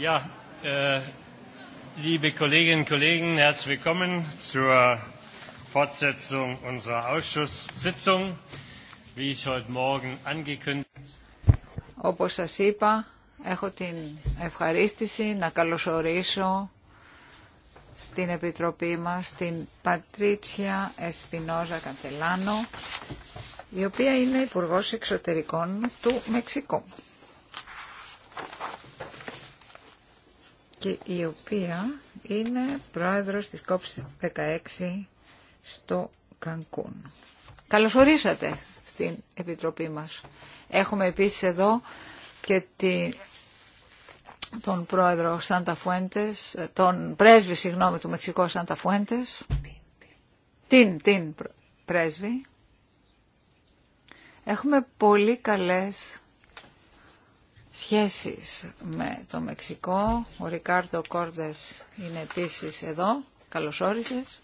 Ja, äh, liebe Kolleginnen und Kollegen, herzlich willkommen zur Fortsetzung unserer Ausschusssitzung. Wie ich heute Morgen angekündigt Όπως έχω την ευχαρίστηση να καλωσορίσω στην Επιτροπή μας την Πατρίτσια Εσπινόζα Καντελάνο, η οποία είναι Υπουργός Εξωτερικών του Μεξικού. η οποία είναι πρόεδρος της COP16 στο Κανκούν. Καλωσορίσατε στην Επιτροπή μας. Έχουμε επίσης εδώ και τη, τον πρόεδρο Σάντα Φουέντες, τον πρέσβη, συγγνώμη, του Μεξικού Σάντα Φουέντες. Την, την πρέσβη. Έχουμε πολύ καλές σχέσεις με το Μεξικό. Ο Ρικάρτο Κόρδες είναι επίσης εδώ. Καλώς όρισες.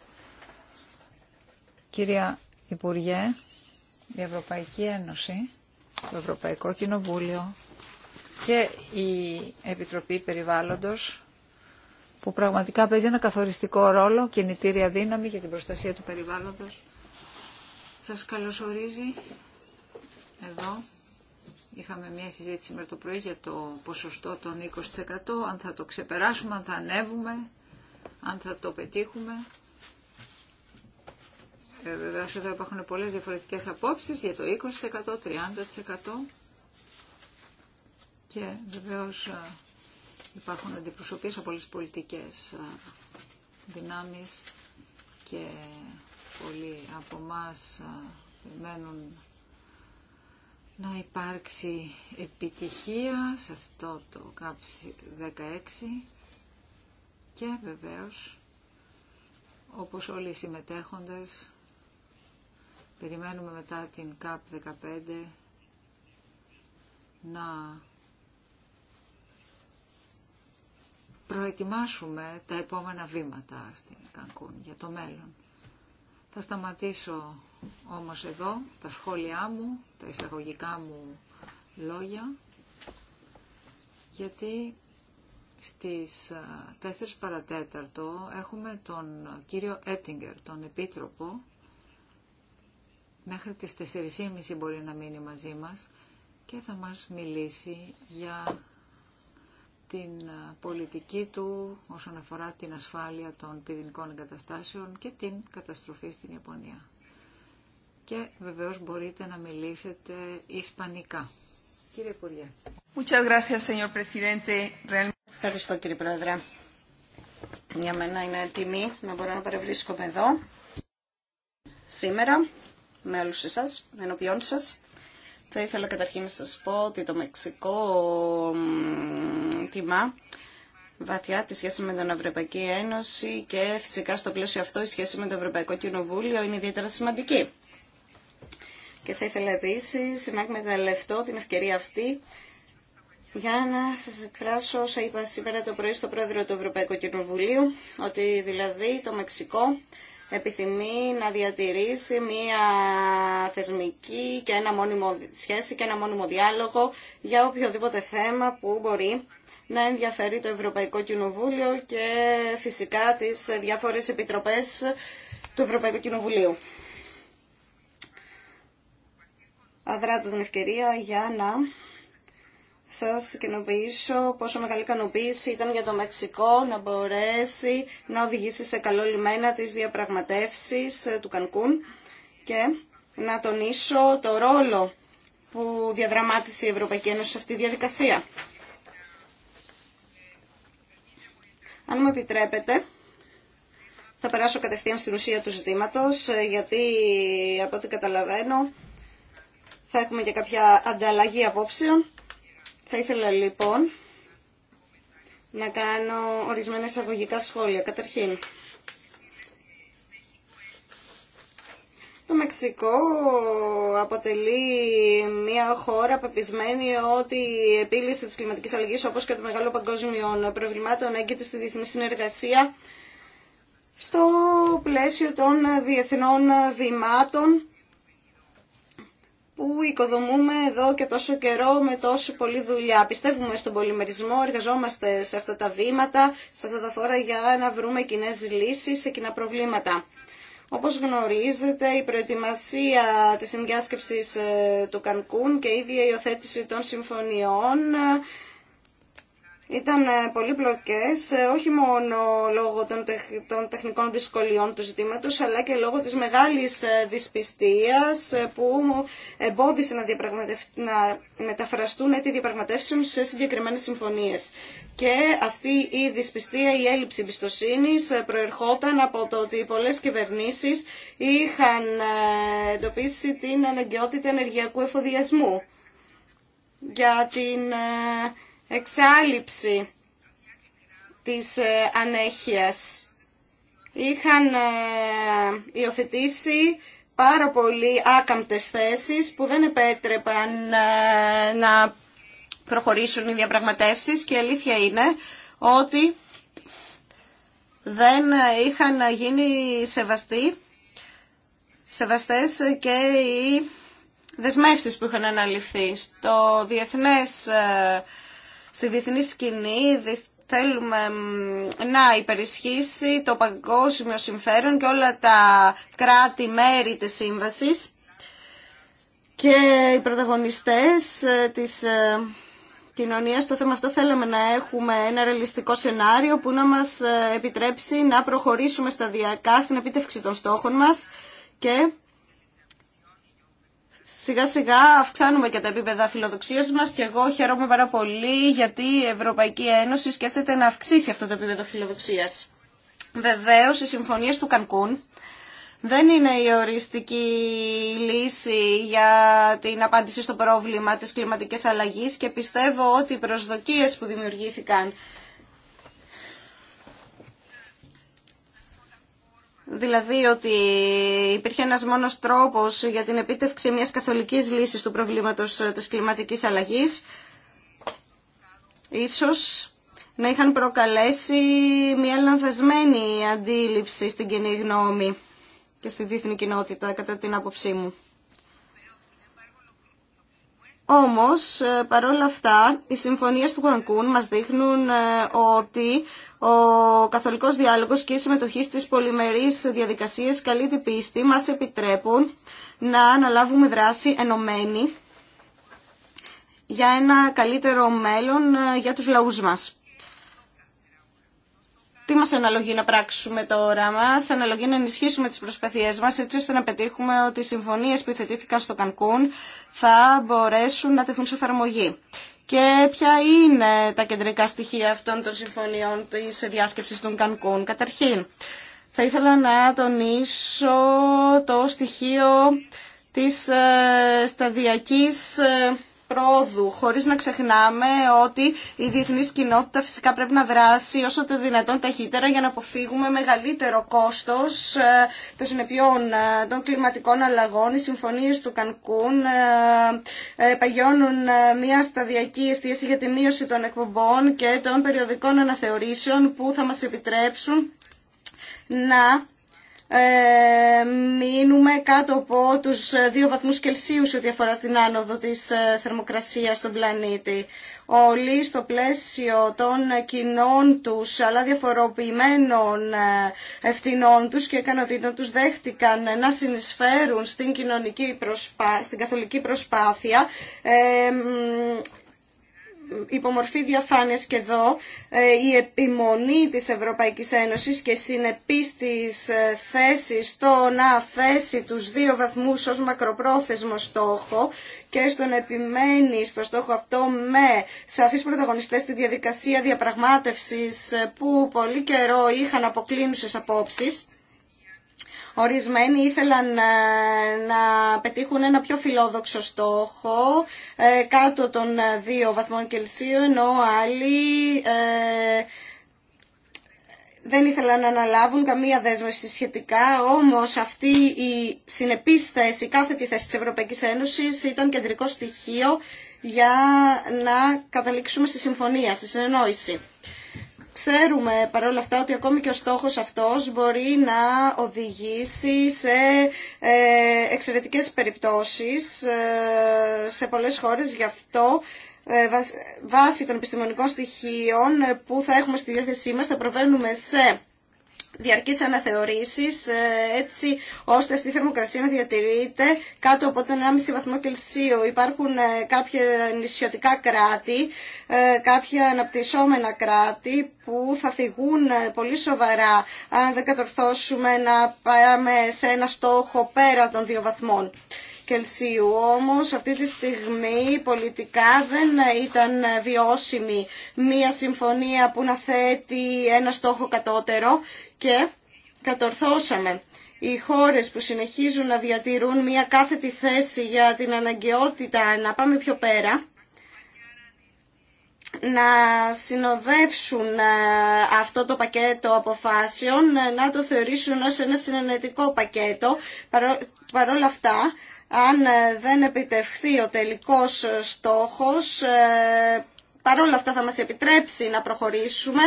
Κυρία Υπουργέ, η Ευρωπαϊκή Ένωση, το Ευρωπαϊκό Κοινοβούλιο και η Επιτροπή Περιβάλλοντος που πραγματικά παίζει ένα καθοριστικό ρόλο, κινητήρια δύναμη για την προστασία του περιβάλλοντος. Σας καλωσορίζει εδώ Είχαμε μια συζήτηση σήμερα το πρωί για το ποσοστό των 20%, αν θα το ξεπεράσουμε, αν θα ανέβουμε, αν θα το πετύχουμε. Ε, Βεβαίω εδώ υπάρχουν πολλές διαφορετικές απόψεις για το 20%, 30% και βεβαίως ε, υπάρχουν αντιπροσωπείς από όλες τις πολιτικές ε, δυνάμεις και πολλοί από εμά ε, περιμένουν να υπάρξει επιτυχία σε αυτό το κάψι 16 και βεβαίως όπως όλοι οι συμμετέχοντες περιμένουμε μετά την ΚΑΠ 15 να προετοιμάσουμε τα επόμενα βήματα στην Κανκούν για το μέλλον. Θα σταματήσω όμως εδώ τα σχόλιά μου, τα εισαγωγικά μου λόγια, γιατί στις 4 ε, παρατέταρτο έχουμε τον κύριο Έτιγκερ, τον Επίτροπο, μέχρι τις 4.30 μπορεί να μείνει μαζί μας και θα μας μιλήσει για την ε, πολιτική του όσον αφορά την ασφάλεια των πυρηνικών εγκαταστάσεων και την καταστροφή στην Ιαπωνία. Και βεβαίως μπορείτε να μιλήσετε Ισπανικά. Κύριε Υπουργέ. Ευχαριστώ κύριε Πρόεδρε. Για μένα είναι τιμή να μπορώ να παρευρίσκομαι εδώ σήμερα με όλους εσάς, ενώπιόν σας. Θα ήθελα καταρχήν να σας πω ότι το Μεξικό τιμά βαθιά τη σχέση με την Ευρωπαϊκή Ένωση και φυσικά στο πλαίσιο αυτό η σχέση με το Ευρωπαϊκό Κοινοβούλιο είναι ιδιαίτερα σημαντική. Και θα ήθελα επίσης να εκμεταλλευτώ την ευκαιρία αυτή για να σας εκφράσω όσα είπα σήμερα το πρωί στο Πρόεδρο του Ευρωπαϊκού Κοινοβουλίου, ότι δηλαδή το Μεξικό επιθυμεί να διατηρήσει μία θεσμική και ένα μόνιμο σχέση και ένα μόνιμο διάλογο για οποιοδήποτε θέμα που μπορεί να ενδιαφέρει το Ευρωπαϊκό Κοινοβούλιο και φυσικά τις διάφορες επιτροπές του Ευρωπαϊκού Κοινοβουλίου. Αδράτω την ευκαιρία για να σας κοινοποιήσω πόσο μεγάλη ικανοποίηση ήταν για το Μεξικό να μπορέσει να οδηγήσει σε καλό λιμένα τις διαπραγματεύσεις ε, του Κανκούν και να τονίσω το ρόλο που διαδραμάτισε η Ευρωπαϊκή Ένωση σε αυτή τη διαδικασία. Αν μου επιτρέπετε, θα περάσω κατευθείαν στην ουσία του ζητήματος, ε, γιατί από ό,τι καταλαβαίνω θα έχουμε και κάποια ανταλλαγή απόψεων. Θα ήθελα λοιπόν να κάνω ορισμένα εισαγωγικά σχόλια. Καταρχήν, Το Μεξικό αποτελεί μια χώρα πεπισμένη ότι η επίλυση της κλιματικής αλλαγής όπως και των μεγάλων παγκόσμιων προβλημάτων έγκυται στη διεθνή συνεργασία στο πλαίσιο των διεθνών βημάτων που οικοδομούμε εδώ και τόσο καιρό με τόσο πολλή δουλειά. Πιστεύουμε στον πολυμερισμό, εργαζόμαστε σε αυτά τα βήματα, σε αυτά τα φόρα για να βρούμε κοινέ λύσεις σε κοινά προβλήματα. Όπως γνωρίζετε, η προετοιμασία της συνδιάσκεψης ε, του Κανκούν και η διαιοθέτηση των συμφωνιών ήταν ε, πολύπλοκες ε, όχι μόνο λόγω των, τεχνικών δυσκολιών του ζητήματος αλλά και λόγω της μεγάλης ε, δυσπιστίας που εμπόδισε να, να μεταφραστούν έτη διαπραγματεύσεων σε συγκεκριμένες συμφωνίες. Και αυτή η δυσπιστία, η έλλειψη εμπιστοσύνη προερχόταν από το ότι πολλές κυβερνήσεις είχαν εντοπίσει την αναγκαιότητα ενεργειακού εφοδιασμού για την εξάλληψη της ε, ανέχειας. Είχαν ε, υιοθετήσει πάρα πολύ άκαμπτες θέσεις που δεν επέτρεπαν ε, να προχωρήσουν οι διαπραγματεύσεις και η αλήθεια είναι ότι δεν είχαν γίνει σεβαστοί, σεβαστές και οι δεσμεύσεις που είχαν αναλυφθεί. Στο Διεθνές στη διεθνή σκηνή θέλουμε να υπερισχύσει το παγκόσμιο συμφέρον και όλα τα κράτη-μέρη της σύμβασης και οι πρωταγωνιστές ε, της ε, κοινωνία. Στο θέμα αυτό θέλαμε να έχουμε ένα ρεαλιστικό σενάριο που να μας ε, επιτρέψει να προχωρήσουμε σταδιακά στην επίτευξη των στόχων μας και Σιγά σιγά αυξάνουμε και τα επίπεδα φιλοδοξίας μας και εγώ χαίρομαι πάρα πολύ γιατί η Ευρωπαϊκή Ένωση σκέφτεται να αυξήσει αυτό το επίπεδο φιλοδοξίας. Βεβαίως οι συμφωνίες του Κανκούν δεν είναι η οριστική λύση για την απάντηση στο πρόβλημα της κλιματικής αλλαγής και πιστεύω ότι οι προσδοκίες που δημιουργήθηκαν Δηλαδή ότι υπήρχε ένας μόνος τρόπος για την επίτευξη μιας καθολικής λύσης του προβλήματος ε, της κλιματικής αλλαγής, ίσως να είχαν προκαλέσει μια λανθασμένη αντίληψη στην κοινή γνώμη και στη διεθνή κοινότητα, κατά την άποψή μου. Όμως, ε, παρόλα αυτά, οι συμφωνίες του Κανκούν μας δείχνουν ε, ότι ο καθολικός διάλογος και η συμμετοχή στις πολυμερείς διαδικασίες καλή διπίστη μας επιτρέπουν να αναλάβουμε δράση ενωμένη για ένα καλύτερο μέλλον ε, για τους λαούς μας τι μας αναλογεί να πράξουμε τώρα, μας αναλογεί να ενισχύσουμε τις προσπαθίες μας έτσι ώστε να πετύχουμε ότι οι συμφωνίες που υθετήθηκαν στο Κανκούν θα μπορέσουν να τεθούν σε εφαρμογή. Και ποια είναι τα κεντρικά στοιχεία αυτών των συμφωνιών της διάσκεψης των Κανκούν. Καταρχήν, θα ήθελα να τονίσω το στοιχείο της ε, σταδιακής ε, πρόοδου, χωρίς να ξεχνάμε ότι η διεθνή κοινότητα φυσικά πρέπει να δράσει όσο το δυνατόν ταχύτερα για να αποφύγουμε μεγαλύτερο κόστος ε, των συνεπειών ε, των κλιματικών αλλαγών. Οι συμφωνίες του Κανκούν ε, παγιώνουν μια σταδιακή εστίαση για τη μείωση των εκπομπών και των περιοδικών αναθεωρήσεων που θα μας επιτρέψουν να ε, μείνουμε κάτω από τους δύο βαθμούς Κελσίου σε ό,τι αφορά την άνοδο της ε, θερμοκρασίας στον πλανήτη. Όλοι στο πλαίσιο των κοινών τους, αλλά διαφοροποιημένων ε, ευθυνών τους και ικανοτήτων τους δέχτηκαν να συνεισφέρουν στην, κοινωνική προσπά... στην καθολική προσπάθεια υπομορφή διαφάνειας και εδώ ε, η επιμονή της Ευρωπαϊκής Ένωσης και συνεπής της ε, θέσης στο να θέσει τους δύο βαθμούς ως μακροπρόθεσμο στόχο και στον επιμένει στο στόχο αυτό με σαφείς πρωταγωνιστές στη διαδικασία διαπραγμάτευσης ε, που πολύ καιρό είχαν αποκλίνουσες απόψεις Ορισμένοι ήθελαν ε, να πετύχουν ένα πιο φιλόδοξο στόχο ε, κάτω των ε, δύο βαθμών Κελσίου, ενώ άλλοι δεν ήθελαν να αναλάβουν καμία δέσμευση σχετικά, όμως αυτή η συνεπής θέση, κάθε τη θέση της Ευρωπαϊκής Ένωσης ήταν κεντρικό στοιχείο για να καταλήξουμε στη συμφωνία, στη συνεννόηση. Ξέρουμε παρόλα αυτά ότι ακόμη και ο στόχος αυτός μπορεί να οδηγήσει σε ε, εξαιρετικές περιπτώσεις ε, σε πολλές χώρες. Γι' αυτό ε, βάσει των επιστημονικών στοιχείων που θα έχουμε στη διάθεσή μας θα προβαίνουμε σε διαρκείς αναθεωρήσεις ε, έτσι ώστε αυτή η θερμοκρασία να διατηρείται κάτω από τον 1,5 βαθμό Κελσίου. Υπάρχουν ε, κάποια νησιωτικά κράτη, ε, κάποια αναπτυσσόμενα κράτη που θα φυγούν πολύ σοβαρά αν δεν κατορθώσουμε να πάμε σε ένα στόχο πέρα των δύο βαθμών. Κελσίου. Όμως αυτή τη στιγμή πολιτικά δεν ήταν βιώσιμη μία συμφωνία που να θέτει ένα στόχο κατώτερο και κατορθώσαμε οι χώρες που συνεχίζουν να διατηρούν μια κάθετη θέση για την αναγκαιότητα να πάμε πιο πέρα, να συνοδεύσουν ε, αυτό το πακέτο αποφάσεων, ε, να το θεωρήσουν ως ένα συνενετικό πακέτο. παρόλα αυτά, αν ε, δεν επιτευχθεί ο τελικός ε, στόχος, ε, παρόλα αυτά θα μας επιτρέψει να προχωρήσουμε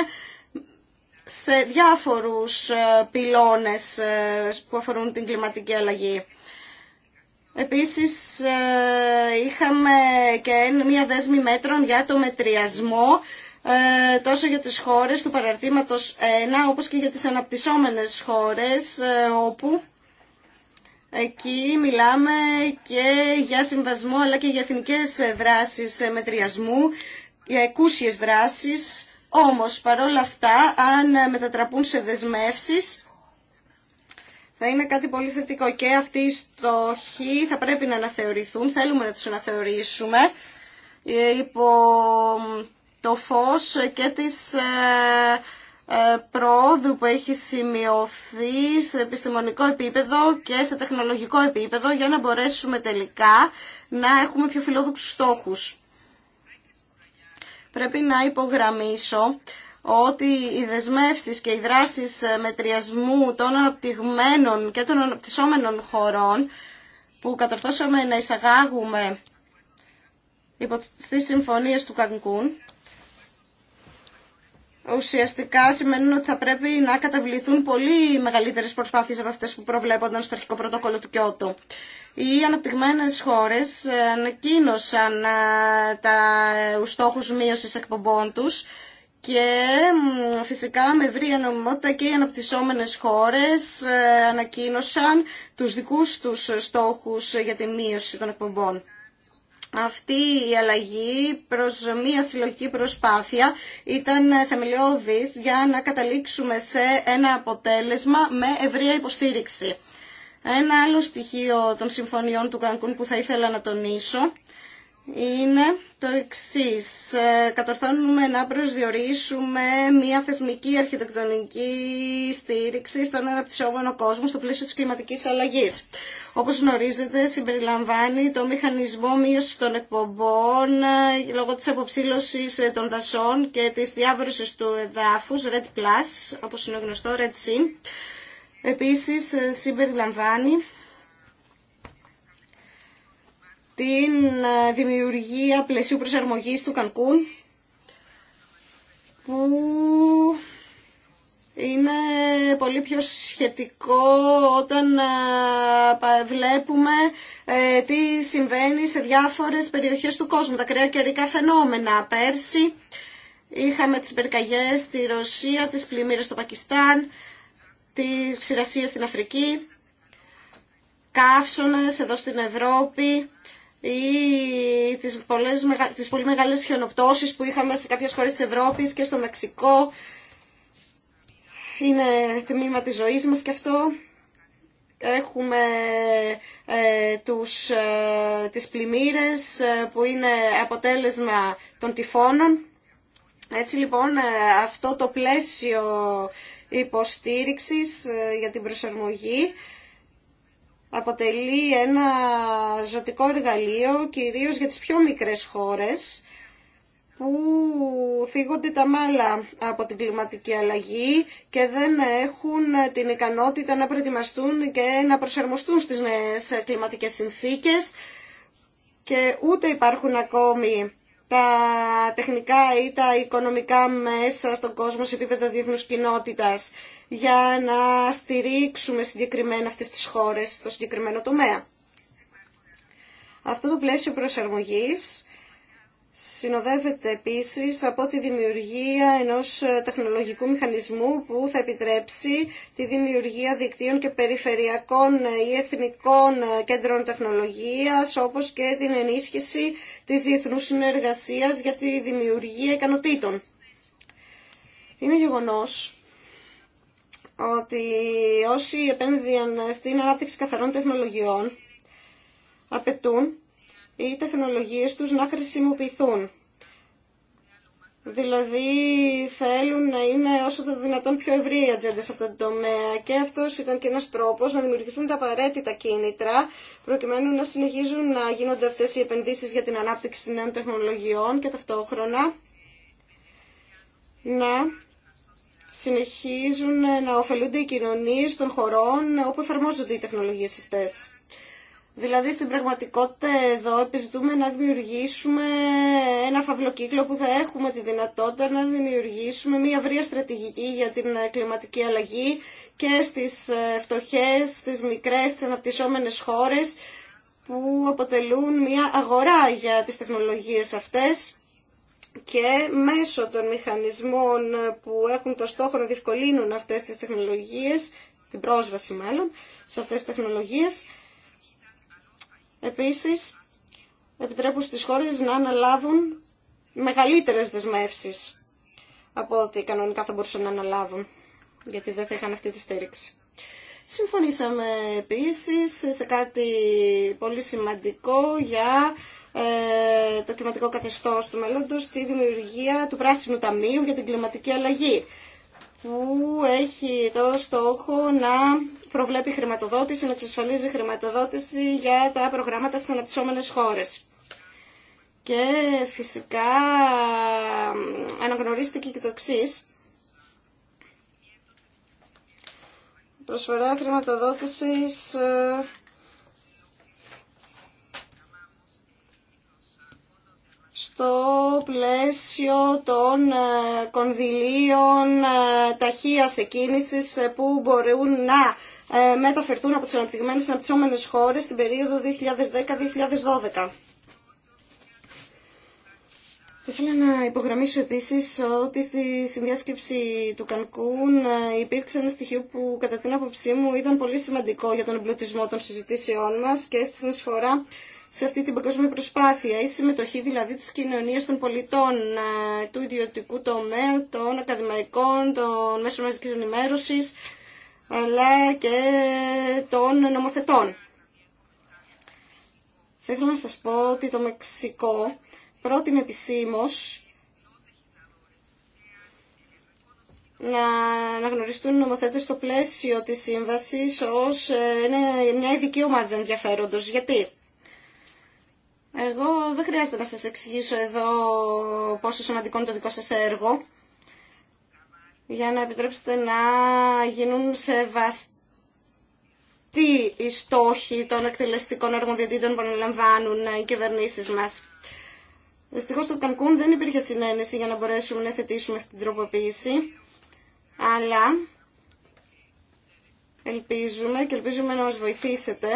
σε διάφορους πυλώνες που αφορούν την κλιματική αλλαγή. Επίσης είχαμε και μία δέσμη μέτρων για το μετριασμό τόσο για τις χώρες του παραρτήματος 1 όπως και για τις αναπτυσσόμενες χώρες όπου Εκεί μιλάμε και για συμβασμό αλλά και για εθνικέ δράσεις μετριασμού, για εκούσιες δράσεις. Όμως παρόλα αυτά αν μετατραπούν σε δεσμεύσεις θα είναι κάτι πολύ θετικό και αυτοί οι στόχοι θα πρέπει να αναθεωρηθούν, θέλουμε να τους αναθεωρήσουμε υπό το φως και της ε, ε, προόδου που έχει σημειωθεί σε επιστημονικό επίπεδο και σε τεχνολογικό επίπεδο για να μπορέσουμε τελικά να έχουμε πιο φιλόδοξους στόχους. Πρέπει να υπογραμμίσω ότι οι δεσμεύσεις και οι δράσεις μετριασμού των αναπτυγμένων και των αναπτυσσόμενων χωρών που κατορθώσαμε να εισαγάγουμε τις συμφωνίες του Κανκούν ουσιαστικά σημαίνει ότι θα πρέπει να καταβληθούν πολύ μεγαλύτερες προσπάθειες από αυτές που προβλέπονταν στο αρχικό πρωτόκολλο του Κιώτου. Οι αναπτυγμένες χώρες ανακοίνωσαν ε, τα ε, στόχους μείωσης εκπομπών τους και φυσικά με ευρία νομιμότητα και οι αναπτυσσόμενες χώρες ε, ανακοίνωσαν τους δικούς τους στόχους για τη μείωση των εκπομπών αυτή η αλλαγή προς μια συλλογική προσπάθεια ήταν θεμελιώδης για να καταλήξουμε σε ένα αποτέλεσμα με ευρεία υποστήριξη. Ένα άλλο στοιχείο των συμφωνιών του Κανκούν που θα ήθελα να τονίσω είναι το εξή. Ε, κατορθώνουμε να προσδιορίσουμε μια θεσμική αρχιτεκτονική στήριξη στον αναπτυσσόμενο κόσμο στο πλαίσιο της κλιματικής αλλαγής. Όπω γνωρίζετε, συμπεριλαμβάνει το μηχανισμό μείωση των εκπομπών ε, λόγω της αποψήλωση ε, των δασών και της διάβρωσης του εδάφους Red Plus, όπως είναι γνωστό, Red Sea. Επίσης, συμπεριλαμβάνει την ε, δημιουργία πλαισίου προσαρμογής του Κανκούν που είναι πολύ πιο σχετικό όταν ε, βλέπουμε ε, τι συμβαίνει σε διάφορες περιοχές του κόσμου, τα κρέα καιρικά φαινόμενα. Πέρσι είχαμε τις περκαγιές στη Ρωσία, τις πλημμύρες στο Πακιστάν, τις ξηρασίες στην Αφρική, καύσονες εδώ στην Ευρώπη ή τις, πολλές, τις πολύ μεγάλες χιονοπτώσεις που είχαμε σε κάποιες χώρες της Ευρώπης και στο Μεξικό. Είναι τμήμα της ζωής μας και αυτό. Έχουμε ε, τους, ε, τις πλημμύρες ε, που είναι αποτέλεσμα των τυφώνων. Έτσι λοιπόν ε, αυτό το πλαίσιο υποστήριξης για την προσαρμογή αποτελεί ένα ζωτικό εργαλείο κυρίως για τις πιο μικρές χώρες που φύγονται τα μάλα από την κλιματική αλλαγή και δεν έχουν την ικανότητα να προετοιμαστούν και να προσαρμοστούν στις νέες κλιματικές συνθήκες και ούτε υπάρχουν ακόμη τα τεχνικά ή τα οικονομικά μέσα στον κόσμο σε επίπεδο διεθνούς κοινότητας για να στηρίξουμε συγκεκριμένα αυτές τις χώρες στο συγκεκριμένο τομέα. Αυτό το πλαίσιο προσαρμογής συνοδεύεται επίσης από τη δημιουργία ενός ε, τεχνολογικού μηχανισμού που θα επιτρέψει τη δημιουργία δικτύων και περιφερειακών ε, ή εθνικών ε, κέντρων τεχνολογίας όπως και την ενίσχυση της διεθνούς συνεργασίας για τη δημιουργία ικανοτήτων. Είναι γεγονός ότι όσοι επένδυαν στην ανάπτυξη καθαρών τεχνολογιών απαιτούν οι τεχνολογίες τους να χρησιμοποιηθούν. Δηλαδή θέλουν να είναι όσο το δυνατόν πιο ευρύ η ατζέντα σε αυτό το τομέα και αυτός ήταν και ένας τρόπος να δημιουργηθούν τα απαραίτητα κίνητρα προκειμένου να συνεχίζουν να γίνονται αυτές οι επενδύσεις για την ανάπτυξη νέων τεχνολογιών και ταυτόχρονα να συνεχίζουν να ωφελούνται οι κοινωνίες των χωρών όπου εφαρμόζονται οι τεχνολογίες αυτές. Δηλαδή στην πραγματικότητα εδώ επιζητούμε να δημιουργήσουμε ένα φαυλοκύκλο που θα έχουμε τη δυνατότητα να δημιουργήσουμε μια βρία στρατηγική για την ε, κλιματική αλλαγή και στις ε, φτωχές, στις μικρές, στις αναπτυσσόμενες χώρες που αποτελούν μια αγορά για τις τεχνολογίες αυτές και μέσω των μηχανισμών που έχουν το στόχο να διευκολύνουν αυτές τις τεχνολογίες, την πρόσβαση μάλλον, σε αυτές τις τεχνολογίες, Επίσης, επιτρέπουν στις χώρες να αναλάβουν μεγαλύτερες δεσμεύσεις από ό,τι κανονικά θα μπορούσαν να αναλάβουν, γιατί δεν θα είχαν αυτή τη στήριξη. Συμφωνήσαμε επίσης σε κάτι πολύ σημαντικό για ε, το κλιματικό καθεστώς του μέλλοντος, τη δημιουργία του Πράσινου Ταμείου για την κλιματική αλλαγή, που έχει το στόχο να προβλέπει χρηματοδότηση, να εξασφαλίζει χρηματοδότηση για τα προγράμματα στι αναπτυσσόμενε χώρε. Και φυσικά αναγνωρίστηκε και το εξή. Προσφορά χρηματοδότησης ε, στο πλαίσιο των ε, κονδυλίων ε, ταχείας εκκίνησης που μπορούν να ε, μεταφερθούν από τις αναπτυγμένες στις αναπτυσσόμενες χώρες στην περίοδο 2010-2012. Θα ήθελα να υπογραμμίσω επίσης ότι στη συνδιάσκεψη του Κανκούν ε, υπήρξε ένα στοιχείο που κατά την άποψή μου ήταν πολύ σημαντικό για τον εμπλουτισμό των συζητήσεών μας και στη συνεισφορά σε αυτή την παγκόσμια προσπάθεια, η συμμετοχή δηλαδή της κοινωνίας των πολιτών, ε, του ιδιωτικού τομέα, των ακαδημαϊκών, των μέσων μαζικής ενημέρωσης, αλλά και των νομοθετών. Θα ήθελα να σας πω ότι το Μεξικό πρότεινε επισήμω να αναγνωριστούν οι νομοθέτες στο πλαίσιο της σύμβασης ως ε, μια ειδική ομάδα ενδιαφέροντος. Γιατί? Εγώ δεν χρειάζεται να σας εξηγήσω εδώ πόσο σημαντικό είναι το δικό σας έργο για να επιτρέψετε να γίνουν σεβαστοί οι στόχοι των εκτελεστικών αρμοδιοτήτων που αναλαμβάνουν οι κυβερνήσει μας. Δυστυχώ στο Κανκούν δεν υπήρχε συνένεση για να μπορέσουμε να θετήσουμε αυτή την τροποποίηση, αλλά ελπίζουμε και ελπίζουμε να μας βοηθήσετε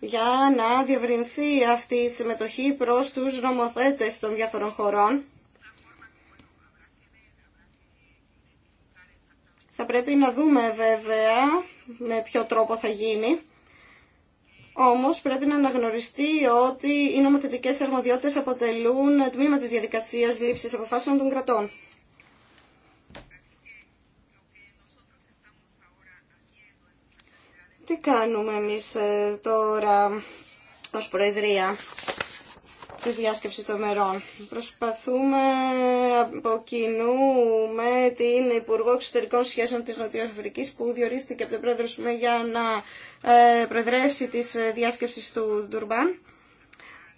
για να διευρυνθεί αυτή η συμμετοχή προς τους νομοθέτες των διάφορων χωρών Θα πρέπει να δούμε βέβαια με ποιο τρόπο θα γίνει. Όμως πρέπει να αναγνωριστεί ότι οι νομοθετικές αρμοδιότητες αποτελούν τμήμα της διαδικασίας λήψης αποφάσεων των κρατών. Τι κάνουμε εμείς ε, τώρα ως Προεδρία της διάσκεψης των μερών. Προσπαθούμε από κοινού με την Υπουργό Εξωτερικών Σχέσεων της Νοτιοαφρικής που διορίστηκε από τον πρόεδρο για να ε, προεδρεύσει της διάσκεψης του Ντουρμπάν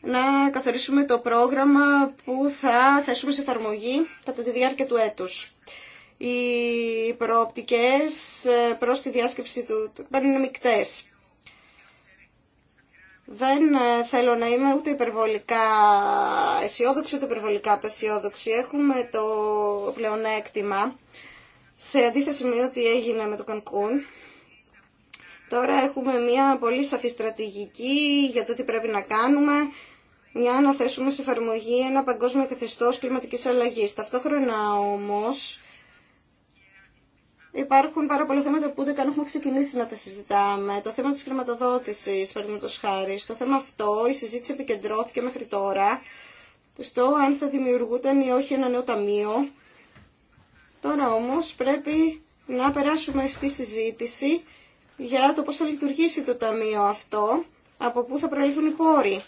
να καθορίσουμε το πρόγραμμα που θα θέσουμε σε εφαρμογή κατά τη διάρκεια του έτους. Οι προοπτικές ε, προς τη διάσκεψη του Ντουρμπάν είναι μικτές δεν ε, θέλω να είμαι ούτε υπερβολικά αισιόδοξη, ούτε υπερβολικά απεσιόδοξη. Έχουμε το πλεονέκτημα, σε αντίθεση με ό,τι έγινε με το Κανκούν. Τώρα έχουμε μια πολύ σαφή στρατηγική για το τι πρέπει να κάνουμε, μια να θέσουμε σε εφαρμογή ένα παγκόσμιο καθεστώ κλιματικής αλλαγής. Ταυτόχρονα όμως Υπάρχουν πάρα πολλά θέματα που δεν καν έχουμε ξεκινήσει να τα συζητάμε. Το θέμα της χρηματοδότησης, παραδείγματο χάρη. το θέμα αυτό η συζήτηση επικεντρώθηκε μέχρι τώρα στο αν θα δημιουργούταν ή όχι ένα νέο ταμείο. Τώρα όμως πρέπει να περάσουμε στη συζήτηση για το πώς θα λειτουργήσει το ταμείο αυτό, από πού θα προέλθουν οι πόροι.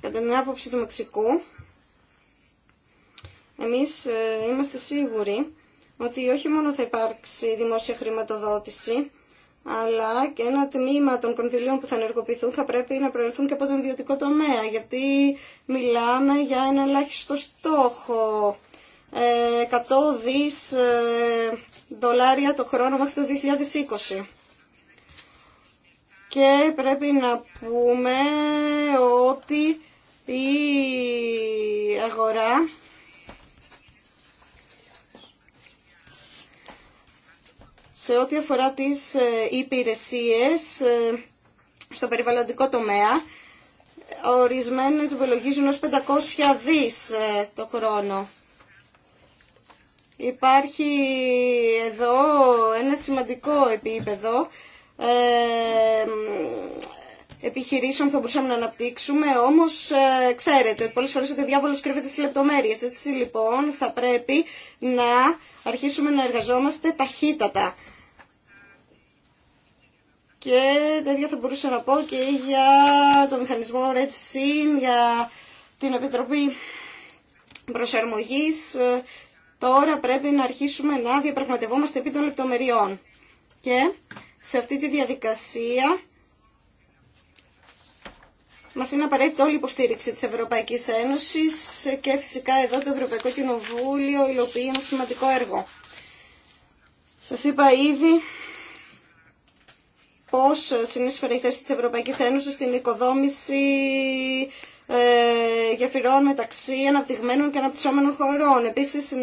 Κατά την άποψη του Μεξικού, εμείς ε, είμαστε σίγουροι ότι όχι μόνο θα υπάρξει δημόσια χρηματοδότηση, αλλά και ένα τμήμα των κονδυλίων που θα ενεργοποιηθούν θα πρέπει να προελθούν και από τον ιδιωτικό τομέα, γιατί μιλάμε για ένα ελάχιστο στόχο. 100 ε, δις ε, δολάρια το χρόνο μέχρι το 2020. Και πρέπει να πούμε ότι η αγορά σε ό,τι αφορά τις ε, υπηρεσίες ε, στο περιβαλλοντικό τομέα, ορισμένοι του υπολογίζουν ως 500 δις ε, το χρόνο. Υπάρχει εδώ ένα σημαντικό επίπεδο επιχειρήσεων που θα μπορούσαμε να αναπτύξουμε, όμως ε, ξέρετε ότι πολλές φορές ο διάβολος κρύβεται στι λεπτομέρειες. Έτσι λοιπόν θα πρέπει να αρχίσουμε να εργαζόμαστε ταχύτατα. Και τα θα μπορούσα να πω και για το μηχανισμό Red Sin, για την Επιτροπή Προσαρμογής. Ε, τώρα πρέπει να αρχίσουμε να διαπραγματευόμαστε επί των λεπτομεριών. Και σε αυτή τη διαδικασία μας είναι απαραίτητη όλη η υποστήριξη της Ευρωπαϊκής Ένωσης και φυσικά εδώ το Ευρωπαϊκό Κοινοβούλιο υλοποιεί ένα σημαντικό έργο. Σας είπα ήδη πώς συνεισφέρει η θέση της Ευρωπαϊκής Ένωσης στην οικοδόμηση ε, γεφυρών μεταξύ αναπτυγμένων και αναπτυσσόμενων χωρών. Επίσης, ε,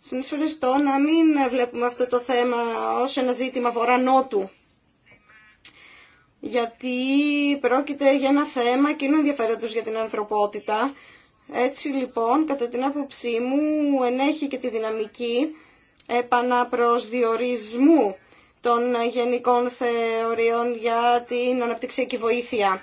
συνεισφέρει στο να μην βλέπουμε αυτό το θέμα ως ένα ζήτημα γιατί πρόκειται για ένα θέμα και είναι ενδιαφέροντος για την ανθρωπότητα. Έτσι λοιπόν, κατά την άποψή μου, ενέχει και τη δυναμική επαναπροσδιορισμού των γενικών θεωριών για την αναπτυξιακή βοήθεια.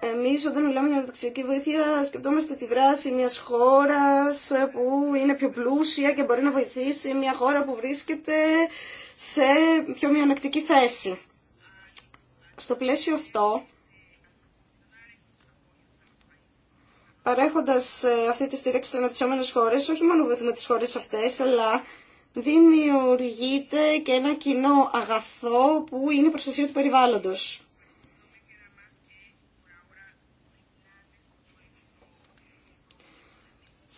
Εμείς όταν μιλάμε για αναπτυξιακή βοήθεια σκεπτόμαστε τη δράση μιας χώρας που είναι πιο πλούσια και μπορεί να βοηθήσει μια χώρα που βρίσκεται σε πιο μειονεκτική θέση. Στο πλαίσιο αυτό, παρέχοντας ε, αυτή τη στήριξη στις αναπτυσσόμενες χώρες, όχι μόνο βοηθούμε τις χώρες αυτές, αλλά δημιουργείται και ένα κοινό αγαθό που είναι η προστασία του περιβάλλοντος.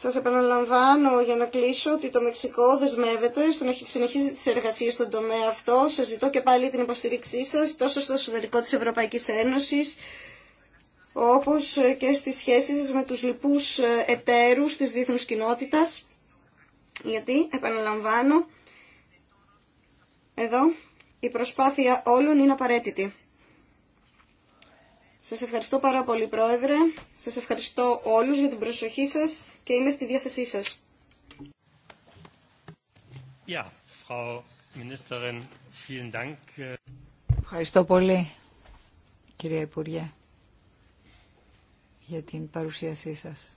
Σας επαναλαμβάνω για να κλείσω ότι το Μεξικό δεσμεύεται στο να συνεχίζει τις εργασίες στον τομέα αυτό. Σας ζητώ και πάλι την υποστήριξή σας τόσο στο εσωτερικό της Ευρωπαϊκής Ένωσης όπως και στις σχέσεις με τους λοιπούς ε, εταίρους της διεθνούς κοινότητας. Γιατί, επαναλαμβάνω, εδώ η προσπάθεια όλων είναι απαραίτητη. Σας ευχαριστώ πάρα πολύ Πρόεδρε, σας ευχαριστώ όλους για την προσοχή σας και είμαι στη διάθεσή σας. Ευχαριστώ πολύ κυρία Υπουργέ για την παρουσίασή σας.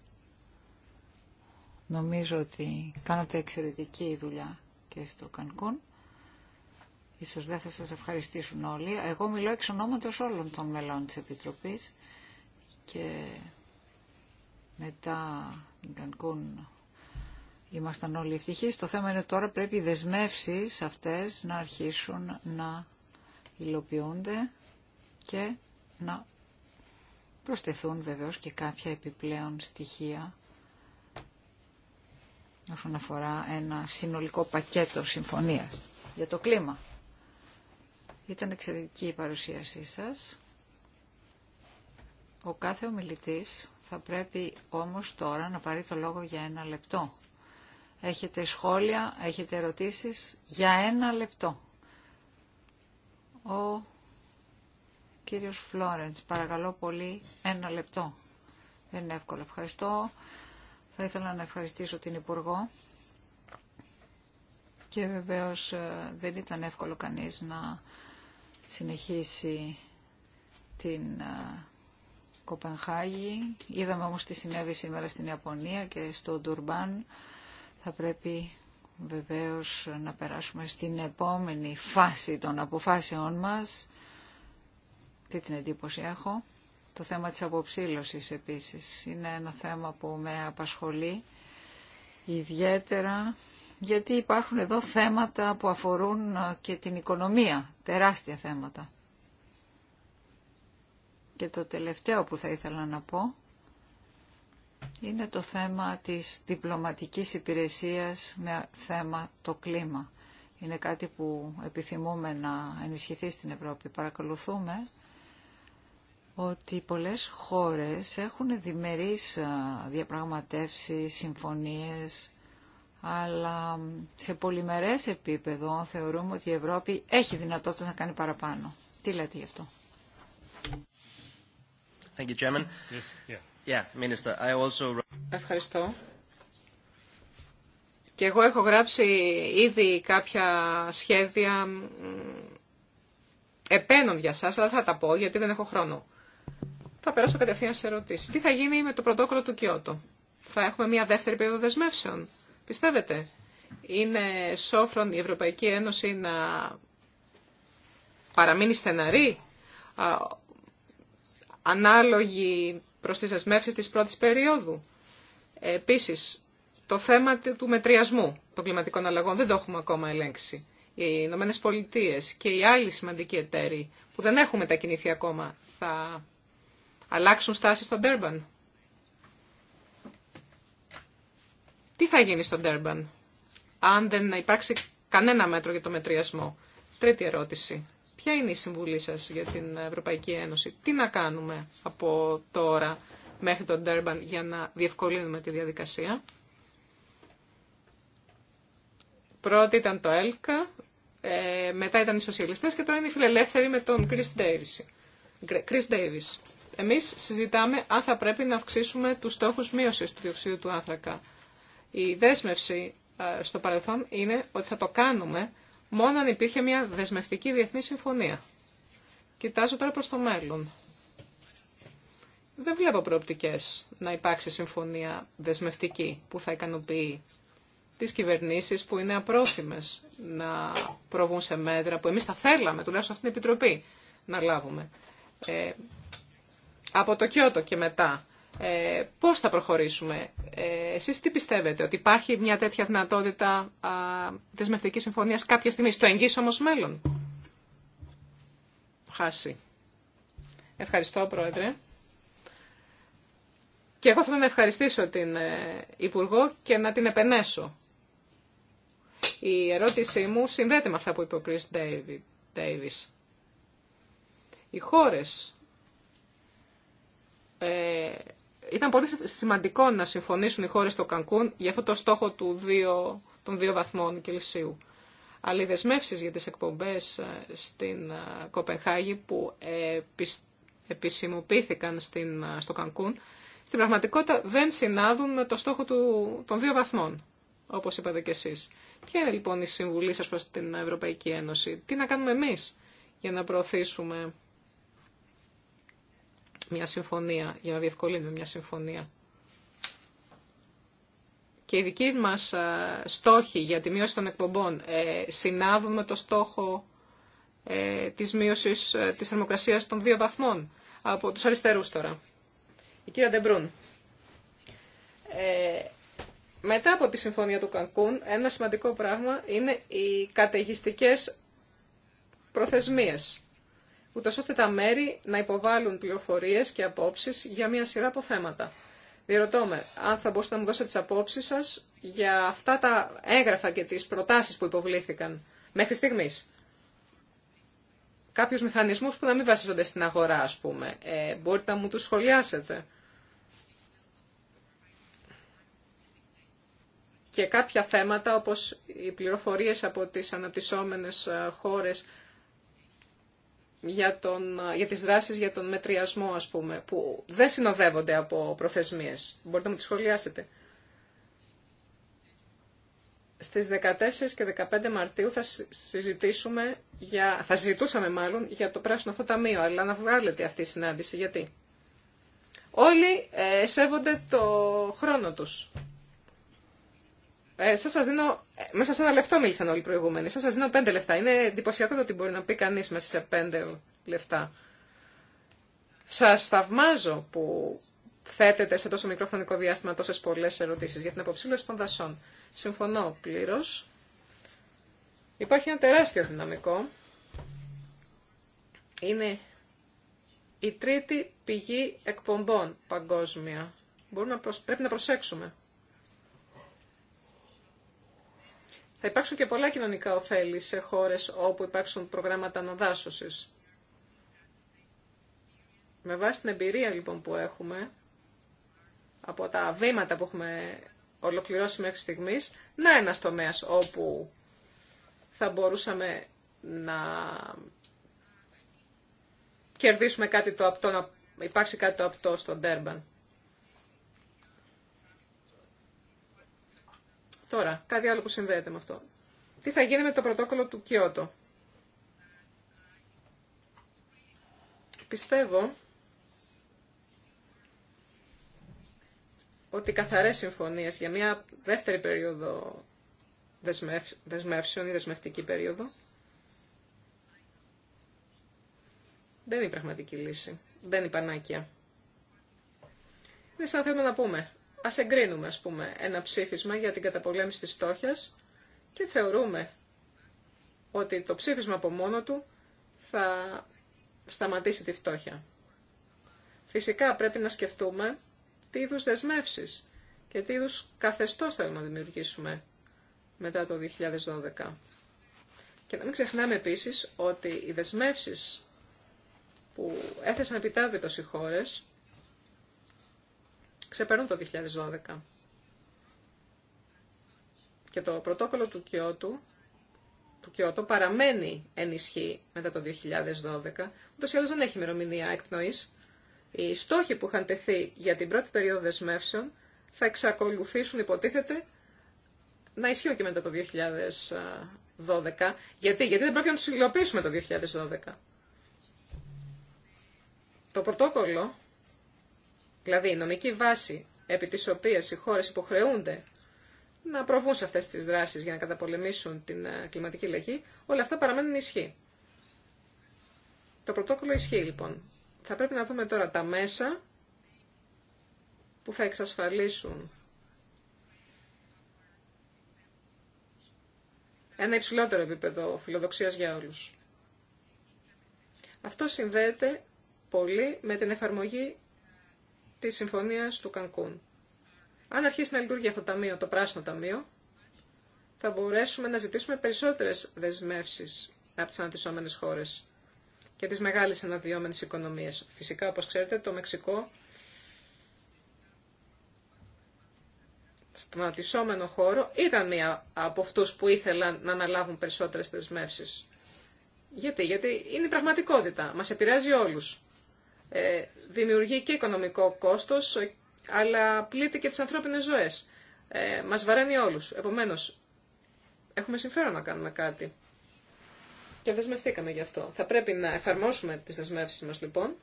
Νομίζω ότι κάνατε εξαιρετική δουλειά και στο Κανκούν. Ίσως δεν θα σας ευχαριστήσουν όλοι. Εγώ μιλώ εξ ονόματος όλων των μελών της Επιτροπής και μετά Κανκούν ήμασταν όλοι ευτυχείς. Το θέμα είναι τώρα πρέπει οι δεσμεύσεις αυτές να αρχίσουν να υλοποιούνται και να προσθεθούν βεβαίως και κάποια επιπλέον στοιχεία όσον αφορά ένα συνολικό πακέτο συμφωνίας για το κλίμα. Ήταν εξαιρετική η παρουσίασή σας. Ο κάθε ομιλητής θα πρέπει όμως τώρα να πάρει το λόγο για ένα λεπτό. Έχετε σχόλια, έχετε ερωτήσεις για ένα λεπτό. Ο κύριος Φλόρεντς, παρακαλώ πολύ ένα λεπτό. Δεν είναι εύκολο. Ευχαριστώ. Θα ήθελα να ευχαριστήσω την Υπουργό. Και βεβαίως ε, δεν ήταν εύκολο κανείς να συνεχίσει την Κοπενχάγη. Είδαμε όμως τι συνέβη σήμερα στην Ιαπωνία και στο Ντουρμπάν. Θα πρέπει βεβαίως να περάσουμε στην επόμενη φάση των αποφάσεών μας. Τι την εντύπωση έχω. Το θέμα της αποψήλωσης επίσης είναι ένα θέμα που με απασχολεί ιδιαίτερα γιατί υπάρχουν εδώ θέματα που αφορούν ε, και την οικονομία, τεράστια θέματα. Και το τελευταίο που θα ήθελα να πω είναι το θέμα της διπλωματικής υπηρεσίας με θέμα το κλίμα. Είναι κάτι που επιθυμούμε να ενισχυθεί στην Ευρώπη. Παρακολουθούμε ότι πολλές χώρες έχουν διμερείς ε, διαπραγματεύσεις, συμφωνίες αλλά σε πολυμερές επίπεδο θεωρούμε ότι η Ευρώπη έχει δυνατότητα να κάνει παραπάνω. Τι λέτε γι' αυτό. Thank you, Yes. Yeah. Minister, I also... Ευχαριστώ. Και εγώ έχω γράψει ήδη κάποια σχέδια επένων για σας, αλλά θα τα πω γιατί δεν έχω χρόνο. Θα περάσω κατευθείαν σε ερωτήσεις. Τι θα γίνει με το πρωτόκολλο του Κιώτο. Θα έχουμε μια δεύτερη περίοδο δεσμεύσεων. Πιστεύετε, είναι σόφρον η Ευρωπαϊκή Ένωση να παραμείνει στεναρή, α, ανάλογη προς τις δεσμεύσεις της πρώτης περίοδου. Επίσης, το θέμα του μετριασμού των κλιματικών αλλαγών δεν το έχουμε ακόμα ελέγξει. Οι Ηνωμένε Πολιτείε και οι άλλοι σημαντικοί εταίροι που δεν έχουν μετακινηθεί ακόμα θα αλλάξουν στάση στον Τέρμπαν. Τι θα γίνει στον Τέρμπαν, αν δεν υπάρξει κανένα μέτρο για το μετριασμό. Τρίτη ερώτηση. Ποια είναι η συμβουλή σας για την Ευρωπαϊκή Ένωση. Τι να κάνουμε από τώρα μέχρι τον Τέρμπαν για να διευκολύνουμε τη διαδικασία. Πρώτη ήταν το ΕΛΚΑ, ε, μετά ήταν οι σοσιαλιστές και τώρα είναι οι φιλελεύθεροι με τον Chris Ντέιβις. Εμείς συζητάμε αν θα πρέπει να αυξήσουμε τους στόχους μείωσης του διοξείδου του άνθρακα η δέσμευση ε, στο παρελθόν είναι ότι θα το κάνουμε μόνο αν υπήρχε μια δεσμευτική διεθνή συμφωνία. Κοιτάζω τώρα προς το μέλλον. Δεν βλέπω προοπτικές να υπάρξει συμφωνία δεσμευτική που θα ικανοποιεί τις κυβερνήσεις που είναι απρόθυμες να προβούν σε μέτρα που εμείς θα θέλαμε, τουλάχιστον αυτήν την Επιτροπή, να λάβουμε. Ε, από το Κιώτο και μετά ε, πώς θα προχωρήσουμε. Ε, εσείς τι πιστεύετε, ότι υπάρχει μια τέτοια δυνατότητα α, δεσμευτικής συμφωνίας κάποια στιγμή, στο εγγύς όμως μέλλον. Χάσει. Ευχαριστώ, Πρόεδρε. Και εγώ θέλω να ευχαριστήσω την ε, Υπουργό και να την επενέσω. Η ερώτησή μου συνδέεται με αυτά που είπε ο Chris Davis. Οι χώρες ε, ήταν πολύ σημαντικό να συμφωνήσουν οι χώρες στο Κανκούν για αυτό το στόχο του δύο, των δύο βαθμών Κελσίου. Αλλά οι δεσμεύσεις για τις εκπομπές ε, στην ε, Κοπενχάγη που επισημοποιήθηκαν στην, ε, στο Κανκούν, στην πραγματικότητα δεν συνάδουν με το στόχο του, των δύο βαθμών, όπως είπατε κι εσείς. Ποια είναι λοιπόν η συμβουλή σας προς την Ευρωπαϊκή Ένωση, τι να κάνουμε εμείς για να προωθήσουμε μια συμφωνία, για να διευκολύνουμε μια συμφωνία. Και οι δικοί μας στόχοι για τη μείωση των εκπομπών ε, συνάδουν με το στόχο ε, της μείωσης ε, της θερμοκρασίας των δύο βαθμών από τους αριστερούς τώρα. Η κυρία Ντεμπρούν. μετά από τη Συμφωνία του Κανκούν, ένα σημαντικό πράγμα είναι οι καταιγιστικές προθεσμίες ούτω ώστε τα μέρη να υποβάλουν πληροφορίε και απόψει για μια σειρά από θέματα. Διερωτώ με, αν θα μπορούσατε να μου δώσετε τι απόψει σα για αυτά τα έγγραφα και τι προτάσει που υποβλήθηκαν μέχρι στιγμή. Κάποιου μηχανισμού που να μην βασίζονται στην αγορά, α πούμε. Ε, μπορείτε να μου του σχολιάσετε. και κάποια θέματα όπως οι πληροφορίες από τις αναπτυσσόμενες ε, χώρες για, τον, για τις δράσεις για τον μετριασμό, ας πούμε, που δεν συνοδεύονται από προθεσμίες. Μπορείτε να μου τις σχολιάσετε. Στις 14 και 15 Μαρτίου θα συζητήσουμε για, θα συζητούσαμε μάλλον για το πράσινο αυτό ταμείο, αλλά να βγάλετε αυτή η συνάντηση. Γιατί? Όλοι ε, σέβονται το χρόνο τους. Ε, σας, σας ε, μέσα σε ένα λεπτό μίλησαν όλοι οι προηγούμενοι. Σας, σας δίνω πέντε λεφτά. Είναι εντυπωσιακό το ότι μπορεί να πει κανεί μέσα σε πέντε λεφτά. Σας θαυμάζω που θέτετε σε τόσο μικρό χρονικό διάστημα τόσε πολλέ ερωτήσεις για την αποψήλωση των δασών. Συμφωνώ πλήρω. Υπάρχει ένα τεράστιο δυναμικό. Είναι η τρίτη πηγή εκπομπών παγκόσμια. Πρέπει να προσέξουμε. Θα υπάρξουν και πολλά κοινωνικά ωφέλη σε χώρες όπου υπάρξουν προγράμματα αναδάσωσης. Με βάση την εμπειρία λοιπόν που έχουμε, από τα βήματα που έχουμε ολοκληρώσει μέχρι στιγμής, να ένας τομέας όπου θα μπορούσαμε να κερδίσουμε κάτι το απτό, να υπάρξει κάτι το απτό στον Τέρμπαν. Τώρα, κάτι άλλο που συνδέεται με αυτό. Τι θα γίνει με το πρωτόκολλο του Κιώτο. Πιστεύω ότι καθαρές συμφωνίες για μια δεύτερη περίοδο δεσμεύσεων ή δεσμευτική περίοδο δεν είναι η πραγματική λύση. Δεν είναι η πανάκια. Δεν σαν θέλουμε να πούμε ας εγκρίνουμε, ας πούμε, ένα ψήφισμα για την καταπολέμηση της στόχιας και θεωρούμε ότι το ψήφισμα από μόνο του θα σταματήσει τη φτώχεια. Φυσικά πρέπει να σκεφτούμε τι είδους δεσμεύσεις και τι είδους καθεστώς θέλουμε να δημιουργήσουμε μετά το 2012. Και να μην ξεχνάμε επίσης ότι οι δεσμεύσεις που έθεσαν επιτάβητος οι χώρες ξεπερνούν το 2012. Και το πρωτόκολλο του Κιώτου του Κιώτο παραμένει ενισχύ μετά το 2012. Ούτως ή άλλως δεν έχει ημερομηνία εκπνοής. Οι στόχοι που είχαν τεθεί για την πρώτη περίοδο δεσμεύσεων θα εξακολουθήσουν, υποτίθεται, να ισχύουν και μετά το 2012. Γιατί, Γιατί δεν πρόκειται να τους υλοποιήσουμε το 2012. Το πρωτόκολλο Δηλαδή η νομική βάση επί της οποίας οι χώρες υποχρεούνται να προβούν σε αυτές τις δράσεις για να καταπολεμήσουν την ε, κλιματική λαγή, όλα αυτά παραμένουν ισχύ. Το πρωτόκολλο ισχύει λοιπόν. Θα πρέπει να δούμε τώρα τα μέσα που θα εξασφαλίσουν ένα υψηλότερο επίπεδο φιλοδοξίας για όλους. Αυτό συνδέεται πολύ με την εφαρμογή τη συμφωνία του Κανκούν. Αν αρχίσει να λειτουργεί αυτό το ταμείο, το πράσινο ταμείο, θα μπορέσουμε να ζητήσουμε περισσότερες δεσμεύσεις από τι αναπτυσσόμενε χώρες και τις μεγάλες αναδυόμενε οικονομίες. Φυσικά, όπως ξέρετε, το Μεξικό στον αναπτυσσόμενο χώρο ήταν μία από αυτούς που ήθελαν να αναλάβουν περισσότερες δεσμεύσει. Γιατί, είναι η πραγματικότητα, μας επηρεάζει όλους. Ε, δημιουργεί και οικονομικό κόστος, αλλά πλήττει και τις ανθρώπινες ζωές. Ε, μας βαραίνει όλους. Επομένως, έχουμε συμφέρον να κάνουμε κάτι. Και δεσμευτήκαμε γι' αυτό. Θα πρέπει να εφαρμόσουμε τις δεσμεύσεις μας λοιπόν.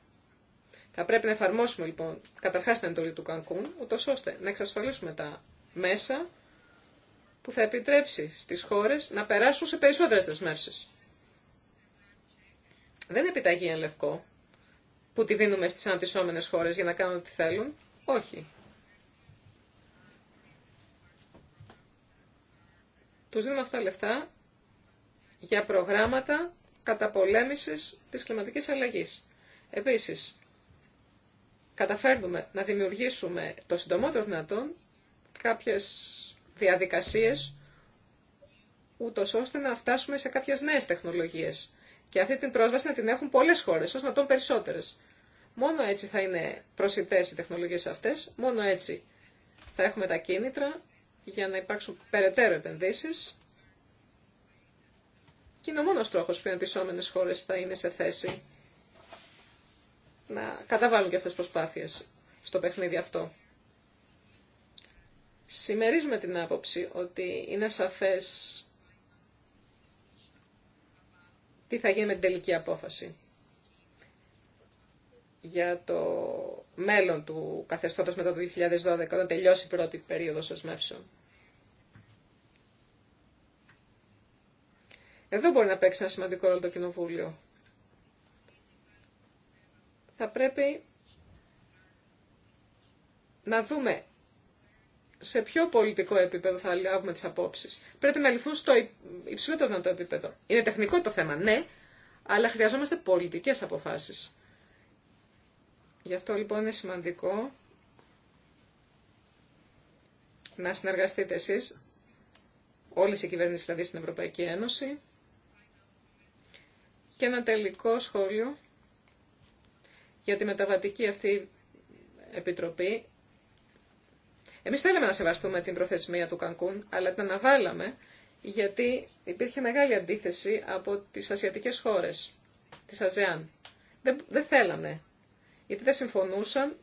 Θα πρέπει να εφαρμόσουμε λοιπόν καταρχάς την εντολή του Κανκούν, ούτως ώστε να εξασφαλίσουμε τα μέσα που θα επιτρέψει στις χώρες να περάσουν σε περισσότερες δεσμεύσεις. Δεν επιταγεί εν λευκό που τη δίνουμε στις αντισώμενες χώρες για να κάνουν ό,τι θέλουν. Όχι. Τους δίνουμε αυτά λεφτά για προγράμματα καταπολέμησης της κλιματικής αλλαγής. Επίσης, καταφέρνουμε να δημιουργήσουμε το συντομότερο δυνατόν κάποιες διαδικασίες ούτως ώστε να φτάσουμε σε κάποιες νέες τεχνολογίες και αυτή την πρόσβαση να την έχουν πολλές χώρες, ώστε να τον περισσότερες. Μόνο έτσι θα είναι προσιτές οι τεχνολογίες αυτές, μόνο έτσι θα έχουμε τα κίνητρα για να υπάρξουν περαιτέρω επενδύσεις και είναι ο μόνος τρόπος που οι αντισώμενες χώρες θα είναι σε θέση να καταβάλουν και αυτές τις προσπάθειες στο παιχνίδι αυτό. Σημερίζουμε την άποψη ότι είναι σαφές τι θα γίνει με την τελική απόφαση για το μέλλον του καθεστώτος μετά το 2012, όταν τελειώσει η πρώτη περίοδος σωσμεύσεων. Εδώ μπορεί να παίξει ένα σημαντικό ρόλο το Κοινοβούλιο. Θα πρέπει να δούμε σε ποιο πολιτικό επίπεδο θα λάβουμε τις απόψει. Πρέπει να λυθούν στο υψηλότερο δυνατό επίπεδο. Είναι τεχνικό το θέμα, ναι, αλλά χρειαζόμαστε πολιτικές αποφάσεις. Γι' αυτό λοιπόν είναι σημαντικό να συνεργαστείτε εσεί. όλες οι κυβέρνησεις δηλαδή στην Ευρωπαϊκή Ένωση. Και ένα τελικό σχόλιο για τη μεταβατική αυτή επιτροπή. Εμείς θέλαμε να σεβαστούμε την προθεσμία του Κανκούν, αλλά την αναβάλαμε γιατί υπήρχε μεγάλη αντίθεση από τις ασιατικέ χώρες, τη ΑΖΕΑΝ. Δεν, δεν θέλανε, γιατί δεν συμφωνούσαν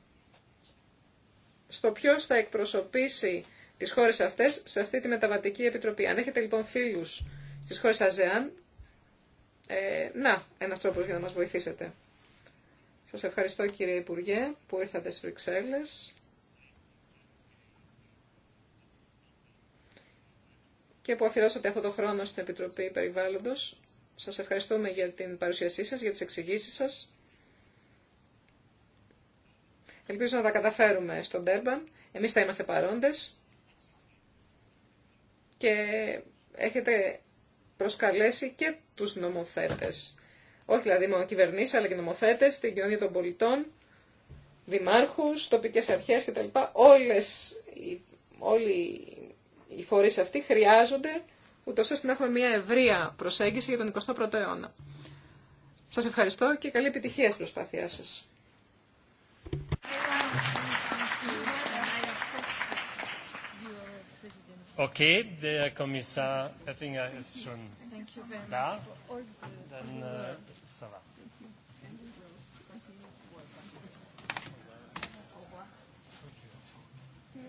στο ποιο θα εκπροσωπήσει τις χώρες αυτές σε αυτή τη μεταβατική επιτροπή. Αν έχετε λοιπόν φίλους στις χώρες ΑΖΕΑΝ, ε, να, ένα τρόπο για να μα βοηθήσετε. Σας ευχαριστώ κύριε Υπουργέ που ήρθατε στις Βρυξέλλες. και που αφιερώσατε αυτό το χρόνο στην Επιτροπή Περιβάλλοντος. Σας ευχαριστούμε για την παρουσίασή σας, για τις εξηγήσεις σας. Ελπίζω να τα καταφέρουμε στον Τέρμπαν. Εμείς θα είμαστε παρόντες. Και έχετε προσκαλέσει και τους νομοθέτες. Όχι δηλαδή μόνο κυβερνήσεις, αλλά και νομοθέτες, την κοινωνία των πολιτών, δημάρχους, τοπικές αρχές κτλ. Όλες, όλοι οι φορείς αυτοί χρειάζονται ούτως ώστε να έχουμε μια ευρεία προσέγγιση για τον 21ο αιώνα. Σας ευχαριστώ και καλή επιτυχία στην προσπάθειά σας. Okay, der Kommissar schon da. Uh, Dann,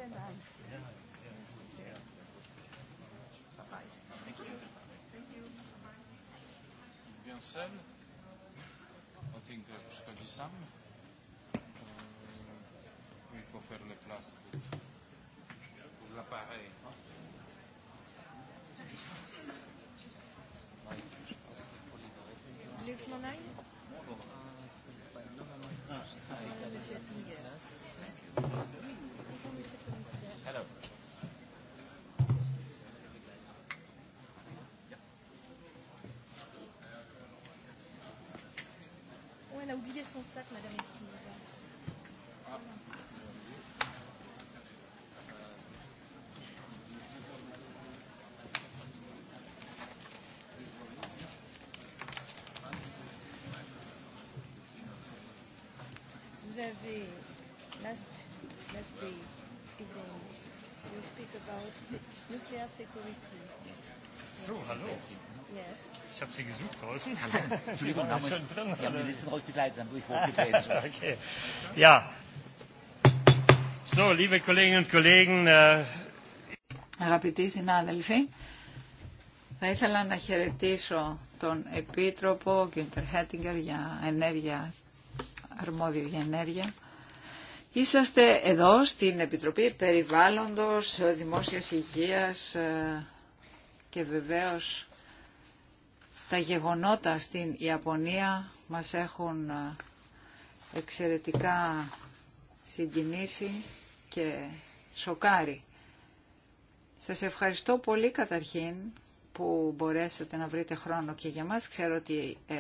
äh, Johnson. Oting sam. Il faut faire les places pour l'appareil. Vous voulez que je m'en a oublié son sac, Madame Vous avez last last Ich habe Sie gesucht draußen. Entschuldigung, da ich, Sie haben die Listen rausgekleidet, dann durch hochgekleidet. okay. Ja. So, liebe Kolleginnen und Kollegen. Äh, Αγαπητοί συνάδελφοι, θα ήθελα να χαιρετήσω τον Επίτροπο Γκίντερ Χέτιγκερ για ενέργεια, αρμόδιο για ενέργεια. Είσαστε εδώ στην Επιτροπή Περιβάλλοντος, Δημόσιας Υγείας ε, και βεβαίως τα γεγονότα στην Ιαπωνία μας έχουν ε, εξαιρετικά συγκινήσει και σοκάρει. Σας ευχαριστώ πολύ καταρχήν που μπορέσατε να βρείτε χρόνο και για μας. Ξέρω ότι ε,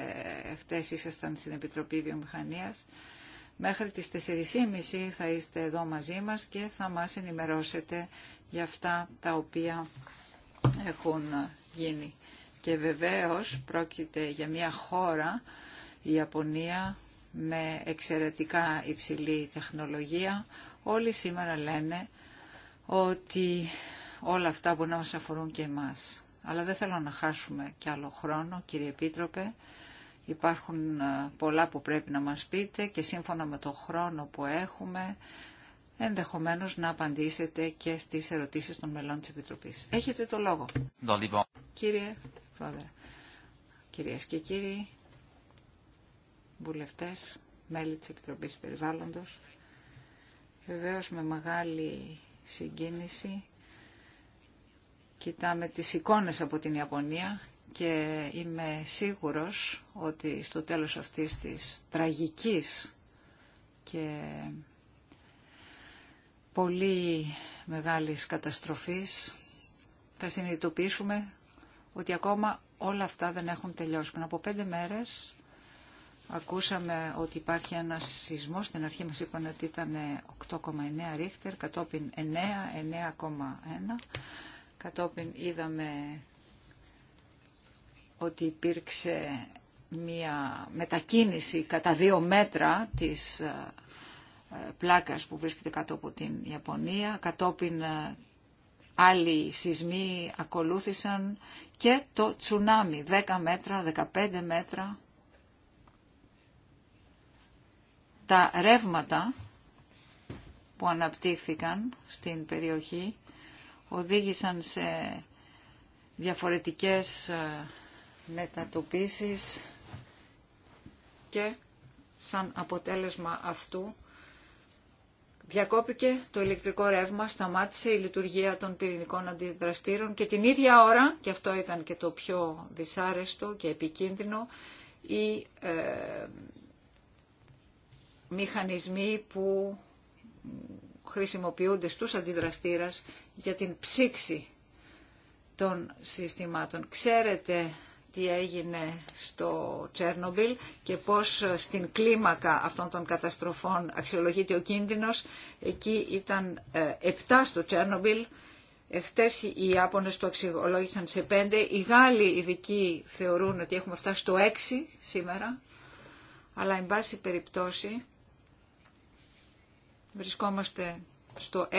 χτες ήσασταν στην Επιτροπή Βιομηχανίας. Μέχρι τις 4.30 θα είστε εδώ μαζί μας και θα μας ενημερώσετε για αυτά τα οποία έχουν ε, γίνει. Και βεβαίως πρόκειται για μια χώρα, η Ιαπωνία, με εξαιρετικά υψηλή τεχνολογία. Όλοι σήμερα λένε ότι όλα αυτά μπορεί να μας αφορούν και εμάς. Αλλά δεν θέλω να χάσουμε κι άλλο χρόνο, κύριε Επίτροπε. Υπάρχουν ε, πολλά που πρέπει να μας πείτε και σύμφωνα με τον χρόνο που έχουμε, ενδεχομένως να απαντήσετε και στις ερωτήσεις των μελών της Επιτροπής. Έχετε το λόγο. Κύριε Κυρίε Κυρίες και κύριοι, βουλευτές, μέλη της Επιτροπής Περιβάλλοντος, βεβαίως με μεγάλη συγκίνηση κοιτάμε τις εικόνες από την Ιαπωνία και είμαι σίγουρος ότι στο τέλος αυτής της τραγικής και πολύ μεγάλης καταστροφής θα συνειδητοποιήσουμε ότι ακόμα όλα αυτά δεν έχουν τελειώσει. Πριν από πέντε μέρες ακούσαμε ότι υπάρχει ένα σεισμό. Στην αρχή μας είπαν ότι ήταν 8,9 ρίχτερ, κατόπιν 9, 9,1. Κατόπιν είδαμε ότι υπήρξε μια μετακίνηση κατά δύο μέτρα της ε, ε, πλάκας που βρίσκεται κάτω από την Ιαπωνία. Κατόπιν ε, Άλλοι σεισμοί ακολούθησαν και το τσουνάμι, 10 μέτρα, 15 μέτρα. Τα ρεύματα που αναπτύχθηκαν στην περιοχή οδήγησαν σε διαφορετικές ε, μετατοπίσεις και σαν αποτέλεσμα αυτού Διακόπηκε το ηλεκτρικό ρεύμα, σταμάτησε η λειτουργία των πυρηνικών αντιδραστήρων και την ίδια ώρα, και αυτό ήταν και το πιο δυσάρεστο και επικίνδυνο, οι ε, μηχανισμοί που χρησιμοποιούνται στους αντιδραστήρες για την ψήξη των συστημάτων. Ξέρετε τι έγινε στο Τσέρνομπιλ και πώς στην κλίμακα αυτών των καταστροφών αξιολογείται ο κίνδυνος. Εκεί ήταν 7 ε, στο Τσέρνομπιλ. Εχθές οι Ιάπωνες το αξιολόγησαν σε 5. Οι Γάλλοι ειδικοί θεωρούν ότι έχουμε φτάσει στο 6 σήμερα. Αλλά εν πάση περιπτώσει βρισκόμαστε στο 6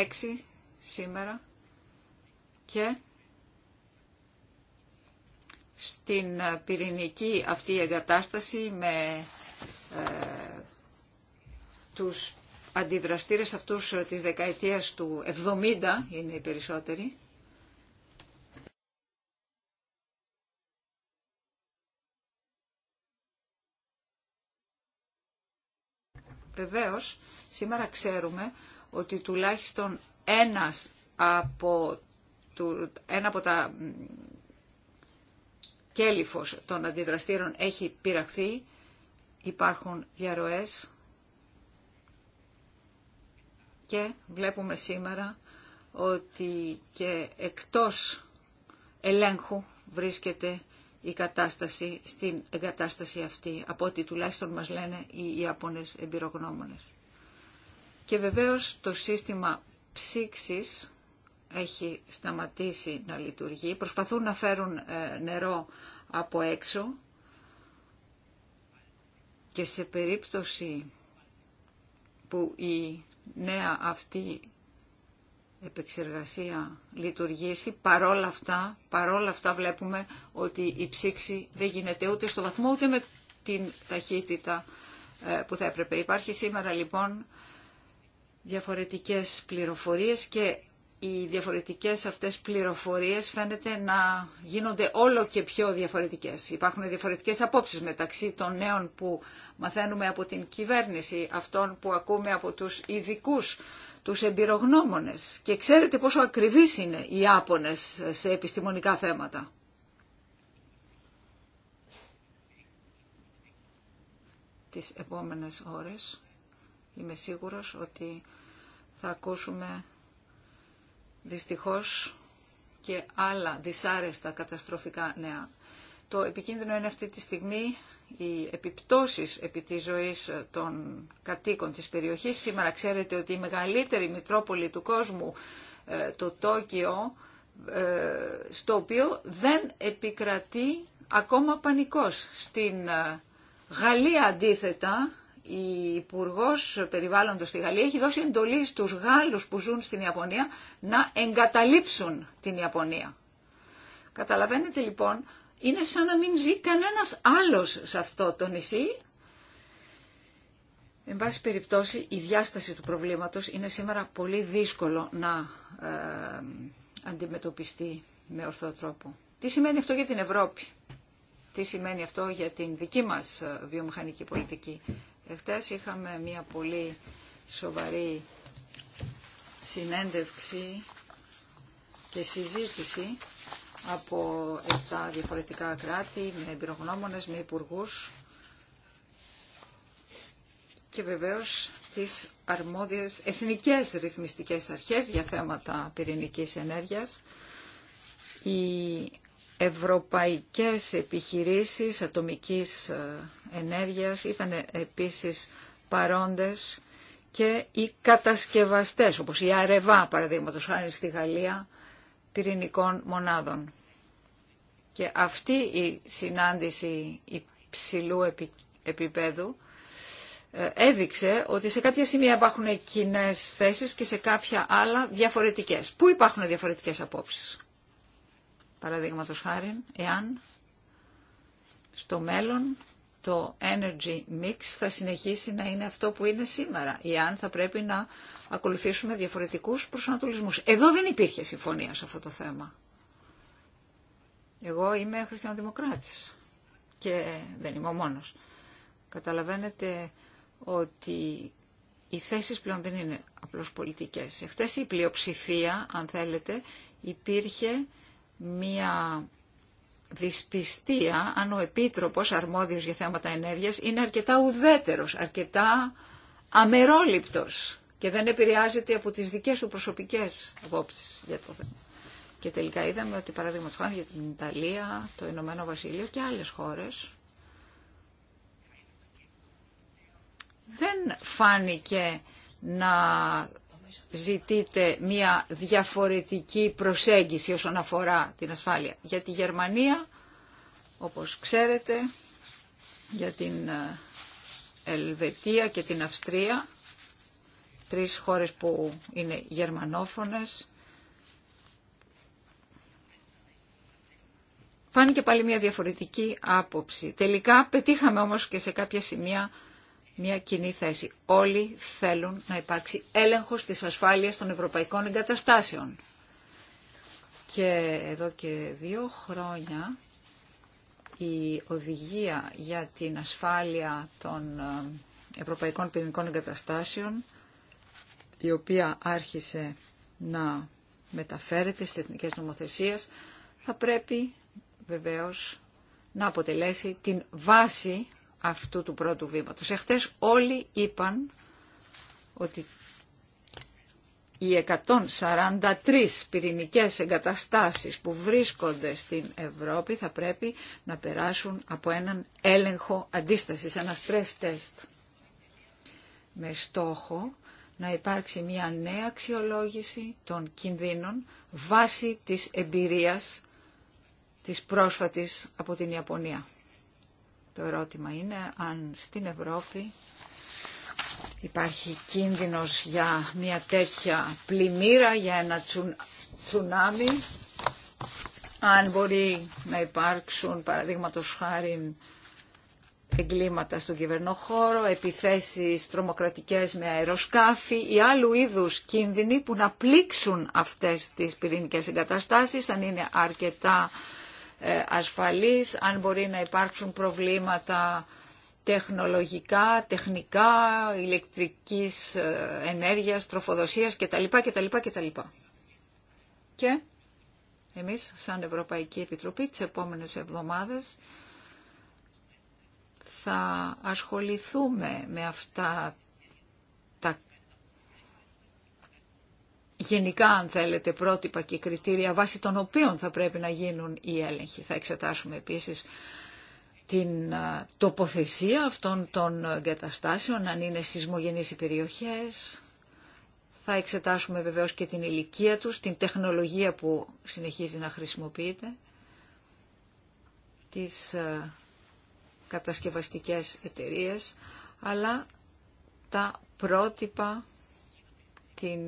σήμερα και στην πυρηνική αυτή εγκατάσταση με ε, τους αντιδραστήρες αυτούς ε, της δεκαετίας του 70 είναι οι περισσότεροι. Βεβαίως, σήμερα ξέρουμε ότι τουλάχιστον ένας από, του, ένα από τα κέλυφος των αντιδραστήρων έχει πειραχθεί, υπάρχουν διαρροές και βλέπουμε σήμερα ότι και εκτός ελέγχου βρίσκεται η κατάσταση στην εγκατάσταση αυτή, από ό,τι τουλάχιστον μας λένε οι Ιαπωνές εμπειρογνώμονες. Και βεβαίως το σύστημα ψήξης έχει σταματήσει να λειτουργεί. Προσπαθούν να φέρουν ε, νερό από έξω και σε περίπτωση που η νέα αυτή επεξεργασία λειτουργήσει, παρόλα αυτά, παρόλα αυτά βλέπουμε ότι η ψήξη δεν γίνεται ούτε στο βαθμό ούτε με την ταχύτητα ε, που θα έπρεπε. Υπάρχει σήμερα λοιπόν διαφορετικές πληροφορίες και οι διαφορετικές αυτές πληροφορίες φαίνεται να γίνονται όλο και πιο διαφορετικές. Υπάρχουν διαφορετικές απόψεις μεταξύ των νέων που μαθαίνουμε από την κυβέρνηση, αυτών που ακούμε από τους ειδικού τους εμπειρογνώμονες. Και ξέρετε πόσο ακριβείς είναι οι άπονες σε επιστημονικά θέματα. Τις επόμενες ώρες είμαι σίγουρος ότι θα ακούσουμε δυστυχώς και άλλα δυσάρεστα καταστροφικά νέα. Το επικίνδυνο είναι αυτή τη στιγμή οι επιπτώσεις επί της ζωής των κατοίκων της περιοχής. Σήμερα ξέρετε ότι η μεγαλύτερη Μητρόπολη του κόσμου, ε, το Τόκιο, ε, στο οποίο δεν επικρατεί ακόμα πανικός. Στην ε, Γαλλία αντίθετα η Υπουργό Περιβάλλοντος στη Γαλλία έχει δώσει εντολή στους Γάλλους που ζουν στην Ιαπωνία να εγκαταλείψουν την Ιαπωνία. Καταλαβαίνετε λοιπόν, είναι σαν να μην ζει κανένας άλλος σε αυτό το νησί. Εν πάση περιπτώσει, η διάσταση του προβλήματος είναι σήμερα πολύ δύσκολο να ε, αντιμετωπιστεί με ορθό τρόπο. Τι σημαίνει αυτό για την Ευρώπη. Τι σημαίνει αυτό για την δική μας ε, βιομηχανική πολιτική. Εχθές είχαμε μια πολύ σοβαρή συνέντευξη και συζήτηση από 7 διαφορετικά κράτη, με εμπειρογνώμονες, με υπουργού και βεβαίως τις αρμόδιες εθνικές ρυθμιστικές αρχές για θέματα πυρηνικής ενέργειας ευρωπαϊκές επιχειρήσεις ατομικής ε, ενέργειας ήταν επίσης παρόντες και οι κατασκευαστές, όπως η Αρεβά παραδείγματο χάρη στη Γαλλία, πυρηνικών μονάδων. Και αυτή η συνάντηση υψηλού επίπεδου ε, έδειξε ότι σε κάποια σημεία υπάρχουν κοινέ θέσεις και σε κάποια άλλα διαφορετικές. Πού υπάρχουν διαφορετικές απόψεις παραδείγματος χάρη, εάν στο μέλλον το energy mix θα συνεχίσει να είναι αυτό που είναι σήμερα ή αν θα πρέπει να ακολουθήσουμε διαφορετικούς προσανατολισμούς. Εδώ δεν υπήρχε συμφωνία σε αυτό το θέμα. Εγώ είμαι χριστιανοδημοκράτης και δεν είμαι ο μόνος. Καταλαβαίνετε ότι οι θέσεις πλέον δεν είναι απλώς πολιτικές. Εχθές η πλειοψηφία, αν θέλετε, υπήρχε μία δυσπιστία αν ο Επίτροπος αρμόδιος για θέματα ενέργειας είναι αρκετά ουδέτερος, αρκετά αμερόληπτος και δεν επηρεάζεται από τις δικές του προσωπικές απόψεις για το θέμα. Και τελικά είδαμε ότι παραδείγματος χάρη για την Ιταλία, το Ηνωμένο Βασίλειο και άλλες χώρες δεν φάνηκε να ζητείτε μια διαφορετική προσέγγιση όσον αφορά την ασφάλεια. Για τη Γερμανία, όπως ξέρετε, για την ε, Ελβετία και την Αυστρία, τρεις χώρες που είναι γερμανόφωνες, φάνηκε πάλι μια διαφορετική άποψη. Τελικά πετύχαμε όμως και σε κάποια σημεία μια κοινή θέση. Όλοι θέλουν να υπάρξει έλεγχος της ασφάλειας των ευρωπαϊκών εγκαταστάσεων. Και εδώ και δύο χρόνια η οδηγία για την ασφάλεια των ε, ευρωπαϊκών πυρηνικών εγκαταστάσεων, η οποία άρχισε να μεταφέρεται στις εθνικές νομοθεσίες, θα πρέπει βεβαίως να αποτελέσει την βάση αυτού του πρώτου βήματος. Εχθές όλοι είπαν ότι οι 143 πυρηνικές εγκαταστάσεις που βρίσκονται στην Ευρώπη θα πρέπει να περάσουν από έναν έλεγχο αντίστασης, ένα stress test με στόχο να υπάρξει μια νέα αξιολόγηση των κινδύνων βάσει της εμπειρίας της πρόσφατης από την Ιαπωνία. Το ερώτημα είναι αν στην Ευρώπη υπάρχει κίνδυνος για μια τέτοια πλημμύρα, για ένα τσουνάμι, αν μπορεί να υπάρξουν παραδείγματο χάρη εγκλήματα στον κυβερνό χώρο, επιθέσεις τρομοκρατικές με αεροσκάφη ή άλλου είδους κίνδυνοι που να πλήξουν αυτές τις πυρηνικές εγκαταστάσεις, αν είναι αρκετά ε, ασφαλής, αν μπορεί να υπάρξουν προβλήματα τεχνολογικά, τεχνικά, ηλεκτρικής ε, ενέργειας, τροφοδοσίας κτλ. κτλ, κτλ. Και εμείς σαν Ευρωπαϊκή Επιτροπή τις επόμενες εβδομάδες θα ασχοληθούμε με αυτά γενικά αν θέλετε πρότυπα και κριτήρια βάσει των οποίων θα πρέπει να γίνουν οι έλεγχοι. Θα εξετάσουμε επίσης την τοποθεσία αυτών των εγκαταστάσεων, αν είναι σεισμογενείς οι περιοχές. Θα εξετάσουμε βεβαίως και την ηλικία τους, την τεχνολογία που συνεχίζει να χρησιμοποιείται, τις κατασκευαστικές εταιρείες, αλλά τα πρότυπα, την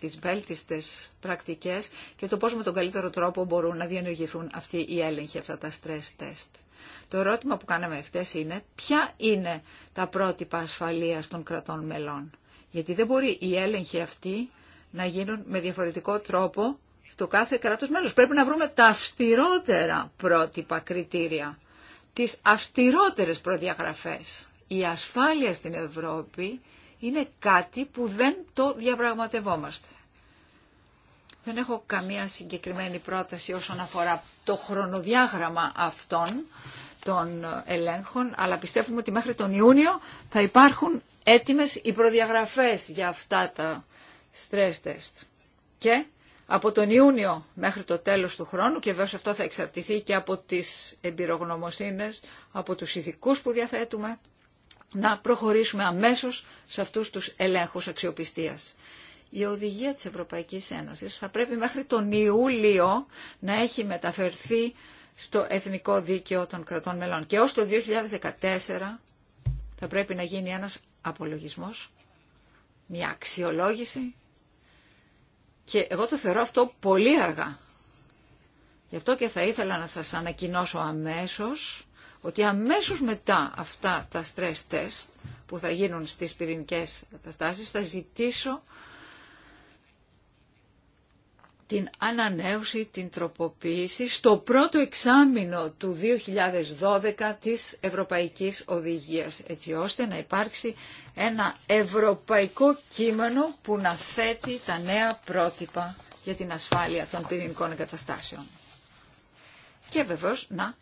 τις βέλτιστες πρακτικές και το πώς με τον καλύτερο τρόπο μπορούν να διενεργηθούν αυτοί οι έλεγχοι, αυτά τα stress test. Το ερώτημα που κάναμε χτες είναι ποια είναι τα πρότυπα ασφαλείας των κρατών μελών. Γιατί δεν μπορεί οι έλεγχοι αυτοί να γίνουν με διαφορετικό τρόπο στο κάθε κράτος μέλος. Πρέπει να βρούμε τα αυστηρότερα πρότυπα κριτήρια, τις αυστηρότερες προδιαγραφές. Η ασφάλεια στην Ευρώπη είναι κάτι που δεν το διαπραγματευόμαστε. Δεν έχω καμία συγκεκριμένη πρόταση όσον αφορά το χρονοδιάγραμμα αυτών των ελέγχων, αλλά πιστεύουμε ότι μέχρι τον Ιούνιο θα υπάρχουν έτοιμες οι προδιαγραφές για αυτά τα stress test. Και από τον Ιούνιο μέχρι το τέλος του χρόνου, και βέβαια αυτό θα εξαρτηθεί και από τις εμπειρογνωμοσύνες, από τους ειδικού που διαθέτουμε, να προχωρήσουμε αμέσως σε αυτούς τους ελέγχους αξιοπιστίας. Η οδηγία της Ευρωπαϊκής Ένωσης θα πρέπει μέχρι τον Ιούλιο να έχει μεταφερθεί στο εθνικό δίκαιο των κρατών μελών. Και ως το 2014 θα πρέπει να γίνει ένας απολογισμός, μια αξιολόγηση και εγώ το θεωρώ αυτό πολύ αργά. Γι' αυτό και θα ήθελα να σας ανακοινώσω αμέσως ότι αμέσως μετά αυτά τα stress test που θα γίνουν στις πυρηνικές καταστάσεις θα ζητήσω την ανανέωση, την τροποποίηση στο πρώτο εξάμεινο του 2012 της Ευρωπαϊκής Οδηγίας, έτσι ώστε να υπάρξει ένα ευρωπαϊκό κείμενο που να θέτει τα νέα πρότυπα για την ασφάλεια των πυρηνικών εγκαταστάσεων. Και βεβαίως να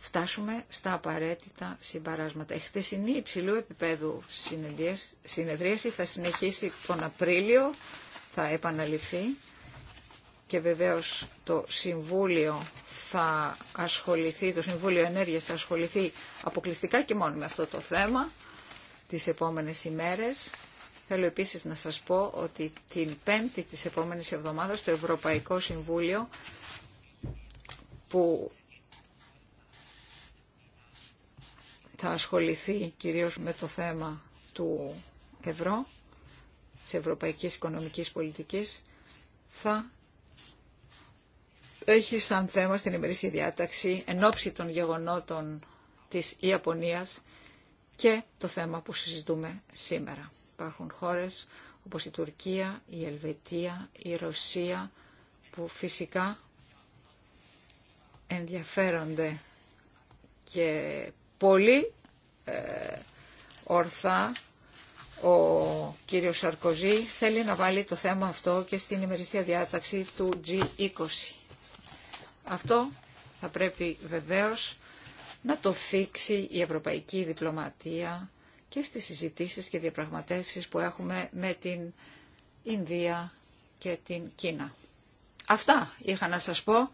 φτάσουμε στα απαραίτητα συμπαράσματα. Η χτεσινή υψηλού επίπεδου συνεδρίαση θα συνεχίσει τον Απρίλιο, θα επαναληφθεί και βεβαίως το Συμβούλιο θα ασχοληθεί, το Συμβούλιο Ενέργειας θα ασχοληθεί αποκλειστικά και μόνο με αυτό το θέμα τις επόμενες ημέρες. Θέλω επίσης να σας πω ότι την πέμπτη της επόμενης εβδομάδας το Ευρωπαϊκό Συμβούλιο που θα ασχοληθεί κυρίως με το θέμα του ευρώ, της ευρωπαϊκής οικονομικής πολιτικής, θα έχει σαν θέμα στην ημερήσια διάταξη εν ώψη των γεγονότων της Ιαπωνίας και το θέμα που συζητούμε σήμερα. Υπάρχουν χώρες όπως η Τουρκία, η Ελβετία, η Ρωσία που φυσικά ενδιαφέρονται και πολύ ε, ορθά ο κύριος Σαρκοζή θέλει να βάλει το θέμα αυτό και στην ημερησία διάταξη του G20. Αυτό θα πρέπει βεβαίως να το θίξει η ευρωπαϊκή διπλωματία και στις συζητήσεις και διαπραγματεύσεις που έχουμε με την Ινδία και την Κίνα. Αυτά είχα να σας πω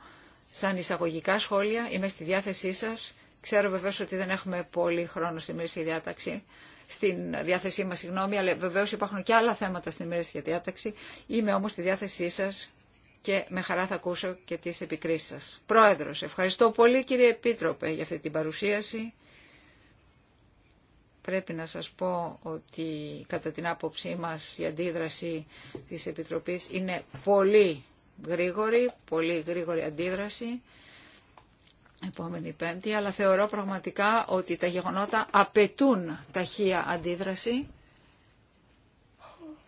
σαν εισαγωγικά σχόλια. Είμαι στη διάθεσή σας Ξέρω βεβαίω ότι δεν έχουμε πολύ χρόνο στη μέση διάταξη στην διάθεσή μας, συγγνώμη, αλλά βεβαίως υπάρχουν και άλλα θέματα στην για διάταξη. Είμαι όμως στη διάθεσή σας και με χαρά θα ακούσω και τις επικρίσεις σας. Πρόεδρος, ευχαριστώ πολύ κύριε Επίτροπε για αυτή την παρουσίαση. Πρέπει να σας πω ότι κατά την άποψή μας η αντίδραση της Επιτροπής είναι πολύ γρήγορη, πολύ γρήγορη αντίδραση επόμενη πέμπτη, αλλά θεωρώ πραγματικά ότι τα γεγονότα απαιτούν ταχεία αντίδραση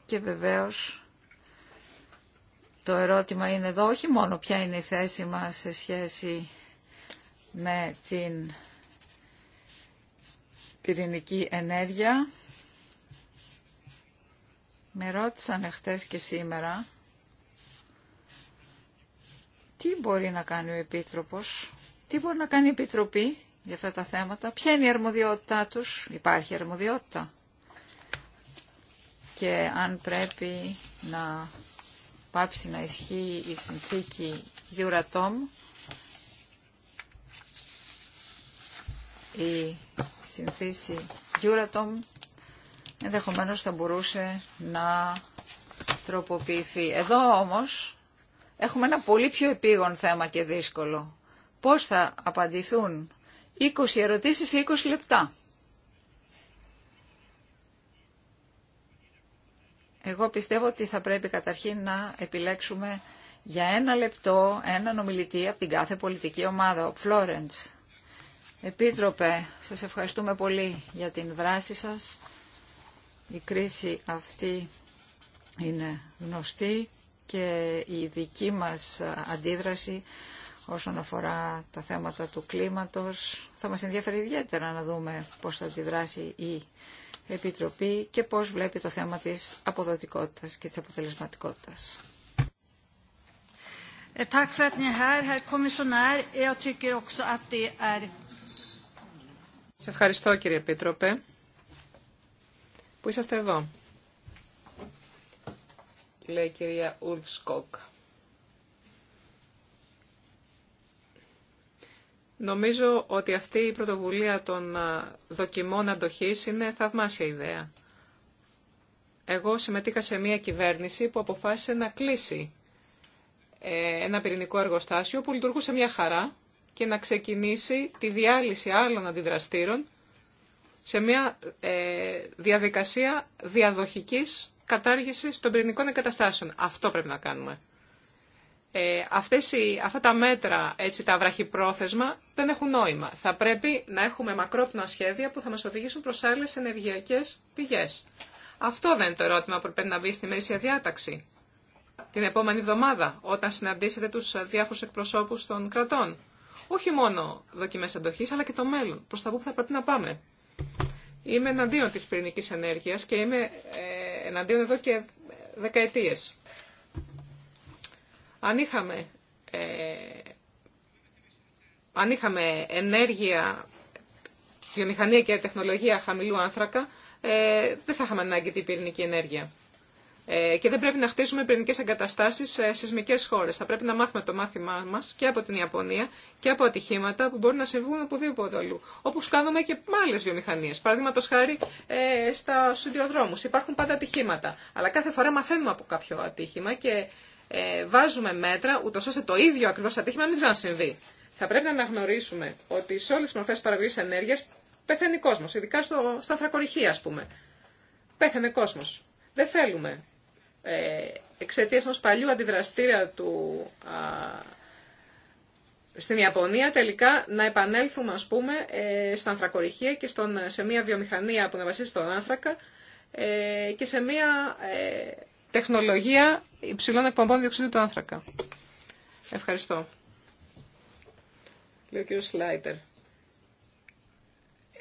και βεβαίως το ερώτημα είναι εδώ όχι μόνο ποια είναι η θέση μας σε σχέση με την πυρηνική ενέργεια. Με ρώτησαν εχθές και σήμερα τι μπορεί να κάνει ο Επίτροπος τι μπορεί να κάνει η Επιτροπή για αυτά τα θέματα, ποια είναι η αρμοδιότητά τους, υπάρχει αρμοδιότητα και αν πρέπει να πάψει να ισχύει η συνθήκη Euratom η συνθήση Euratom ενδεχομένως θα μπορούσε να τροποποιηθεί. Εδώ όμως έχουμε ένα πολύ πιο επίγον θέμα και δύσκολο πώς θα απαντηθούν 20 ερωτήσεις σε 20 λεπτά. Εγώ πιστεύω ότι θα πρέπει καταρχήν να επιλέξουμε για ένα λεπτό έναν ομιλητή από την κάθε πολιτική ομάδα. Ο Φλόρεντς, Επίτροπε, σας ευχαριστούμε πολύ για την δράση σας. Η κρίση αυτή είναι γνωστή και η δική μας αντίδραση όσον αφορά τα θέματα του κλίματος. Θα μας ενδιαφέρει ιδιαίτερα να δούμε πώς θα αντιδράσει η Επιτροπή και πώς βλέπει το θέμα της αποδοτικότητας και της αποτελεσματικότητας. Ε, ε, Σε ευχαριστώ κύριε Επίτροπε που είσαστε εδώ, λέει η κυρία Σκόκ. Νομίζω ότι αυτή η πρωτοβουλία των δοκιμών αντοχής είναι θαυμάσια ιδέα. Εγώ συμμετείχα σε μια κυβέρνηση που αποφάσισε να κλείσει ε, ένα πυρηνικό εργοστάσιο που λειτουργούσε μια χαρά και να ξεκινήσει τη διάλυση άλλων αντιδραστήρων σε μια ε, διαδικασία διαδοχικής κατάργησης των πυρηνικών εγκαταστάσεων. Αυτό πρέπει να κάνουμε. Ε, αυτές οι, αυτά τα μέτρα, έτσι, τα βραχυπρόθεσμα, δεν έχουν νόημα. Θα πρέπει να έχουμε μακρόπνοα σχέδια που θα μας οδηγήσουν προς άλλες ενεργειακές πηγές. Αυτό δεν είναι το ερώτημα που πρέπει να μπει στη μέση διάταξη. Την επόμενη εβδομάδα, όταν συναντήσετε τους διάφορους εκπροσώπους των κρατών. Όχι μόνο δοκιμές αντοχής, αλλά και το μέλλον, προς τα που θα πρέπει να πάμε. Είμαι εναντίον της πυρηνικής ενέργειας και είμαι ε, εναντίον εδώ και δεκαετίες. Αν είχαμε, ε, αν είχαμε ενέργεια, βιομηχανία και τεχνολογία χαμηλού άνθρακα, ε, δεν θα είχαμε ανάγκη την πυρηνική ενέργεια. Ε, και δεν πρέπει να χτίζουμε πυρηνικέ εγκαταστάσει ε, σε σεισμικέ χώρε. Θα πρέπει να μάθουμε το μάθημά μα και από την Ιαπωνία και από ατυχήματα που μπορεί να συμβούν οπουδήποτε αλλού. Όπω κάνουμε και με άλλε βιομηχανίε. Παραδείγματο χάρη ε, στα σιδηροδρόμου. Υπάρχουν πάντα ατυχήματα. Αλλά κάθε φορά μαθαίνουμε από κάποιο ατύχημα και ε, βάζουμε μέτρα ούτως ώστε το ίδιο ακριβώς ατύχημα να μην ξανασυμβεί. Θα πρέπει να αναγνωρίσουμε ότι σε όλες τι μορφές παραγωγής ενέργειας πεθαίνει κόσμος, ειδικά στο, στα ανθρακοριχεία α πούμε. Πέθανε κόσμος. Δεν θέλουμε ε, εξαιτίας παλιού αντιδραστήρα του, α, στην Ιαπωνία τελικά να επανέλθουμε ας πούμε ε, στα ανθρακοριχεία και στον, σε μια βιομηχανία που να βασίζεται στον άνθρακα ε, και σε μια ε, τεχνολογία υψηλών εκπομπών διοξιδίου του άνθρακα. Ευχαριστώ. Λέω κύριο Σλάιτερ.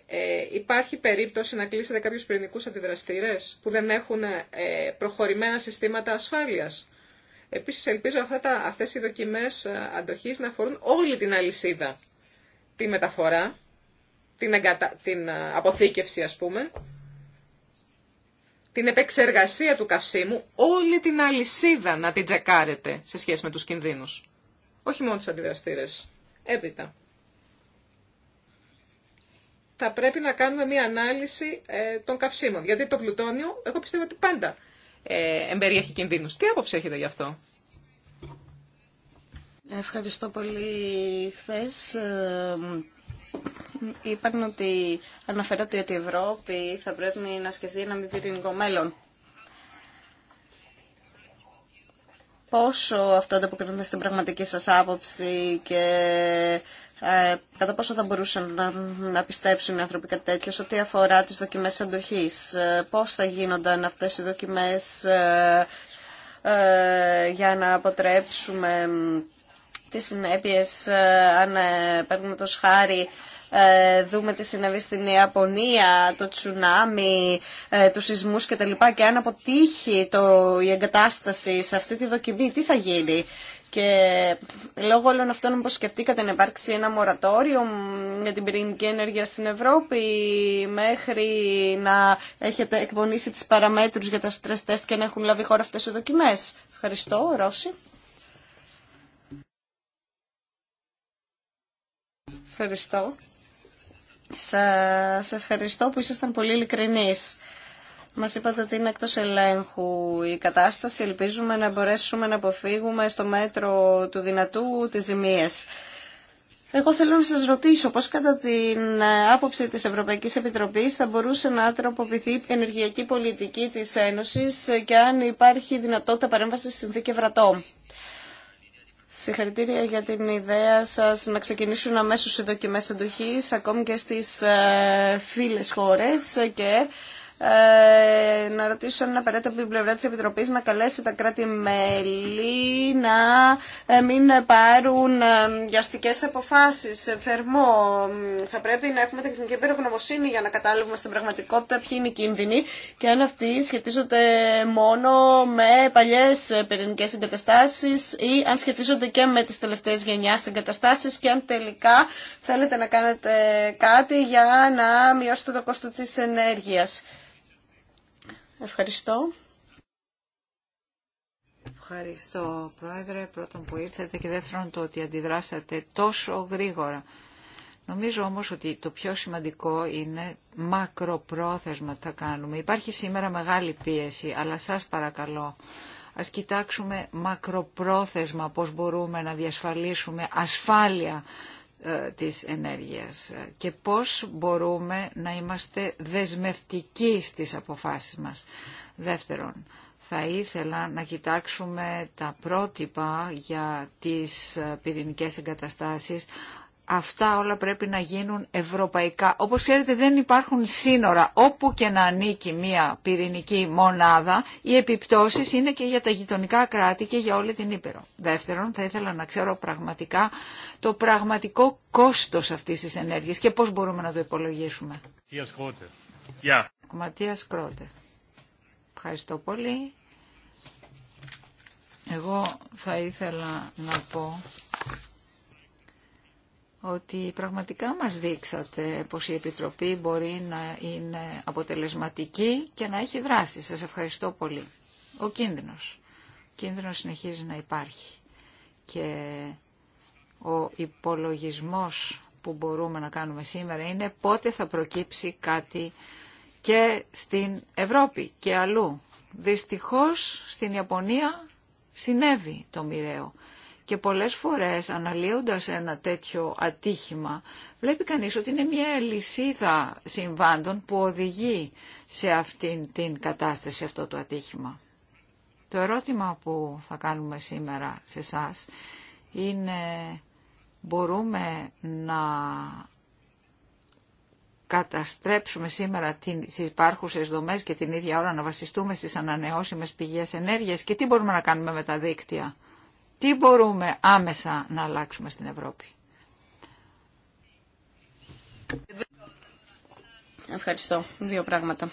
Ε, υπάρχει περίπτωση να κλείσετε κάποιους πυρηνικούς αντιδραστήρες που δεν έχουν ε, προχωρημένα συστήματα ασφάλειας. Επίσης ελπίζω αυτά τα, αυτές οι δοκιμές ε, αντοχής να αφορούν όλη την αλυσίδα. Τη μεταφορά, την, την ε, αποθήκευση ας πούμε, την επεξεργασία του καυσίμου, όλη την αλυσίδα να την τσεκάρετε σε σχέση με τους κινδύνους. Όχι μόνο τους αντιδραστήρες. Έπειτα. Θα πρέπει να κάνουμε μία ανάλυση ε, των καυσίμων. Γιατί το πλουτόνιο, εγώ πιστεύω ότι πάντα ε, εμπεριέχει κινδύνους. Τι άποψη έχετε γι' αυτό. Ευχαριστώ πολύ. Χθε ε, είπαν ότι αναφέρονται ότι η Ευρώπη θα πρέπει να σκεφτεί ένα μη πυρηνικό μέλλον. Πόσο αυτό ανταποκρίνεται στην πραγματική σας άποψη και ε, κατά πόσο θα μπορούσαν να, να πιστέψουν οι άνθρωποι κάτι τέτοιο ό,τι αφορά τις δοκιμές αντοχής. Ε, πώς θα γίνονταν αυτές οι δοκιμές ε, για να αποτρέψουμε τις συνέπειες ε, αν ε, παίρνουμε το σχάρι, ε, δούμε τι συνέβη στην Ιαπωνία, το τσουνάμι, ε, τους σεισμούς κτλ. Και αν αποτύχει το, η εγκατάσταση σε αυτή τη δοκιμή, τι θα γίνει. Και λόγω όλων αυτών όπως σκεφτήκατε να υπάρξει ένα μορατόριο για την πυρηνική ενέργεια στην Ευρώπη μέχρι να έχετε εκπονήσει τις παραμέτρους για τα stress test και να έχουν λάβει χώρα αυτές οι δοκιμές. Ευχαριστώ, Ρώση. ευχαριστώ. Σας ευχαριστώ που ήσασταν πολύ ειλικρινεί. Μας είπατε ότι είναι εκτό ελέγχου η κατάσταση. Ελπίζουμε να μπορέσουμε να αποφύγουμε στο μέτρο του δυνατού τις ζημίες. Εγώ θέλω να σας ρωτήσω πώς κατά την άποψη της Ευρωπαϊκής Επιτροπής θα μπορούσε να τροποποιηθεί η ενεργειακή πολιτική της Ένωσης και αν υπάρχει δυνατότητα παρέμβασης στη συνθήκη Ευρατόμ. Συγχαρητήρια για την ιδέα σας να ξεκινήσουν αμέσως οι δοκιμές εντοχής, ακόμη και στις ε, φίλες χώρες και ε, να ρωτήσω είναι απαραίτητο από την πλευρά της Επιτροπής να καλέσει τα κράτη-μέλη να ε, μην πάρουν γιαστικές ε, αποφάσεις. Ε, θερμό, θα πρέπει να έχουμε τεχνική υπερογνωμοσύνη για να κατάλαβουμε στην πραγματικότητα ποιοι είναι οι κίνδυνοι και αν αυτοί σχετίζονται μόνο με παλιές πυρηνικές εγκαταστάσεις ή αν σχετίζονται και με τις τελευταίες γενιάς εγκαταστάσεις και αν τελικά θέλετε να κάνετε κάτι για να μειώσετε το κόστο τη ενέργειας. Ευχαριστώ. Ευχαριστώ, Πρόεδρε, πρώτον που ήρθατε και δεύτερον το ότι αντιδράσατε τόσο γρήγορα. Νομίζω όμως ότι το πιο σημαντικό είναι μακροπρόθεσμα θα κάνουμε. Υπάρχει σήμερα μεγάλη πίεση, αλλά σας παρακαλώ, ας κοιτάξουμε μακροπρόθεσμα πώς μπορούμε να διασφαλίσουμε ασφάλεια ε, της ενέργειας ε, και πώς μπορούμε να είμαστε δεσμευτικοί στις αποφάσεις μας. Δεύτερον, θα ήθελα να κοιτάξουμε τα πρότυπα για τις ε, πυρηνικές εγκαταστάσεις Αυτά όλα πρέπει να γίνουν ευρωπαϊκά. Όπως ξέρετε δεν υπάρχουν σύνορα. Όπου και να ανήκει μια πυρηνική μονάδα, οι επιπτώσεις είναι και για τα γειτονικά κράτη και για όλη την Ήπειρο. Δεύτερον, θα ήθελα να ξέρω πραγματικά το πραγματικό κόστος αυτής της ενέργειας και πώς μπορούμε να το υπολογίσουμε. Ματίας Κρότε. Ευχαριστώ πολύ. Εγώ θα ήθελα να πω ότι πραγματικά μας δείξατε πως η Επιτροπή μπορεί να είναι αποτελεσματική και να έχει δράση. Σας ευχαριστώ πολύ. Ο κίνδυνος. Ο κίνδυνος συνεχίζει να υπάρχει. Και ο υπολογισμός που μπορούμε να κάνουμε σήμερα είναι πότε θα προκύψει κάτι και στην Ευρώπη και αλλού. Δυστυχώς στην Ιαπωνία συνέβη το μοιραίο. Και πολλές φορές αναλύοντας ένα τέτοιο ατύχημα βλέπει κανείς ότι είναι μια λυσίδα συμβάντων που οδηγεί σε αυτήν την κατάσταση, αυτό το ατύχημα. Το ερώτημα που θα κάνουμε σήμερα σε εσά είναι μπορούμε να καταστρέψουμε σήμερα τις υπάρχουσες δομές και την ίδια ώρα να βασιστούμε στις ανανεώσιμες πηγές ενέργειας και τι μπορούμε να κάνουμε με τα δίκτυα. Τι μπορούμε άμεσα να αλλάξουμε στην Ευρώπη. Ευχαριστώ. Δύο πράγματα.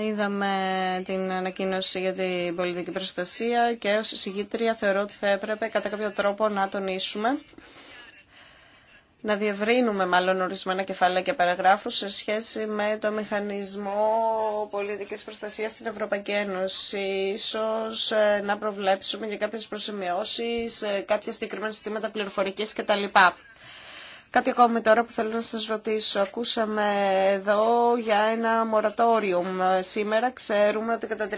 Είδαμε την ανακοίνωση για την πολιτική προστασία και ως εισηγήτρια θεωρώ ότι θα έπρεπε κατά κάποιο τρόπο να τονίσουμε να διευρύνουμε μάλλον ορισμένα κεφάλαια και παραγράφους σε σχέση με το μηχανισμό πολιτικής προστασίας στην Ευρωπαϊκή Ένωση. Ίσως ε, να προβλέψουμε για κάποιες προσημειώσεις, ε, κάποια συγκεκριμένα συστήματα πληροφορικής κτλ. Κάτι ακόμη τώρα που θέλω να σας ρωτήσω. Ακούσαμε εδώ για ένα μορατόριουμ. Σήμερα ξέρουμε ότι κατά 30%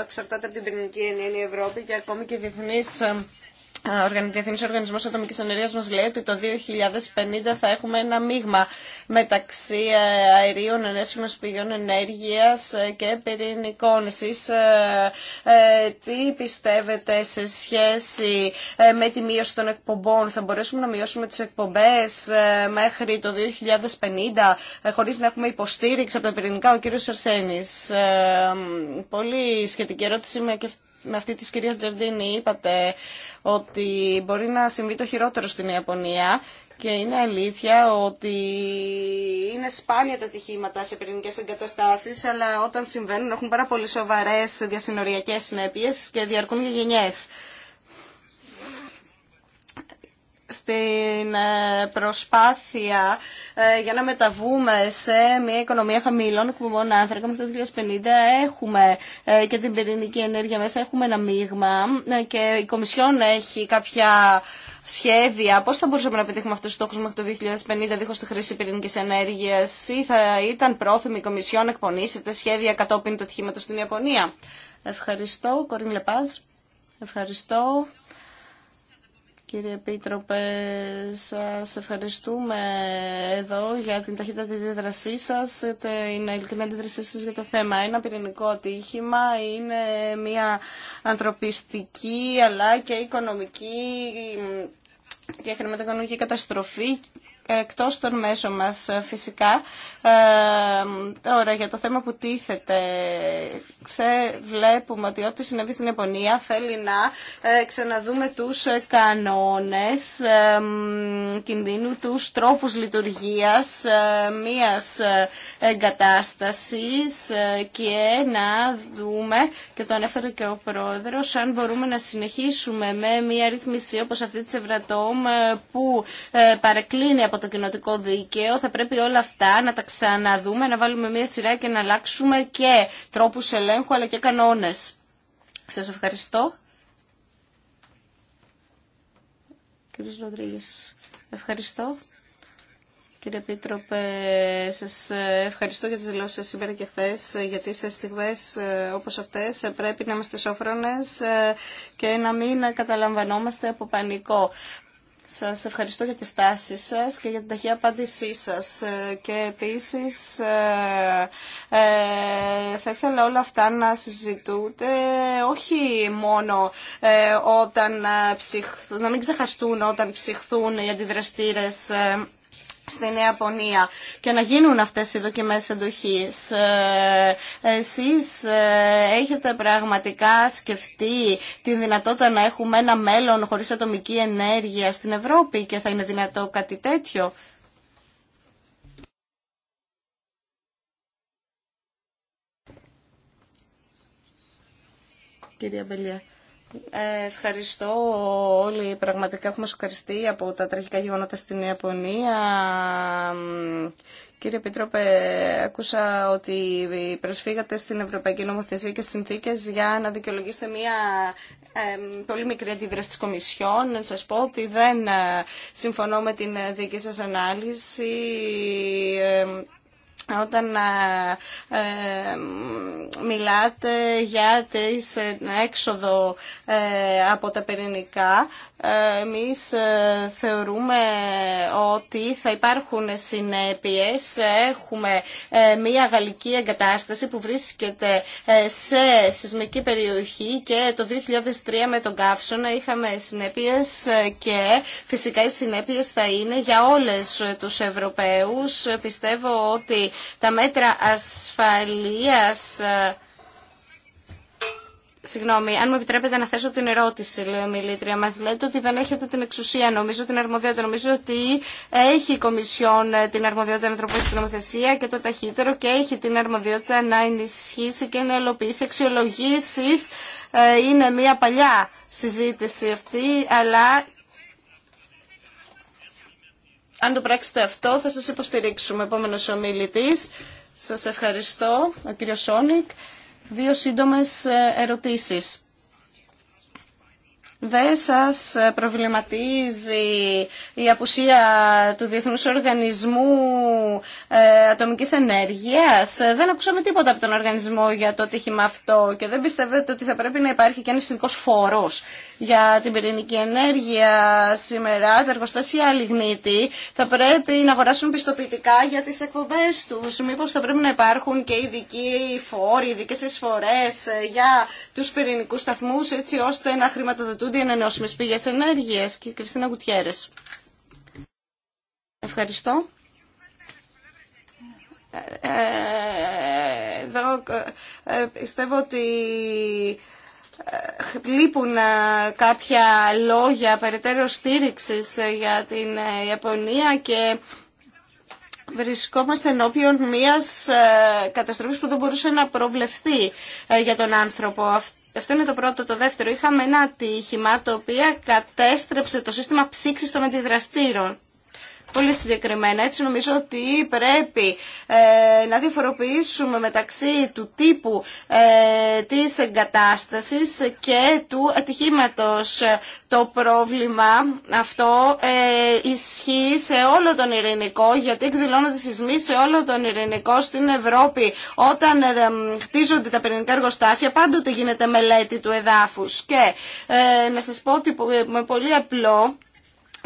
εξαρτάται από την πυρηνική ενένεια η Ευρώπη και ακόμη και διεθνείς ε, ο Διεθνής Οργανισμός Ατομικής Ενέργειας μας λέει ότι το 2050 θα έχουμε ένα μείγμα μεταξύ ε, αερίων, ενέσιμων πηγών ενέργειας ε, και πυρηνικών. Εσείς ε, τι πιστεύετε σε σχέση με τη μείωση των εκπομπών. Θα μπορέσουμε να μειώσουμε τις εκπομπές μέχρι το 2050 χωρίς να έχουμε υποστήριξη από τα πυρηνικά. Ο κύριος Αρσένης. Πολύ σχετική ερώτηση με και αυτή με αυτή της κυρία Τζερντίνη είπατε ότι μπορεί να συμβεί το χειρότερο στην Ιαπωνία και είναι αλήθεια ότι είναι σπάνια τα ατυχήματα σε πυρηνικέ εγκαταστάσει, αλλά όταν συμβαίνουν έχουν πάρα πολύ σοβαρέ διασυνοριακέ συνέπειε και διαρκούν για γενιέ στην ε, προσπάθεια ε, για να μεταβούμε σε μια οικονομία χαμηλών εκπομπών άνθρακα μέχρι το 2050 έχουμε ε, και την πυρηνική ενέργεια μέσα, έχουμε ένα μείγμα και η Κομισιόν έχει κάποια σχέδια, Πώς θα μπορούσαμε να πετύχουμε αυτούς τους στόχους μέχρι το 2050 δίχως τη χρήση πυρηνική ενέργεια, ή θα ήταν πρόφημη η Κομισιόν να εκπονήσετε σχέδια κατόπιν του ατυχήματος στην Ιαπωνία. Ευχαριστώ, Κορίν Λεπάζ. Ευχαριστώ. Κύριε Πίτροπε, σας ευχαριστούμε εδώ για την τη δίδρασή σας, την ειλικρινή αντίδρασή σας για το θέμα. Ένα πυρηνικό ατύχημα είναι μια ανθρωπιστική αλλά και οικονομική και χρηματοοικονομική καταστροφή εκτός των μέσων μας ε, φυσικά. Ε, τώρα για το θέμα που τίθεται, ξε, βλέπουμε ότι ό,τι συνέβη στην Επωνία θέλει να ε, ξαναδούμε τους κανόνες κινδύνου, τους τρόπους λειτουργίας μίας εγκατάστασης και να δούμε, και το ανέφερε και ο Πρόεδρος, αν μπορούμε να συνεχίσουμε με μια ρυθμισή όπως αυτή της Ευρατόμ που παρεκκλίνει από το κοινοτικό δίκαιο, θα πρέπει όλα αυτά να τα ξαναδούμε, να βάλουμε μία σειρά και να αλλάξουμε και τρόπους ελέγχου αλλά και κανόνες. Σας ευχαριστώ. Κύριος Ροδρίγες, ευχαριστώ. Κύριε Επίτροπε, σας ευχαριστώ για τις δηλώσεις σας σήμερα και χθε, γιατί σε στιγμές ε, όπως αυτές ε, πρέπει να είμαστε σόφρονες ε, και να μην καταλαμβανόμαστε από πανικό. Σας ευχαριστώ για τις στάσεις σας και για την ταχεία απάντησή σας ε, και επίσης ε, ε, θα ήθελα όλα αυτά να συζητούνται όχι μόνο ε, όταν ψυχ, να μην ξεχαστούν όταν ψυχθούν οι αντιδραστήρες στην Ιαπωνία και να γίνουν αυτές οι δοκιμές εντοχής. Ε, εσείς ε, έχετε πραγματικά σκεφτεί τη δυνατότητα να έχουμε ένα μέλλον χωρίς ατομική ενέργεια στην Ευρώπη και θα είναι δυνατό κάτι τέτοιο. Κυρία Μπελία. Ευχαριστώ όλοι. Πραγματικά έχουμε σοκαριστεί από τα τραγικά γεγονότα στην Ιαπωνία. Κύριε Επίτροπε, ακούσα ότι προσφύγατε στην Ευρωπαϊκή Νομοθεσία και συνθήκες για να δικαιολογήσετε μια πολύ μικρή αντίδραση της Κομισιόν. Να σας πω ότι δεν ε, συμφωνώ με την δική σας ανάλυση όταν ε, ε, μιλάτε για την ε, έξοδο από τα πυρηνικά εμείς ε, θεωρούμε ότι θα υπάρχουν συνέπειες. Έχουμε ε, μια γαλλική εγκατάσταση που βρίσκεται ε, σε σεισμική περιοχή και το 2003 με τον καύσωνα είχαμε συνέπειες και φυσικά οι συνέπειες θα είναι για όλες τους Ευρωπαίους. Πιστεύω ότι τα μέτρα ασφαλείας Συγγνώμη, αν μου επιτρέπετε να θέσω την ερώτηση, λέει ο Μιλήτρια. Μα λέτε ότι δεν έχετε την εξουσία, νομίζω την αρμοδιότητα. Νομίζω ότι έχει η Κομισιόν ε, την αρμοδιότητα να τροποποιήσει την νομοθεσία και το ταχύτερο και έχει την αρμοδιότητα να ενισχύσει και να ελοποιήσει αξιολογήσει. Ε, είναι μια παλιά συζήτηση αυτή, αλλά αν το πράξετε αυτό θα σας υποστηρίξουμε. Επόμενος ομιλητής. Σας ευχαριστώ, ο κύριος Σόνικ. Δύο σύντομες ε, ερωτήσεις δεν σας προβληματίζει η απουσία του Διεθνούς Οργανισμού ε, Ατομικής Ενέργειας. Δεν ακούσαμε τίποτα από τον οργανισμό για το τύχημα αυτό και δεν πιστεύετε ότι θα πρέπει να υπάρχει και ένας ειδικός φόρος για την πυρηνική ενέργεια. Σήμερα τα εργοστάσια λιγνίτη θα πρέπει να αγοράσουν πιστοποιητικά για τις εκπομπές τους. Μήπως θα πρέπει να υπάρχουν και ειδικοί φόροι, ειδικές εισφορές ε, για τους πυρηνικούς σταθμούς έτσι ώστε να χρηματοδοτούν αντί Πήγες πηγέ ενέργεια. Και η Κριστίνα Γκουτιέρε. Ευχαριστώ. Ε, ε, εδώ ε, πιστεύω ότι λείπουν κάποια λόγια περαιτέρω στήριξης για την Ιαπωνία και βρισκόμαστε ενώπιον μιας καταστροφής που δεν μπορούσε να προβλεφθεί για τον άνθρωπο. Αυτό αυτό είναι το πρώτο. Το δεύτερο, είχαμε ένα ατύχημα το οποίο κατέστρεψε το σύστημα ψήξη των αντιδραστήρων πολύ συγκεκριμένα. Έτσι νομίζω ότι πρέπει ε, να διαφοροποιήσουμε μεταξύ του τύπου ε, της εγκατάστασης και του ατυχήματος. Το πρόβλημα αυτό ε, ισχύει σε όλο τον ειρηνικό γιατί εκδηλώνονται σεισμοί σε όλο τον ειρηνικό στην Ευρώπη. Όταν χτίζονται τα πυρηνικά εργοστάσια πάντοτε γίνεται μελέτη του εδάφους και να σας πω ότι με πολύ απλό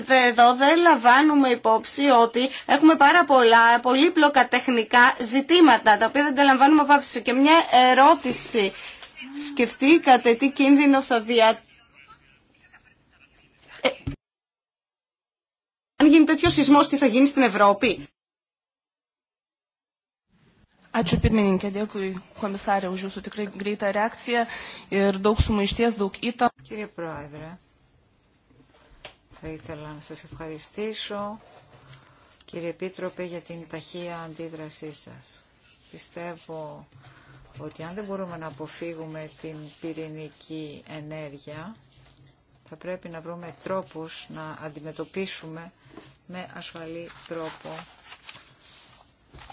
εδώ δεν λαμβάνουμε υπόψη ότι έχουμε πάρα πολλά πολύπλοκα τεχνικά ζητήματα τα οποία δεν τα λαμβάνουμε υπόψη. Και μια ερώτηση. Σκεφτήκατε τι κίνδυνο θα δια... Ε... Αν γίνει τέτοιο σεισμός, τι θα γίνει στην Ευρώπη. Ačiū pirmininkė, dėkui komisarė už jūsų tikrai greitą reakciją ir daug sumaišties, daug Κύριε Πρόεδρε, θα ήθελα να σας ευχαριστήσω, κύριε Επίτροπε, για την ταχεία αντίδρασή σας. Πιστεύω ότι αν δεν μπορούμε να αποφύγουμε την πυρηνική ενέργεια, θα πρέπει να βρούμε τρόπους να αντιμετωπίσουμε με ασφαλή τρόπο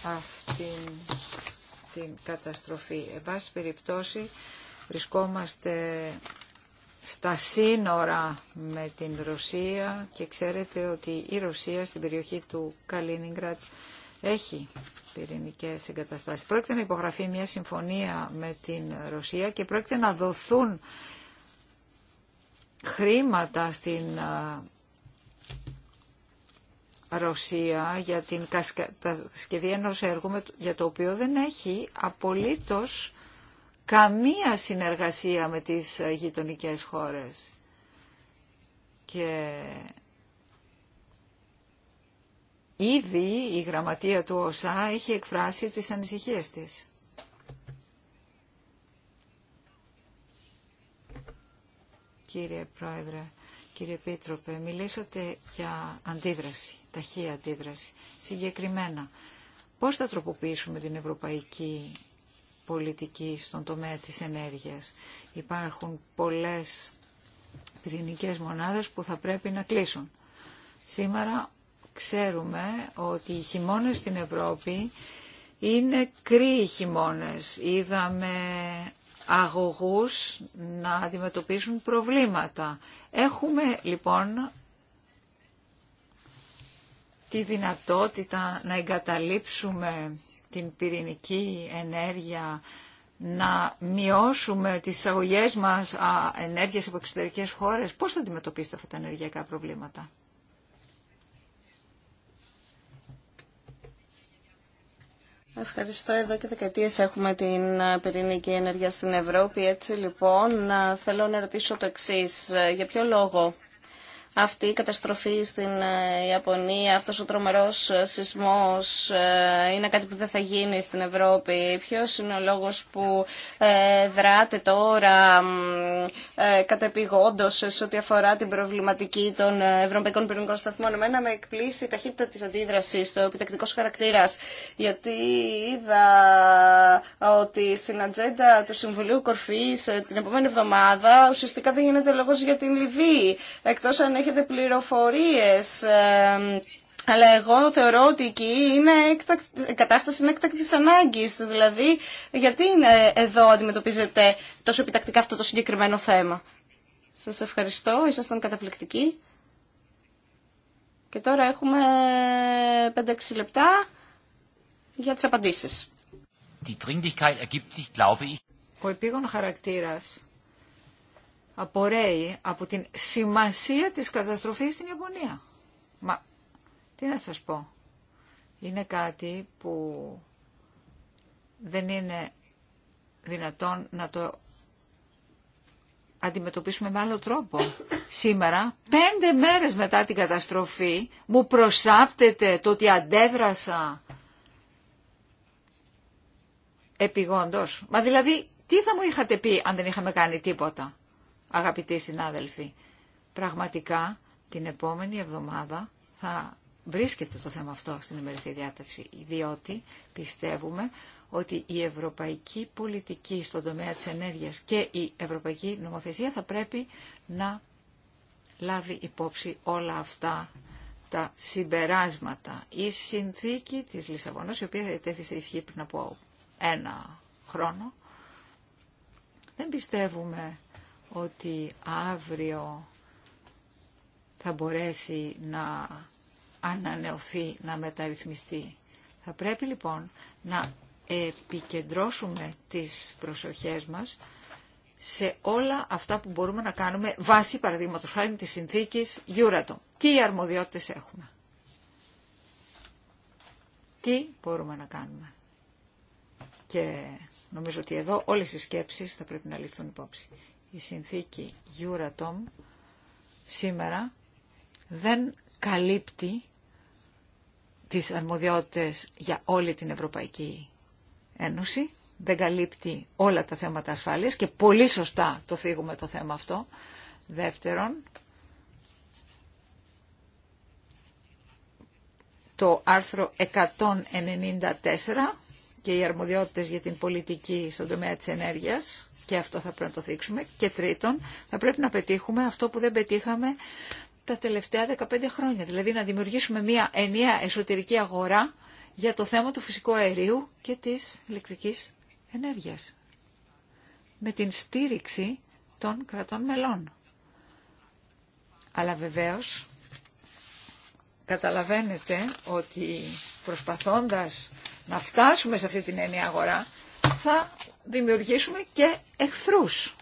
αυτήν την καταστροφή. Εν πάση περιπτώσει, βρισκόμαστε στα σύνορα με την Ρωσία και ξέρετε ότι η Ρωσία στην περιοχή του Καλίνιγκρατ έχει πυρηνικές εγκαταστάσεις. Πρόκειται να υπογραφεί μια συμφωνία με την Ρωσία και πρόκειται να δοθούν χρήματα στην Ρωσία για την κατασκευή ενός έργου για το οποίο δεν έχει απολύτως καμία συνεργασία με τις γειτονικέ χώρες. Και ήδη η γραμματεία του ΟΣΑ έχει εκφράσει τις ανησυχίες της. Κύριε Πρόεδρε, κύριε Πίτροπε, μιλήσατε για αντίδραση, ταχεία αντίδραση. Συγκεκριμένα, πώς θα τροποποιήσουμε την ευρωπαϊκή πολιτική στον τομέα της ενέργειας. Υπάρχουν πολλές πυρηνικές μονάδες που θα πρέπει να κλείσουν. Σήμερα ξέρουμε ότι οι χειμώνες στην Ευρώπη είναι κρύοι χειμώνες. Είδαμε αγωγούς να αντιμετωπίσουν προβλήματα. Έχουμε λοιπόν τη δυνατότητα να εγκαταλείψουμε την πυρηνική ενέργεια, να μειώσουμε τις εισαγωγέ μας α, ενέργειας από εξωτερικές χώρες. Πώς θα αντιμετωπίσετε αυτά τα ενεργειακά προβλήματα. Ευχαριστώ. Εδώ και δεκαετίες έχουμε την ε, πυρηνική ενέργεια στην Ευρώπη. Έτσι λοιπόν ε, θέλω να ρωτήσω το εξής. Ε, για ποιο λόγο αυτή η καταστροφή στην ε, Ιαπωνία, αυτός ο τρομερός ε, σεισμός ε, είναι κάτι που δεν θα γίνει στην Ευρώπη. Ποιος είναι ο λόγος που δράτε τώρα κατεπηγόντως σε ό,τι αφορά την προβληματική των Ευρωπαϊκών Πυρηνικών Σταθμών. Εμένα με εκπλήσει η ταχύτητα της αντίδρασης, το επιτακτικός χαρακτήρας, γιατί είδα ότι στην ατζέντα του Συμβουλίου Κορφής την επόμενη εβδομάδα ουσιαστικά δεν γίνεται λόγος για την Λιβύη, εκτός αν έχετε πληροφορίες ε, αλλά εγώ θεωρώ ότι εκεί είναι εκτακ... η κατάσταση είναι έκτακτης ανάγκης. Δηλαδή, γιατί εδώ αντιμετωπίζετε τόσο επιτακτικά αυτό το συγκεκριμένο θέμα. Σας ευχαριστώ, ήσασταν καταπληκτικοί. Και τώρα έχουμε 5-6 λεπτά για τις απαντήσεις. Ο επίγον χαρακτήρας απορρέει από την σημασία της καταστροφής στην Ιαπωνία. Μα τι να σας πω. Είναι κάτι που δεν είναι δυνατόν να το αντιμετωπίσουμε με άλλο τρόπο. Σήμερα, πέντε μέρες μετά την καταστροφή, μου προσάπτεται το ότι αντέδρασα επιγόντως. Μα δηλαδή, τι θα μου είχατε πει αν δεν είχαμε κάνει τίποτα αγαπητοί συνάδελφοι. Πραγματικά την επόμενη εβδομάδα θα βρίσκεται το θέμα αυτό στην ημερήσια διάταξη, διότι πιστεύουμε ότι η ευρωπαϊκή πολιτική στον τομέα της ενέργειας και η ευρωπαϊκή νομοθεσία θα πρέπει να λάβει υπόψη όλα αυτά τα συμπεράσματα. Η συνθήκη της Λισαβόνας, η οποία ετέθησε ισχύ πριν από ένα χρόνο, δεν πιστεύουμε ότι αύριο θα μπορέσει να ανανεωθεί, να μεταρρυθμιστεί. Θα πρέπει λοιπόν να επικεντρώσουμε τις προσοχές μας σε όλα αυτά που μπορούμε να κάνουμε βάσει παραδείγματος χάρη της συνθήκης γιούρατο. Τι αρμοδιότητες έχουμε. Τι μπορούμε να κάνουμε. Και νομίζω ότι εδώ όλες οι σκέψεις θα πρέπει να ληφθούν υπόψη η συνθήκη Euratom σήμερα δεν καλύπτει τις αρμοδιότητες για όλη την Ευρωπαϊκή Ένωση, δεν καλύπτει όλα τα θέματα ασφάλειας και πολύ σωστά το φύγουμε το θέμα αυτό. Δεύτερον, το άρθρο 194 και οι αρμοδιότητες για την πολιτική στον τομέα της ενέργειας και αυτό θα πρέπει να το δείξουμε. Και τρίτον, θα πρέπει να πετύχουμε αυτό που δεν πετύχαμε τα τελευταία 15 χρόνια. Δηλαδή να δημιουργήσουμε μια ενιαία εσωτερική αγορά για το θέμα του φυσικού αερίου και της ηλεκτρικής ενέργειας. Με την στήριξη των κρατών μελών. Αλλά βεβαίως καταλαβαίνετε ότι προσπαθώντας να φτάσουμε σε αυτή την ενιαία αγορά θα δημιουργήσουμε και εχθρούς.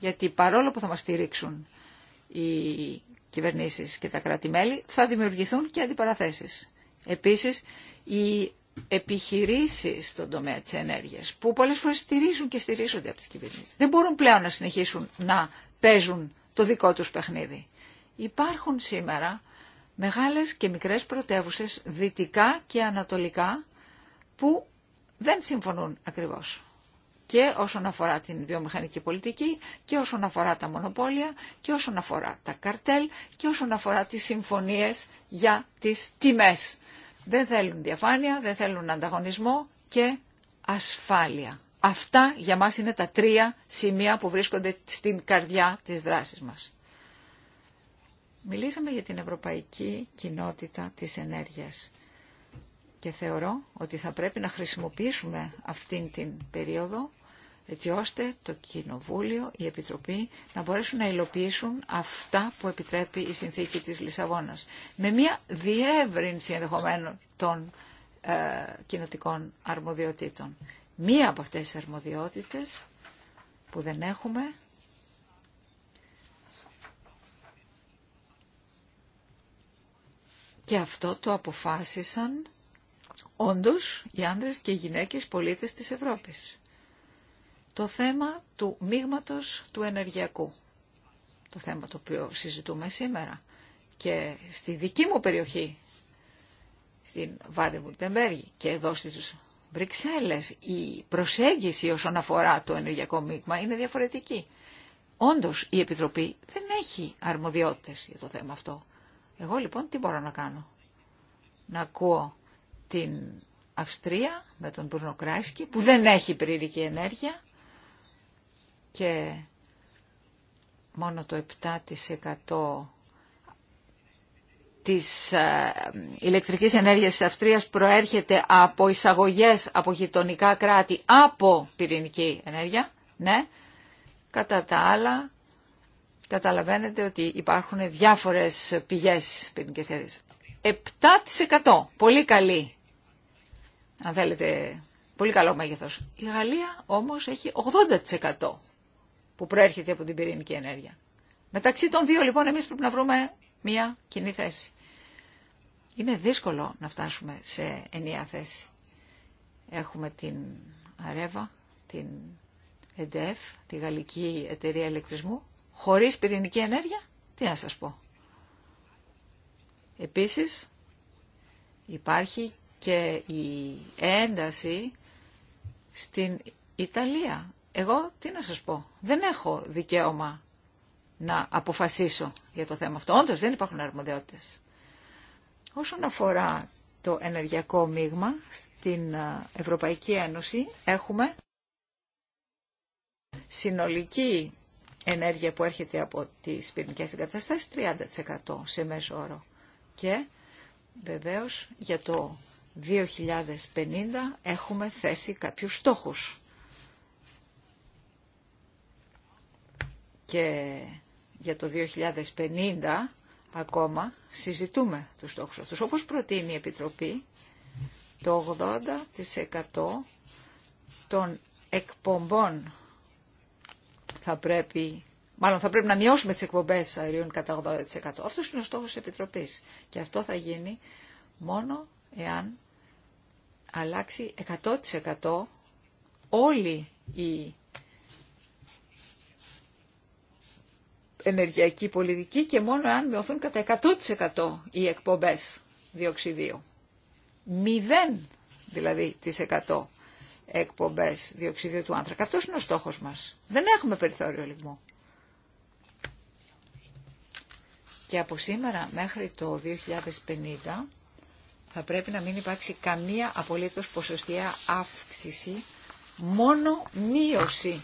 Γιατί παρόλο που θα μας στηρίξουν οι κυβερνήσεις και τα κράτη-μέλη, θα δημιουργηθούν και αντιπαραθέσεις. Επίσης, οι επιχειρήσεις στον τομέα της ενέργειας, που πολλές φορές στηρίζουν και στηρίζονται από τις κυβερνήσεις, δεν μπορούν πλέον να συνεχίσουν να παίζουν το δικό τους παιχνίδι. Υπάρχουν σήμερα μεγάλες και μικρές πρωτεύουσες δυτικά και ανατολικά που δεν συμφωνούν ακριβώς. Και όσον αφορά την βιομηχανική πολιτική, και όσον αφορά τα μονοπόλια, και όσον αφορά τα καρτέλ, και όσον αφορά τις συμφωνίες για τις τιμές. Δεν θέλουν διαφάνεια, δεν θέλουν ανταγωνισμό και ασφάλεια. Αυτά για μας είναι τα τρία σημεία που βρίσκονται στην καρδιά της δράσης μας. Μιλήσαμε για την Ευρωπαϊκή Κοινότητα της Ενέργειας και θεωρώ ότι θα πρέπει να χρησιμοποιήσουμε αυτήν την περίοδο έτσι ώστε το Κοινοβούλιο, η Επιτροπή να μπορέσουν να υλοποιήσουν αυτά που επιτρέπει η συνθήκη της Λισαβόνας. Με μια διεύρυνση ενδεχομένων των ε, κοινοτικών αρμοδιοτήτων. Μία από αυτές τις αρμοδιότητες που δεν έχουμε και αυτό το αποφάσισαν όντως οι άνδρες και οι γυναίκες πολίτες της Ευρώπης. Το θέμα του μείγματο του ενεργειακού, το θέμα το οποίο συζητούμε σήμερα και στη δική μου περιοχή, στην Βάδεβουρτεμπέργη και εδώ στις Βρυξέλλες, η προσέγγιση όσον αφορά το ενεργειακό μείγμα είναι διαφορετική. Όντως η Επιτροπή δεν έχει αρμοδιότητες για το θέμα αυτό. Εγώ λοιπόν τι μπορώ να κάνω. Να ακούω την Αυστρία με τον Πουρνοκράσκι που δεν έχει πυρηνική ενέργεια και μόνο το 7% της ε, ηλεκτρικής ενέργειας της Αυστρίας προέρχεται από εισαγωγές από γειτονικά κράτη από πυρηνική ενέργεια, ναι. Κατά τα άλλα, καταλαβαίνετε ότι υπάρχουν διάφορες πηγές πυρηνικής ενέργειας. 7% πολύ καλή αν θέλετε, πολύ καλό μέγεθος. Η Γαλλία όμως έχει 80% που προέρχεται από την πυρηνική ενέργεια. Μεταξύ των δύο λοιπόν εμείς πρέπει να βρούμε μία κοινή θέση. Είναι δύσκολο να φτάσουμε σε ενιαία θέση. Έχουμε την Αρέβα, την ΕΝΤΕΦ, τη Γαλλική Εταιρεία Ελεκτρισμού, χωρίς πυρηνική ενέργεια, τι να σας πω. Επίσης, υπάρχει και η ένταση στην Ιταλία. Εγώ τι να σας πω, δεν έχω δικαίωμα να αποφασίσω για το θέμα αυτό. Όντως δεν υπάρχουν αρμοδιότητες. Όσον αφορά το ενεργειακό μείγμα στην Ευρωπαϊκή Ένωση έχουμε συνολική ενέργεια που έρχεται από τις πυρηνικές εγκαταστάσεις 30% σε μέσο όρο. Και βεβαίως για το 2050 έχουμε θέσει κάποιους στόχους. Και για το 2050 ακόμα συζητούμε τους στόχους αυτούς. Όπως προτείνει η Επιτροπή, το 80% των εκπομπών θα πρέπει, μάλλον θα πρέπει να μειώσουμε τις εκπομπές αερίων κατά 80%. Αυτός είναι ο στόχος της Επιτροπής και αυτό θα γίνει μόνο εάν αλλάξει 100% όλη η ενεργειακή πολιτική και μόνο αν μειωθούν κατά 100% οι εκπομπές διοξιδίου. Μηδέν δηλαδή τις 100 εκπομπές διοξιδίου του άνθρακα. Αυτός είναι ο στόχος μας. Δεν έχουμε περιθώριο λοιπόν. Και από σήμερα μέχρι το 2050 θα πρέπει να μην υπάρξει καμία απολύτως ποσοστιαία αύξηση, μόνο μείωση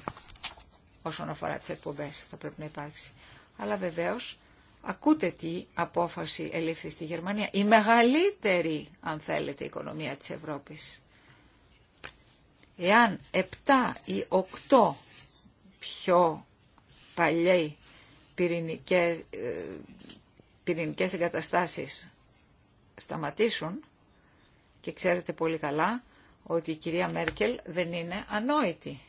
όσον αφορά τις εκπομπές θα πρέπει να υπάρξει. Αλλά βεβαίως ακούτε τι απόφαση ελήφθη στη Γερμανία. Η μεγαλύτερη, αν θέλετε, οικονομία της Ευρώπης. Εάν 7 ή 8 πιο παλιές πυρηνικές, ε, πυρηνικές εγκαταστάσεις σταματήσουν και ξέρετε πολύ καλά ότι η κυρία Μέρκελ δεν είναι ανόητη.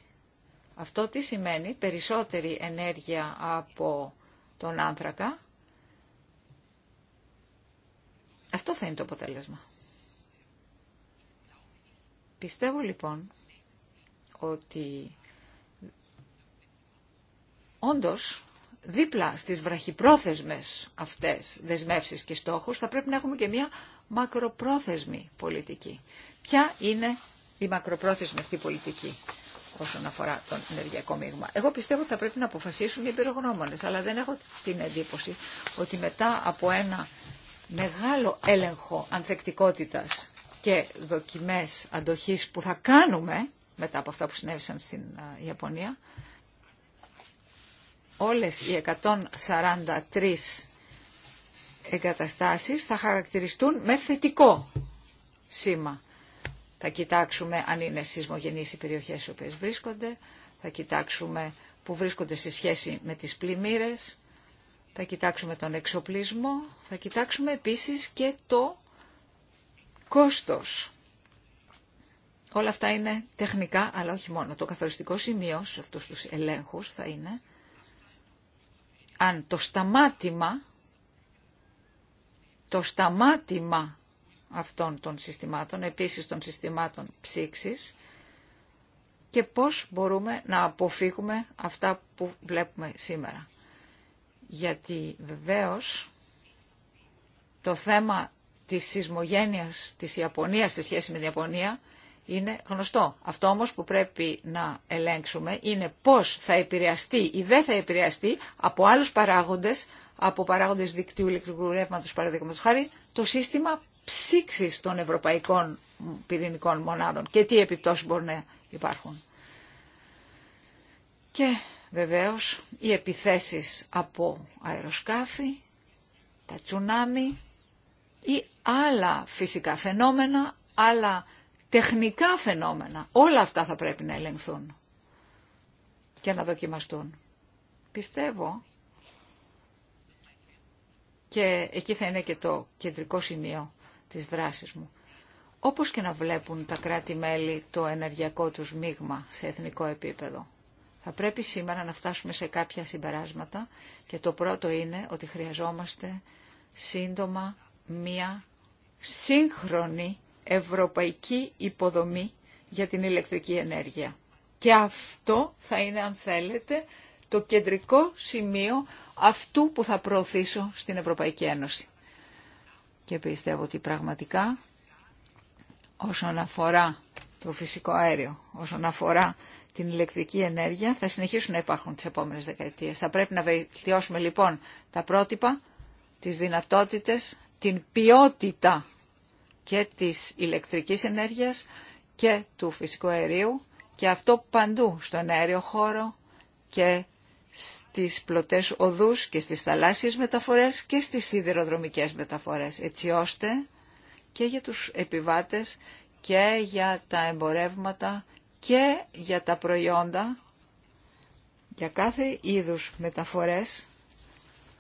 Αυτό τι σημαίνει περισσότερη ενέργεια από τον άνθρακα. Αυτό θα είναι το αποτέλεσμα. Πιστεύω λοιπόν ότι όντως δίπλα στις βραχυπρόθεσμες αυτές δεσμεύσεις και στόχους θα πρέπει να έχουμε και μια μακροπρόθεσμη πολιτική. Ποια είναι η μακροπρόθεσμη αυτή πολιτική όσον αφορά τον ενεργειακό μείγμα. Εγώ πιστεύω ότι θα πρέπει να αποφασίσουν οι υπερογνώμονες αλλά δεν έχω την εντύπωση ότι μετά από ένα μεγάλο έλεγχο ανθεκτικότητας και δοκιμές αντοχής που θα κάνουμε μετά από αυτά που συνέβησαν στην ε, Ιαπωνία, όλες οι 143 εγκαταστάσεις θα χαρακτηριστούν με θετικό σήμα. Θα κοιτάξουμε αν είναι σεισμογενείς οι περιοχές οι οποίες βρίσκονται, θα κοιτάξουμε που βρίσκονται σε σχέση με τις πλημμύρες, θα κοιτάξουμε τον εξοπλισμό, θα κοιτάξουμε επίσης και το κόστος. Όλα αυτά είναι τεχνικά, αλλά όχι μόνο. Το καθοριστικό σημείο σε αυτούς τους ελέγχους θα είναι αν το σταμάτημα, το σταμάτημα αυτών των συστημάτων, επίσης των συστημάτων ψήξης, και πώς μπορούμε να αποφύγουμε αυτά που βλέπουμε σήμερα. Γιατί βεβαίως το θέμα της σεισμογένειας της Ιαπωνίας σε σχέση με την Ιαπωνία είναι γνωστό. Αυτό όμως που πρέπει να ελέγξουμε είναι πώς θα επηρεαστεί ή δεν θα επηρεαστεί από άλλους παράγοντες, από παράγοντες δικτύου ηλεκτρικού ρεύματος παραδείγματος χάρη, το σύστημα ψήξης των ευρωπαϊκών πυρηνικών μονάδων και τι επιπτώσεις μπορεί να υπάρχουν. Και βεβαίως οι επιθέσεις από αεροσκάφη, τα τσουνάμι ή άλλα φυσικά φαινόμενα, άλλα τεχνικά φαινόμενα. Όλα αυτά θα πρέπει να ελεγχθούν και να δοκιμαστούν. Πιστεύω και εκεί θα είναι και το κεντρικό σημείο της δράσης μου. Όπως και να βλέπουν τα κράτη-μέλη το ενεργειακό τους μείγμα σε εθνικό επίπεδο. Θα πρέπει σήμερα να φτάσουμε σε κάποια συμπεράσματα και το πρώτο είναι ότι χρειαζόμαστε σύντομα μία σύγχρονη ευρωπαϊκή υποδομή για την ηλεκτρική ενέργεια. Και αυτό θα είναι, αν θέλετε, το κεντρικό σημείο αυτού που θα προωθήσω στην Ευρωπαϊκή Ένωση. Και πιστεύω ότι πραγματικά όσον αφορά το φυσικό αέριο, όσον αφορά την ηλεκτρική ενέργεια, θα συνεχίσουν να υπάρχουν τις επόμενες δεκαετίες. Θα πρέπει να βελτιώσουμε λοιπόν τα πρότυπα, τις δυνατότητες, την ποιότητα και της ηλεκτρικής ενέργειας και του φυσικού αερίου και αυτό παντού στον αέριο χώρο και στις πλωτές οδούς και στις θαλάσσιες μεταφορές και στις σιδηροδρομικές μεταφορές, έτσι ώστε και για τους επιβάτες και για τα εμπορεύματα και για τα προϊόντα, για κάθε είδους μεταφορές,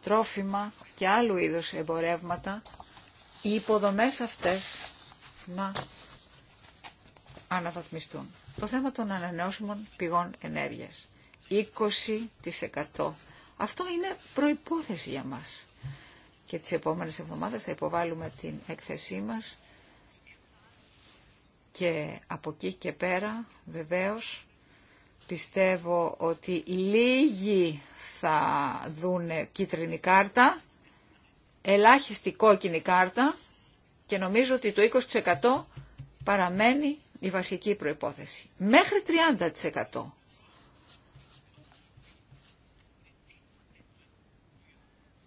τρόφιμα και άλλου είδους εμπορεύματα, οι υποδομές αυτές να αναβαθμιστούν. Το θέμα των ανανεώσιμων πηγών ενέργειας. 20%. Αυτό είναι προϋπόθεση για μας. Και τις επόμενες εβδομάδες θα υποβάλουμε την έκθεσή μας και από εκεί και πέρα βεβαίως πιστεύω ότι λίγοι θα δουν κίτρινη κάρτα ελάχιστη κόκκινη κάρτα και νομίζω ότι το 20% παραμένει η βασική προϋπόθεση. Μέχρι 30%.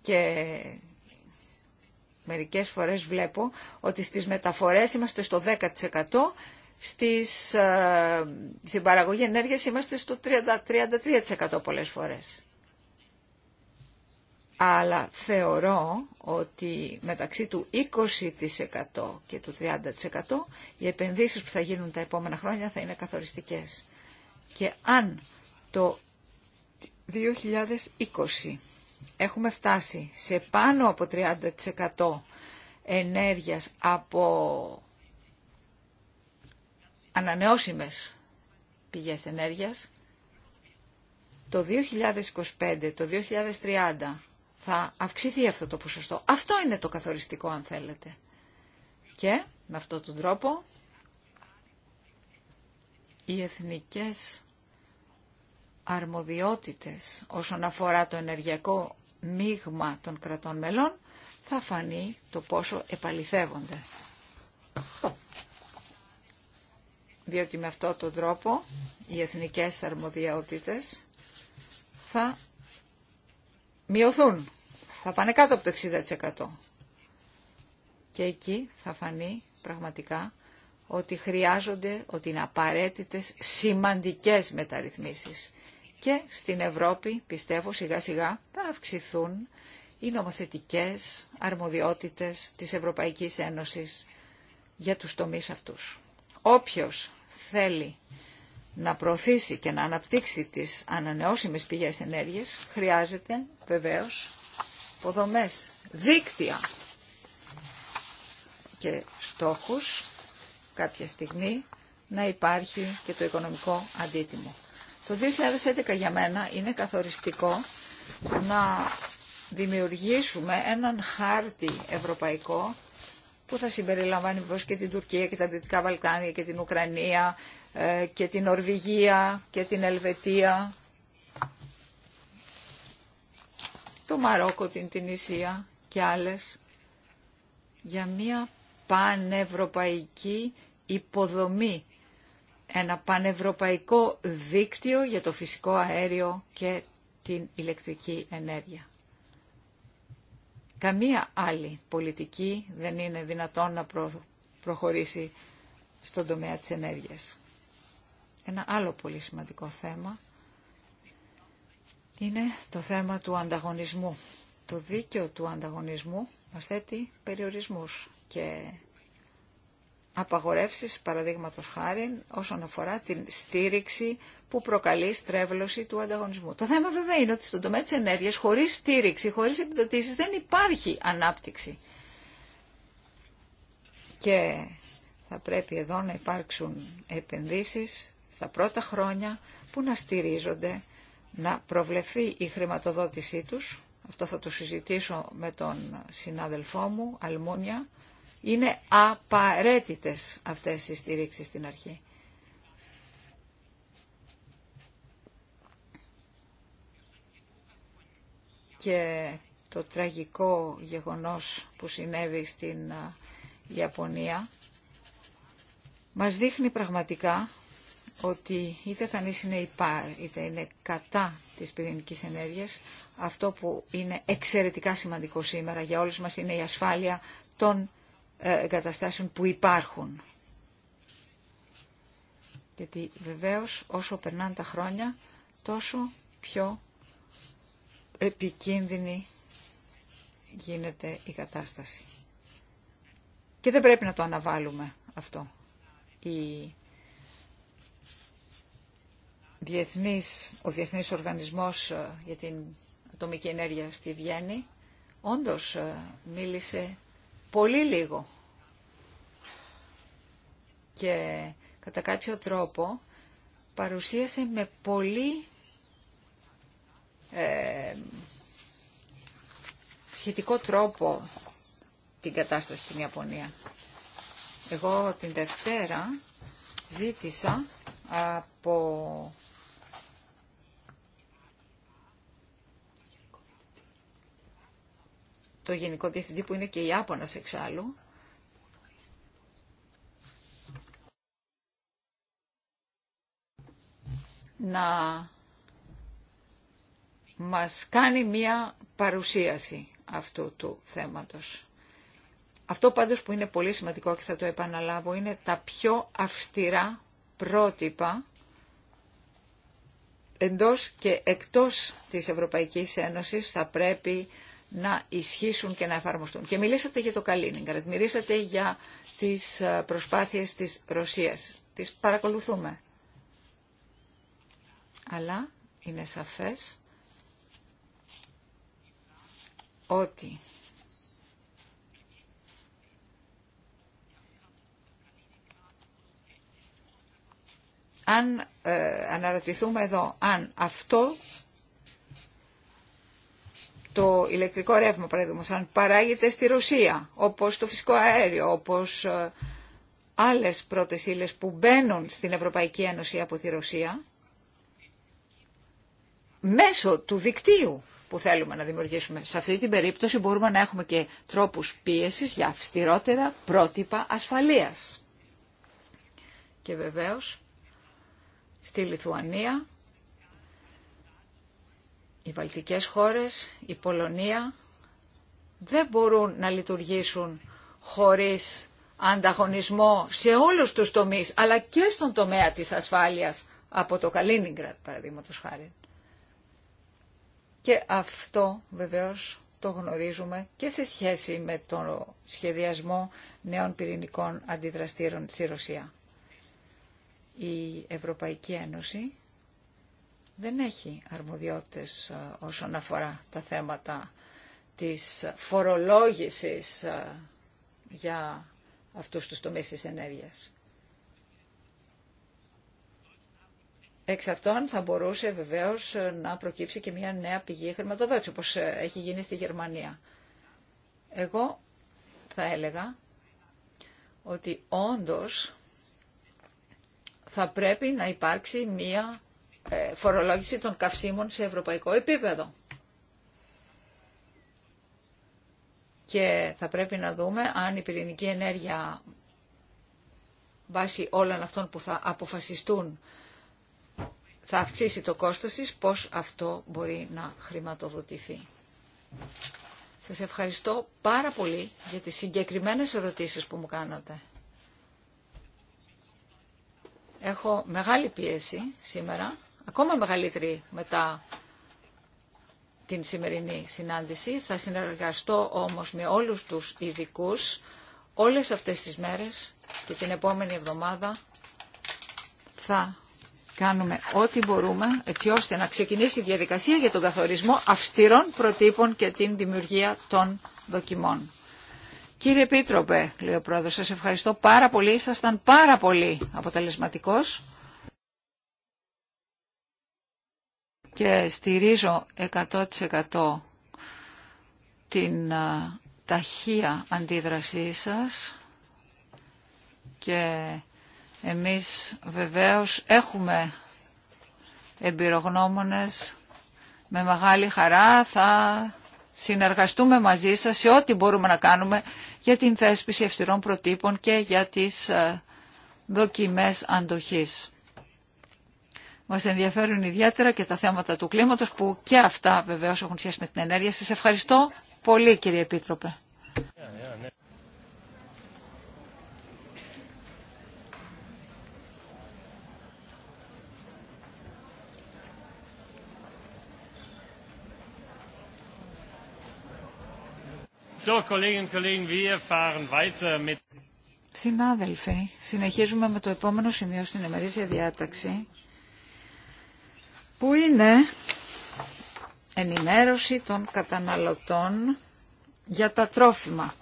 Και μερικές φορές βλέπω ότι στις μεταφορές είμαστε στο 10%, στις, ε, στην παραγωγή ενέργειας είμαστε στο 30, 33% πολλές φορές αλλά θεωρώ ότι μεταξύ του 20% και του 30% οι επενδύσεις που θα γίνουν τα επόμενα χρόνια θα είναι καθοριστικές. Και αν το 2020 έχουμε φτάσει σε πάνω από 30% ενέργειας από ανανεώσιμες πηγές ενέργειας, το 2025, το 2030 θα αυξηθεί αυτό το ποσοστό. Αυτό είναι το καθοριστικό αν θέλετε. Και με αυτόν τον τρόπο οι εθνικές αρμοδιότητες όσον αφορά το ενεργειακό μείγμα των κρατών μελών θα φανεί το πόσο επαληθεύονται. Διότι με αυτόν τον τρόπο οι εθνικές αρμοδιότητες θα μειωθούν. Θα πάνε κάτω από το 60%. Και εκεί θα φανεί πραγματικά ότι χρειάζονται, ότι είναι απαραίτητες σημαντικές μεταρρυθμίσεις. Και στην Ευρώπη, πιστεύω, σιγά σιγά θα αυξηθούν οι νομοθετικές αρμοδιότητες της Ευρωπαϊκής Ένωσης για τους τομείς αυτούς. Όποιος θέλει να προωθήσει και να αναπτύξει τις ανανεώσιμες πηγές ενέργειας, χρειάζεται βεβαίως ποδομές, δίκτυα και στόχους κάποια στιγμή να υπάρχει και το οικονομικό αντίτιμο. Το 2011 για μένα είναι καθοριστικό να δημιουργήσουμε έναν χάρτη ευρωπαϊκό που θα συμπεριλαμβάνει και την Τουρκία και τα Δυτικά Βαλκάνια και την Ουκρανία ε, και την Ορβηγία και την Ελβετία, το Μαρόκο, την Τινησία και άλλες, για μια πανευρωπαϊκή υποδομή, ένα πανευρωπαϊκό δίκτυο για το φυσικό αέριο και την ηλεκτρική ενέργεια. Καμία άλλη πολιτική δεν είναι δυνατόν να προχωρήσει στον τομέα της ενέργειας. Ένα άλλο πολύ σημαντικό θέμα είναι το θέμα του ανταγωνισμού. Το δίκαιο του ανταγωνισμού μας θέτει περιορισμούς και απαγορεύσεις παραδείγματος χάρη όσον αφορά την στήριξη που προκαλεί στρέβλωση του ανταγωνισμού. Το θέμα βέβαια είναι ότι στον τομέα της ενέργειας χωρίς στήριξη, χωρίς επιδοτήσεις δεν υπάρχει ανάπτυξη. Και θα πρέπει εδώ να υπάρξουν επενδύσεις τα πρώτα χρόνια που να στηρίζονται, να προβλεφθεί η χρηματοδότησή τους. Αυτό θα το συζητήσω με τον συνάδελφό μου, Αλμούνια. Είναι απαραίτητες αυτές οι στηρίξεις στην αρχή. Και το τραγικό γεγονός που συνέβη στην ε, Ιαπωνία μας δείχνει πραγματικά ότι είτε κανείς είναι υπά είτε είναι κατά της πυρηνικής ενέργειας, αυτό που είναι εξαιρετικά σημαντικό σήμερα για όλους μας είναι η ασφάλεια των ε, εγκαταστάσεων που υπάρχουν. Γιατί βεβαίως όσο περνάνε τα χρόνια τόσο πιο επικίνδυνη γίνεται η κατάσταση. Και δεν πρέπει να το αναβάλουμε αυτό. Η διεθνής, ο Διεθνής Οργανισμός ε, για την Ατομική Ενέργεια στη Βιέννη, όντως ε, μίλησε πολύ λίγο. Και κατά κάποιο τρόπο παρουσίασε με πολύ ε, σχετικό τρόπο την κατάσταση στην Ιαπωνία. Εγώ την Δευτέρα ζήτησα από το Γενικό Διευθυντή που είναι και η Άπονα εξάλλου. να μας κάνει μία παρουσίαση αυτού του θέματος. Αυτό πάντως που είναι πολύ σημαντικό και θα το επαναλάβω είναι τα πιο αυστηρά πρότυπα εντός και εκτός της Ευρωπαϊκής Ένωσης θα πρέπει να ισχύσουν και να εφαρμοστούν. Και μιλήσατε για το Καλίνιγκραντ, μιλήσατε για τις ε, προσπάθειες της Ρωσίας. Τις παρακολουθούμε. Αλλά είναι σαφές ότι αν ε, αναρωτηθούμε εδώ αν αυτό το ηλεκτρικό ρεύμα, παράδειγμα, αν παράγεται στη Ρωσία, όπως το φυσικό αέριο, όπως ε, άλλες πρώτες ύλες που μπαίνουν στην Ευρωπαϊκή Ένωση από τη Ρωσία, μέσω του δικτύου που θέλουμε να δημιουργήσουμε. Σε αυτή την περίπτωση μπορούμε να έχουμε και τρόπους πίεσης για αυστηρότερα πρότυπα ασφαλείας. Και βεβαίως στη Λιθουανία οι βαλτικές χώρες, η Πολωνία δεν μπορούν να λειτουργήσουν χωρίς ανταγωνισμό σε όλους τους τομείς, αλλά και στον τομέα της ασφάλειας από το Καλίνιγκρατ, παραδείγματος χάρη. Και αυτό βεβαίως το γνωρίζουμε και σε σχέση με τον σχεδιασμό νέων πυρηνικών αντιδραστήρων στη Ρωσία. Η Ευρωπαϊκή Ένωση δεν έχει αρμοδιότητες ε, όσον αφορά τα θέματα της φορολόγησης ε, για αυτούς τους τομείς της ενέργειας. Εξ αυτών θα μπορούσε βεβαίως ε, να προκύψει και μια νέα πηγή χρηματοδότηση, όπως έχει γίνει στη Γερμανία. Εγώ θα έλεγα ότι όντως θα πρέπει να υπάρξει μια ε, φορολόγηση των καυσίμων σε ευρωπαϊκό επίπεδο. Και θα πρέπει να δούμε αν η πυρηνική ενέργεια βάσει όλων αυτών που θα αποφασιστούν θα αυξήσει το κόστος της, πώς αυτό μπορεί να χρηματοδοτηθεί. Σας ευχαριστώ πάρα πολύ για τις συγκεκριμένες ερωτήσεις που μου κάνατε. Έχω μεγάλη πίεση σήμερα ακόμα μεγαλύτερη μετά την σημερινή συνάντηση. Θα συνεργαστώ όμως με όλους τους ειδικού όλες αυτές τις μέρες και την επόμενη εβδομάδα θα κάνουμε ό,τι μπορούμε έτσι ώστε να ξεκινήσει η διαδικασία για τον καθορισμό αυστηρών προτύπων και την δημιουργία των δοκιμών. Κύριε Επίτροπε, λέει ο Πρόεδρος, σας ευχαριστώ πάρα πολύ. Ήσασταν πάρα πολύ αποτελεσματικός. και στηρίζω 100% την ταχεία αντίδρασή σας και εμείς βεβαίως έχουμε εμπειρογνώμονες με μεγάλη χαρά θα συνεργαστούμε μαζί σας σε ό,τι μπορούμε να κάνουμε για την θέσπιση ευστηρών προτύπων και για τις δοκιμές αντοχής. Μας ενδιαφέρουν ιδιαίτερα και τα θέματα του κλίματος που και αυτά βεβαίως έχουν σχέση με την ενέργεια. Σας ευχαριστώ πολύ κύριε Επίτροπε. Συνάδελφοι, συνεχίζουμε με το επόμενο σημείο στην ημερήσια διάταξη που είναι ενημέρωση των καταναλωτών για τα τρόφιμα.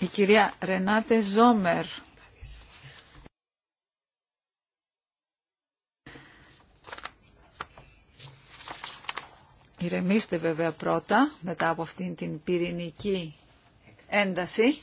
Η κυρία Ρενάτε Ζόμερ. Ηρεμήστε βέβαια πρώτα μετά από αυτήν την πυρηνική ένταση.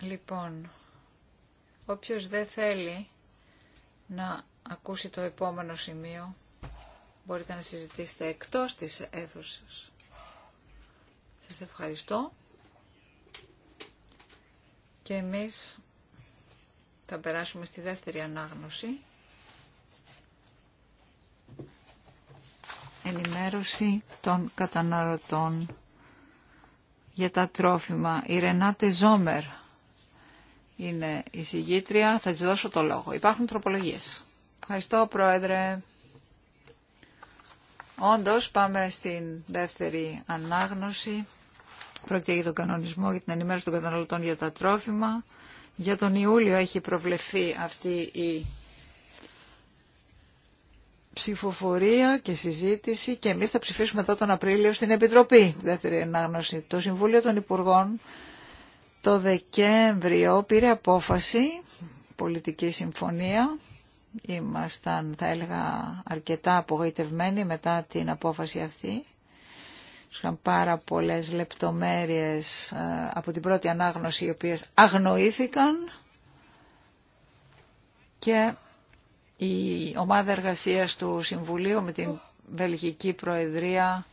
Λοιπόν, όποιος δεν θέλει να ακούσει το επόμενο σημείο, μπορείτε να συζητήσετε εκτός της αίθουσας. Σας ευχαριστώ. Και εμείς θα περάσουμε στη δεύτερη ανάγνωση. Ενημέρωση των καταναλωτών για τα τρόφιμα. Η Ρενάτε Ζόμερ είναι η συγγήτρια. Θα της δώσω το λόγο. Υπάρχουν τροπολογίες. Ευχαριστώ, Πρόεδρε. Όντως, πάμε στην δεύτερη ανάγνωση. Πρόκειται για τον κανονισμό για την ενημέρωση των καταναλωτών για τα τρόφιμα. Για τον Ιούλιο έχει προβλεφθεί αυτή η ψηφοφορία και συζήτηση και εμείς θα ψηφίσουμε εδώ τον Απρίλιο στην Επιτροπή, δεύτερη ανάγνωση. Το Συμβούλιο των Υπουργών το Δεκέμβριο πήρε απόφαση, πολιτική συμφωνία. Ήμασταν, θα έλεγα, αρκετά απογοητευμένοι μετά την απόφαση αυτή. Είχαν πάρα πολλές λεπτομέρειες ε, από την πρώτη ανάγνωση, οι οποίες αγνοήθηκαν. Και η ομάδα εργασίας του Συμβουλίου με την Βελγική Προεδρία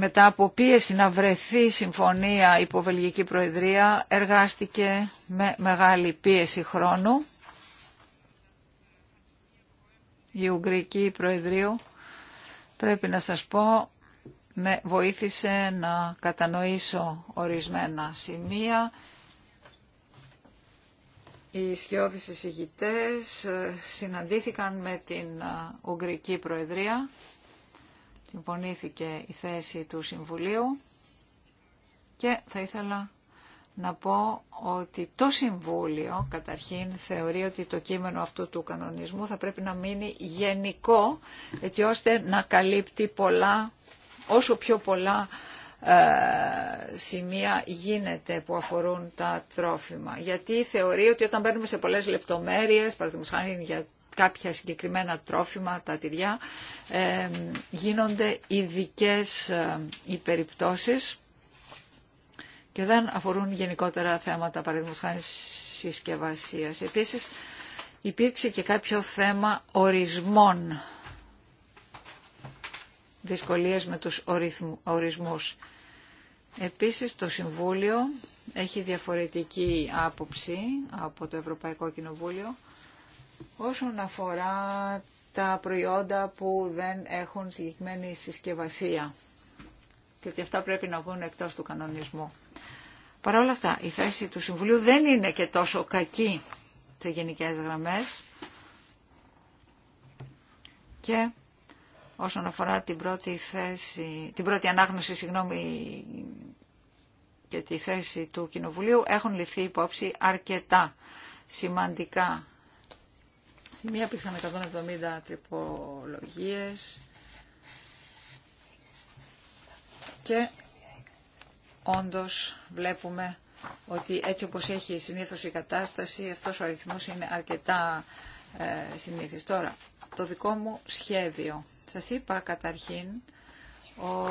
μετά από πίεση να βρεθεί συμφωνία υπό Βελγική Προεδρία, εργάστηκε με μεγάλη πίεση χρόνου. Η Ουγγρική προεδρίου πρέπει να σας πω, με βοήθησε να κατανοήσω ορισμένα σημεία. Οι ισχυώδεις εισηγητές ε, συναντήθηκαν με την ε, Ουγγρική Προεδρία συμφωνήθηκε η θέση του Συμβουλίου και θα ήθελα να πω ότι το Συμβούλιο καταρχήν θεωρεί ότι το κείμενο αυτού του κανονισμού θα πρέπει να μείνει γενικό έτσι ώστε να καλύπτει πολλά, όσο πιο πολλά ε, σημεία γίνεται που αφορούν τα τρόφιμα. Γιατί θεωρεί ότι όταν παίρνουμε σε πολλές λεπτομέρειες, παραδείγματος χάνει για κάποια συγκεκριμένα τρόφιμα, τα τυριά, ε, γίνονται ειδικέ ε, οι και δεν αφορούν γενικότερα θέματα παραδείγματος χάρη συσκευασίας. Επίσης υπήρξε και κάποιο θέμα ορισμών, δυσκολίες με τους ορισμούς. Επίσης το Συμβούλιο έχει διαφορετική άποψη από το Ευρωπαϊκό Κοινοβούλιο Όσον αφορά τα προϊόντα που δεν έχουν συγκεκριμένη συσκευασία και ότι αυτά πρέπει να βγουν εκτός του κανονισμού. Παρ' όλα αυτά, η θέση του Συμβουλίου δεν είναι και τόσο κακή σε γενικές γραμμές και όσον αφορά την πρώτη, θέση, την πρώτη ανάγνωση συγγνώμη, και τη θέση του Κοινοβουλίου έχουν ληφθεί υπόψη αρκετά σημαντικά Στη μία πήγαν 170 τρυπολογίες και όντως βλέπουμε ότι έτσι όπως έχει συνήθως η κατάσταση αυτός ο αριθμός είναι αρκετά ε, Τώρα, το δικό μου σχέδιο. Σας είπα καταρχήν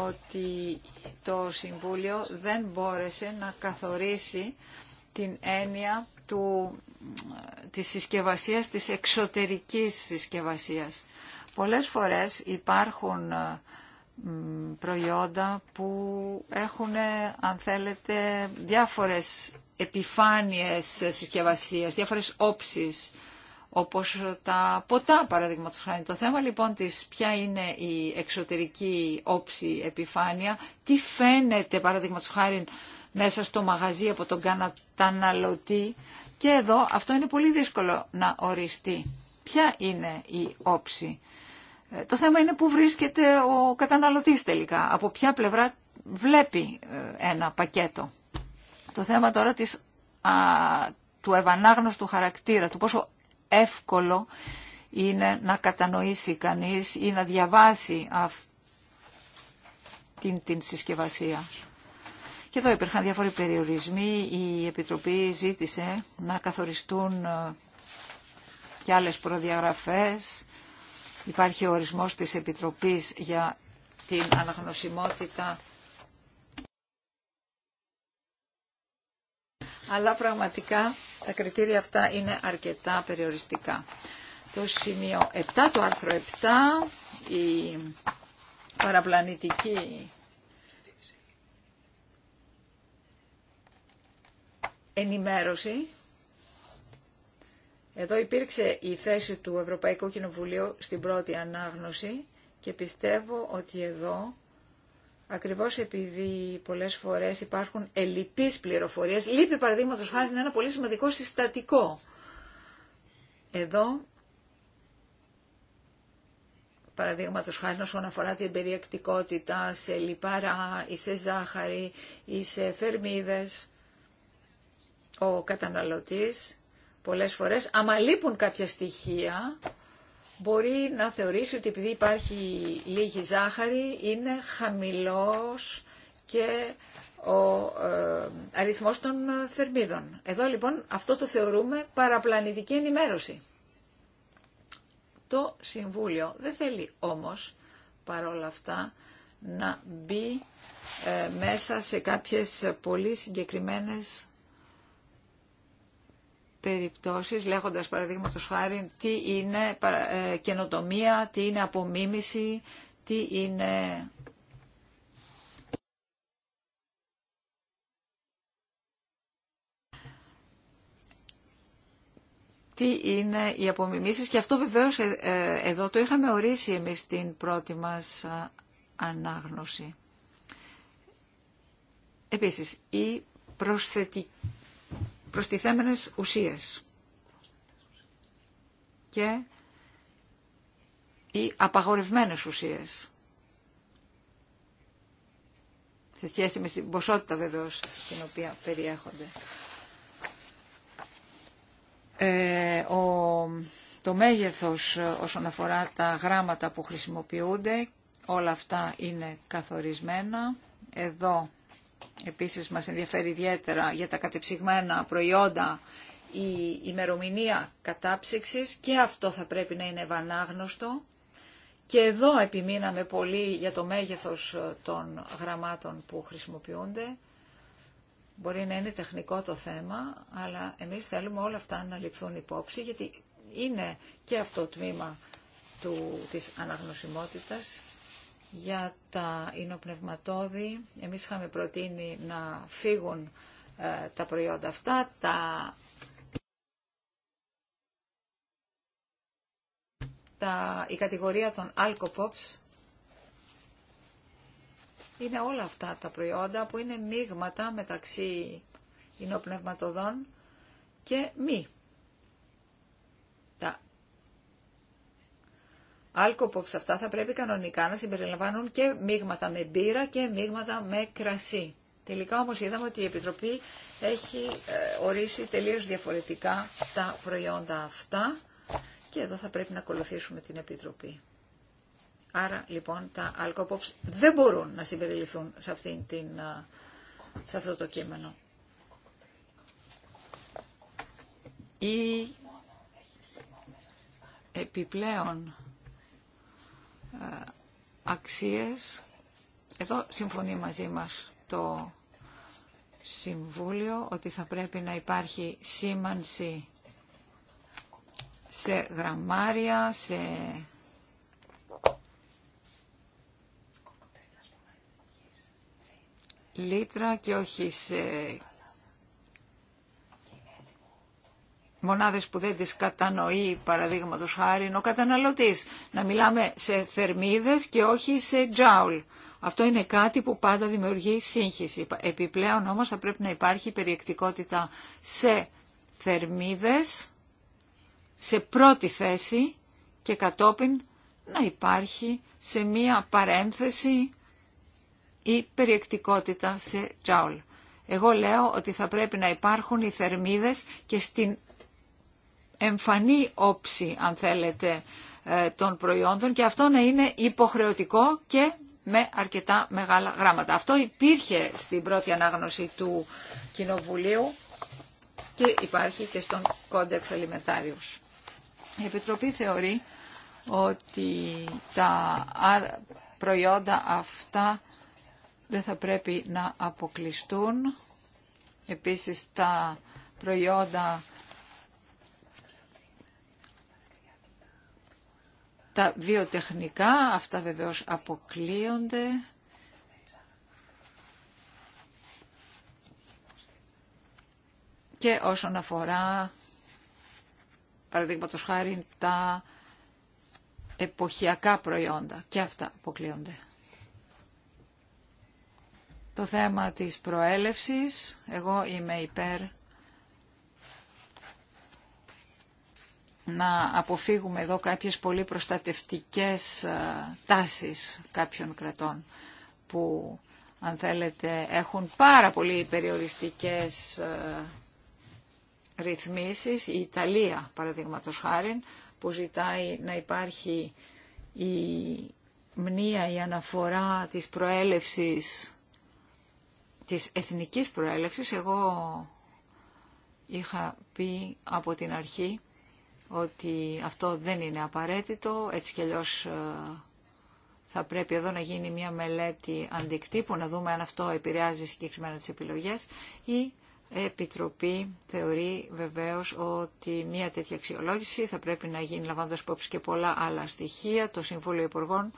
ότι το Συμβούλιο δεν μπόρεσε να καθορίσει την έννοια του, της συσκευασίας, της εξωτερικής συσκευασίας. Πολλές φορές υπάρχουν ε, προϊόντα που έχουν, ε, αν θέλετε, διάφορες επιφάνειες συσκευασίας, διάφορες όψεις, όπως τα ποτά, παραδείγματος χάρη. Το θέμα λοιπόν της ποια είναι η εξωτερική όψη επιφάνεια, τι φαίνεται, παραδείγματος χάρη, μέσα στο μαγαζί από τον καταναλωτή και εδώ αυτό είναι πολύ δύσκολο να οριστεί. Ποια είναι η όψη. Ε, το θέμα είναι πού βρίσκεται ο καταναλωτής τελικά, από ποια πλευρά βλέπει ε, ένα πακέτο. Το θέμα τώρα της, του ευανάγνωστου χαρακτήρα, του πόσο εύκολο είναι να κατανοήσει κανείς ή να διαβάσει αυτήν την συσκευασία. Και εδώ υπήρχαν διάφοροι περιορισμοί. Η Επιτροπή ζήτησε να καθοριστούν ε, και άλλες προδιαγραφές. Υπάρχει ο ορισμός της Επιτροπής για την αναγνωσιμότητα. Αλλά πραγματικά τα κριτήρια αυτά είναι αρκετά περιοριστικά. Το σημείο 7, το άρθρο 7, η παραπλανητική ενημέρωση. Εδώ υπήρξε η θέση του Ευρωπαϊκού Κοινοβουλίου στην πρώτη ανάγνωση και πιστεύω ότι εδώ, ακριβώς επειδή πολλές φορές υπάρχουν ελλειπείς πληροφορίες, λείπει παραδείγματο χάρη ένα πολύ σημαντικό συστατικό. Εδώ, παραδείγματο χάρη όσον αφορά την περιεκτικότητα σε λιπαρά ή σε ζάχαρη ή σε θερμίδες, ο καταναλωτής πολλές φορές, άμα λείπουν κάποια στοιχεία, μπορεί να θεωρήσει ότι επειδή υπάρχει λίγη ζάχαρη, είναι χαμηλός και ο ε, αριθμός των θερμίδων. Εδώ λοιπόν αυτό το θεωρούμε παραπλανητική ενημέρωση. Το Συμβούλιο δεν θέλει όμως παρόλα αυτά να μπει ε, μέσα σε κάποιες πολύ συγκεκριμένες περιπτώσεις λέγοντας παραδείγματος χάρη τι είναι ε, καινοτομία, τι είναι απομίμηση, τι είναι τι είναι οι απομιμήσεις και αυτό βεβαίως ε, ε, εδώ το είχαμε ορίσει εμείς την πρώτη μας ανάγνωση. Επίσης, η προσθετική προστιθέμενες ουσίες και οι απαγορευμένες ουσίες. Σε σχέση με την ποσότητα βεβαίως στην οποία περιέχονται. Ε, ο, το μέγεθος ε, όσον αφορά τα γράμματα που χρησιμοποιούνται, όλα αυτά είναι καθορισμένα. Εδώ Επίσης μας ενδιαφέρει ιδιαίτερα για τα κατεψυγμένα προϊόντα η ημερομηνία κατάψυξης και αυτό θα πρέπει να είναι ευανάγνωστο. Και εδώ επιμείναμε πολύ για το μέγεθος των γραμμάτων που χρησιμοποιούνται. Μπορεί να είναι τεχνικό το θέμα, αλλά εμείς θέλουμε όλα αυτά να ληφθούν υπόψη, γιατί είναι και αυτό το τμήμα του, της αναγνωσιμότητας για τα υνοπνευματόδη. Εμείς είχαμε προτείνει να φύγουν ε, τα προϊόντα αυτά, τα, τα, η κατηγορία των Alcopops είναι όλα αυτά τα προϊόντα που είναι μείγματα μεταξύ υνοπνευματοδών και μη. Άλκοποψ αυτά θα πρέπει κανονικά να συμπεριλαμβάνουν και μείγματα με μπύρα και μείγματα με κρασί. Τελικά όμως είδαμε ότι η Επιτροπή έχει ε, ορίσει τελείως διαφορετικά τα προϊόντα αυτά και εδώ θα πρέπει να ακολουθήσουμε την Επιτροπή. Άρα λοιπόν τα αλκοπόψ δεν μπορούν να συμπεριληφθούν σε, την, ε, σε αυτό το κείμενο. Ή επιπλέον ε, αξίες. Εδώ συμφωνεί μαζί μας το Συμβούλιο ότι θα πρέπει να υπάρχει σήμανση σε γραμμάρια, σε λίτρα και όχι σε μονάδες που δεν τις κατανοεί παραδείγματος χάρη ο καταναλωτής. Να μιλάμε σε θερμίδες και όχι σε τζάουλ. Αυτό είναι κάτι που πάντα δημιουργεί σύγχυση. Επιπλέον όμως θα πρέπει να υπάρχει περιεκτικότητα σε θερμίδες, σε πρώτη θέση και κατόπιν να υπάρχει σε μία παρένθεση ή περιεκτικότητα σε τζάουλ. Εγώ λέω ότι θα πρέπει να υπάρχουν οι θερμίδες και στην εμφανή όψη, αν θέλετε, ε, των προϊόντων και αυτό να είναι υποχρεωτικό και με αρκετά μεγάλα γράμματα. Αυτό υπήρχε στην πρώτη ανάγνωση του Κοινοβουλίου και υπάρχει και στον κόντεξ αλιμετάριους. Η Επιτροπή θεωρεί ότι τα προϊόντα αυτά δεν θα πρέπει να αποκλειστούν. Επίσης τα προϊόντα τα βιοτεχνικά, αυτά βεβαίως αποκλείονται. Και όσον αφορά, παραδείγματος χάρη, τα εποχιακά προϊόντα, και αυτά αποκλείονται. Το θέμα της προέλευσης, εγώ είμαι υπέρ να αποφύγουμε εδώ κάποιες πολύ προστατευτικές ε, τάσεις κάποιων κρατών που αν θέλετε έχουν πάρα πολύ περιοριστικές ε, ρυθμίσεις. Η Ιταλία παραδείγματο χάρη που ζητάει να υπάρχει η μνήα, η αναφορά της προέλευσης, της εθνικής προέλευσης. Εγώ είχα πει από την αρχή ότι αυτό δεν είναι απαραίτητο, έτσι κι αλλιώς ε, θα πρέπει εδώ να γίνει μια μελέτη αντικτύπου, να δούμε αν αυτό επηρεάζει συγκεκριμένα τις επιλογές. Η Επιτροπή θεωρεί βεβαίως ότι μια τέτοια αξιολόγηση θα πρέπει να γίνει λαμβάνοντας υπόψη και πολλά άλλα στοιχεία, το Συμβούλιο Υπουργών,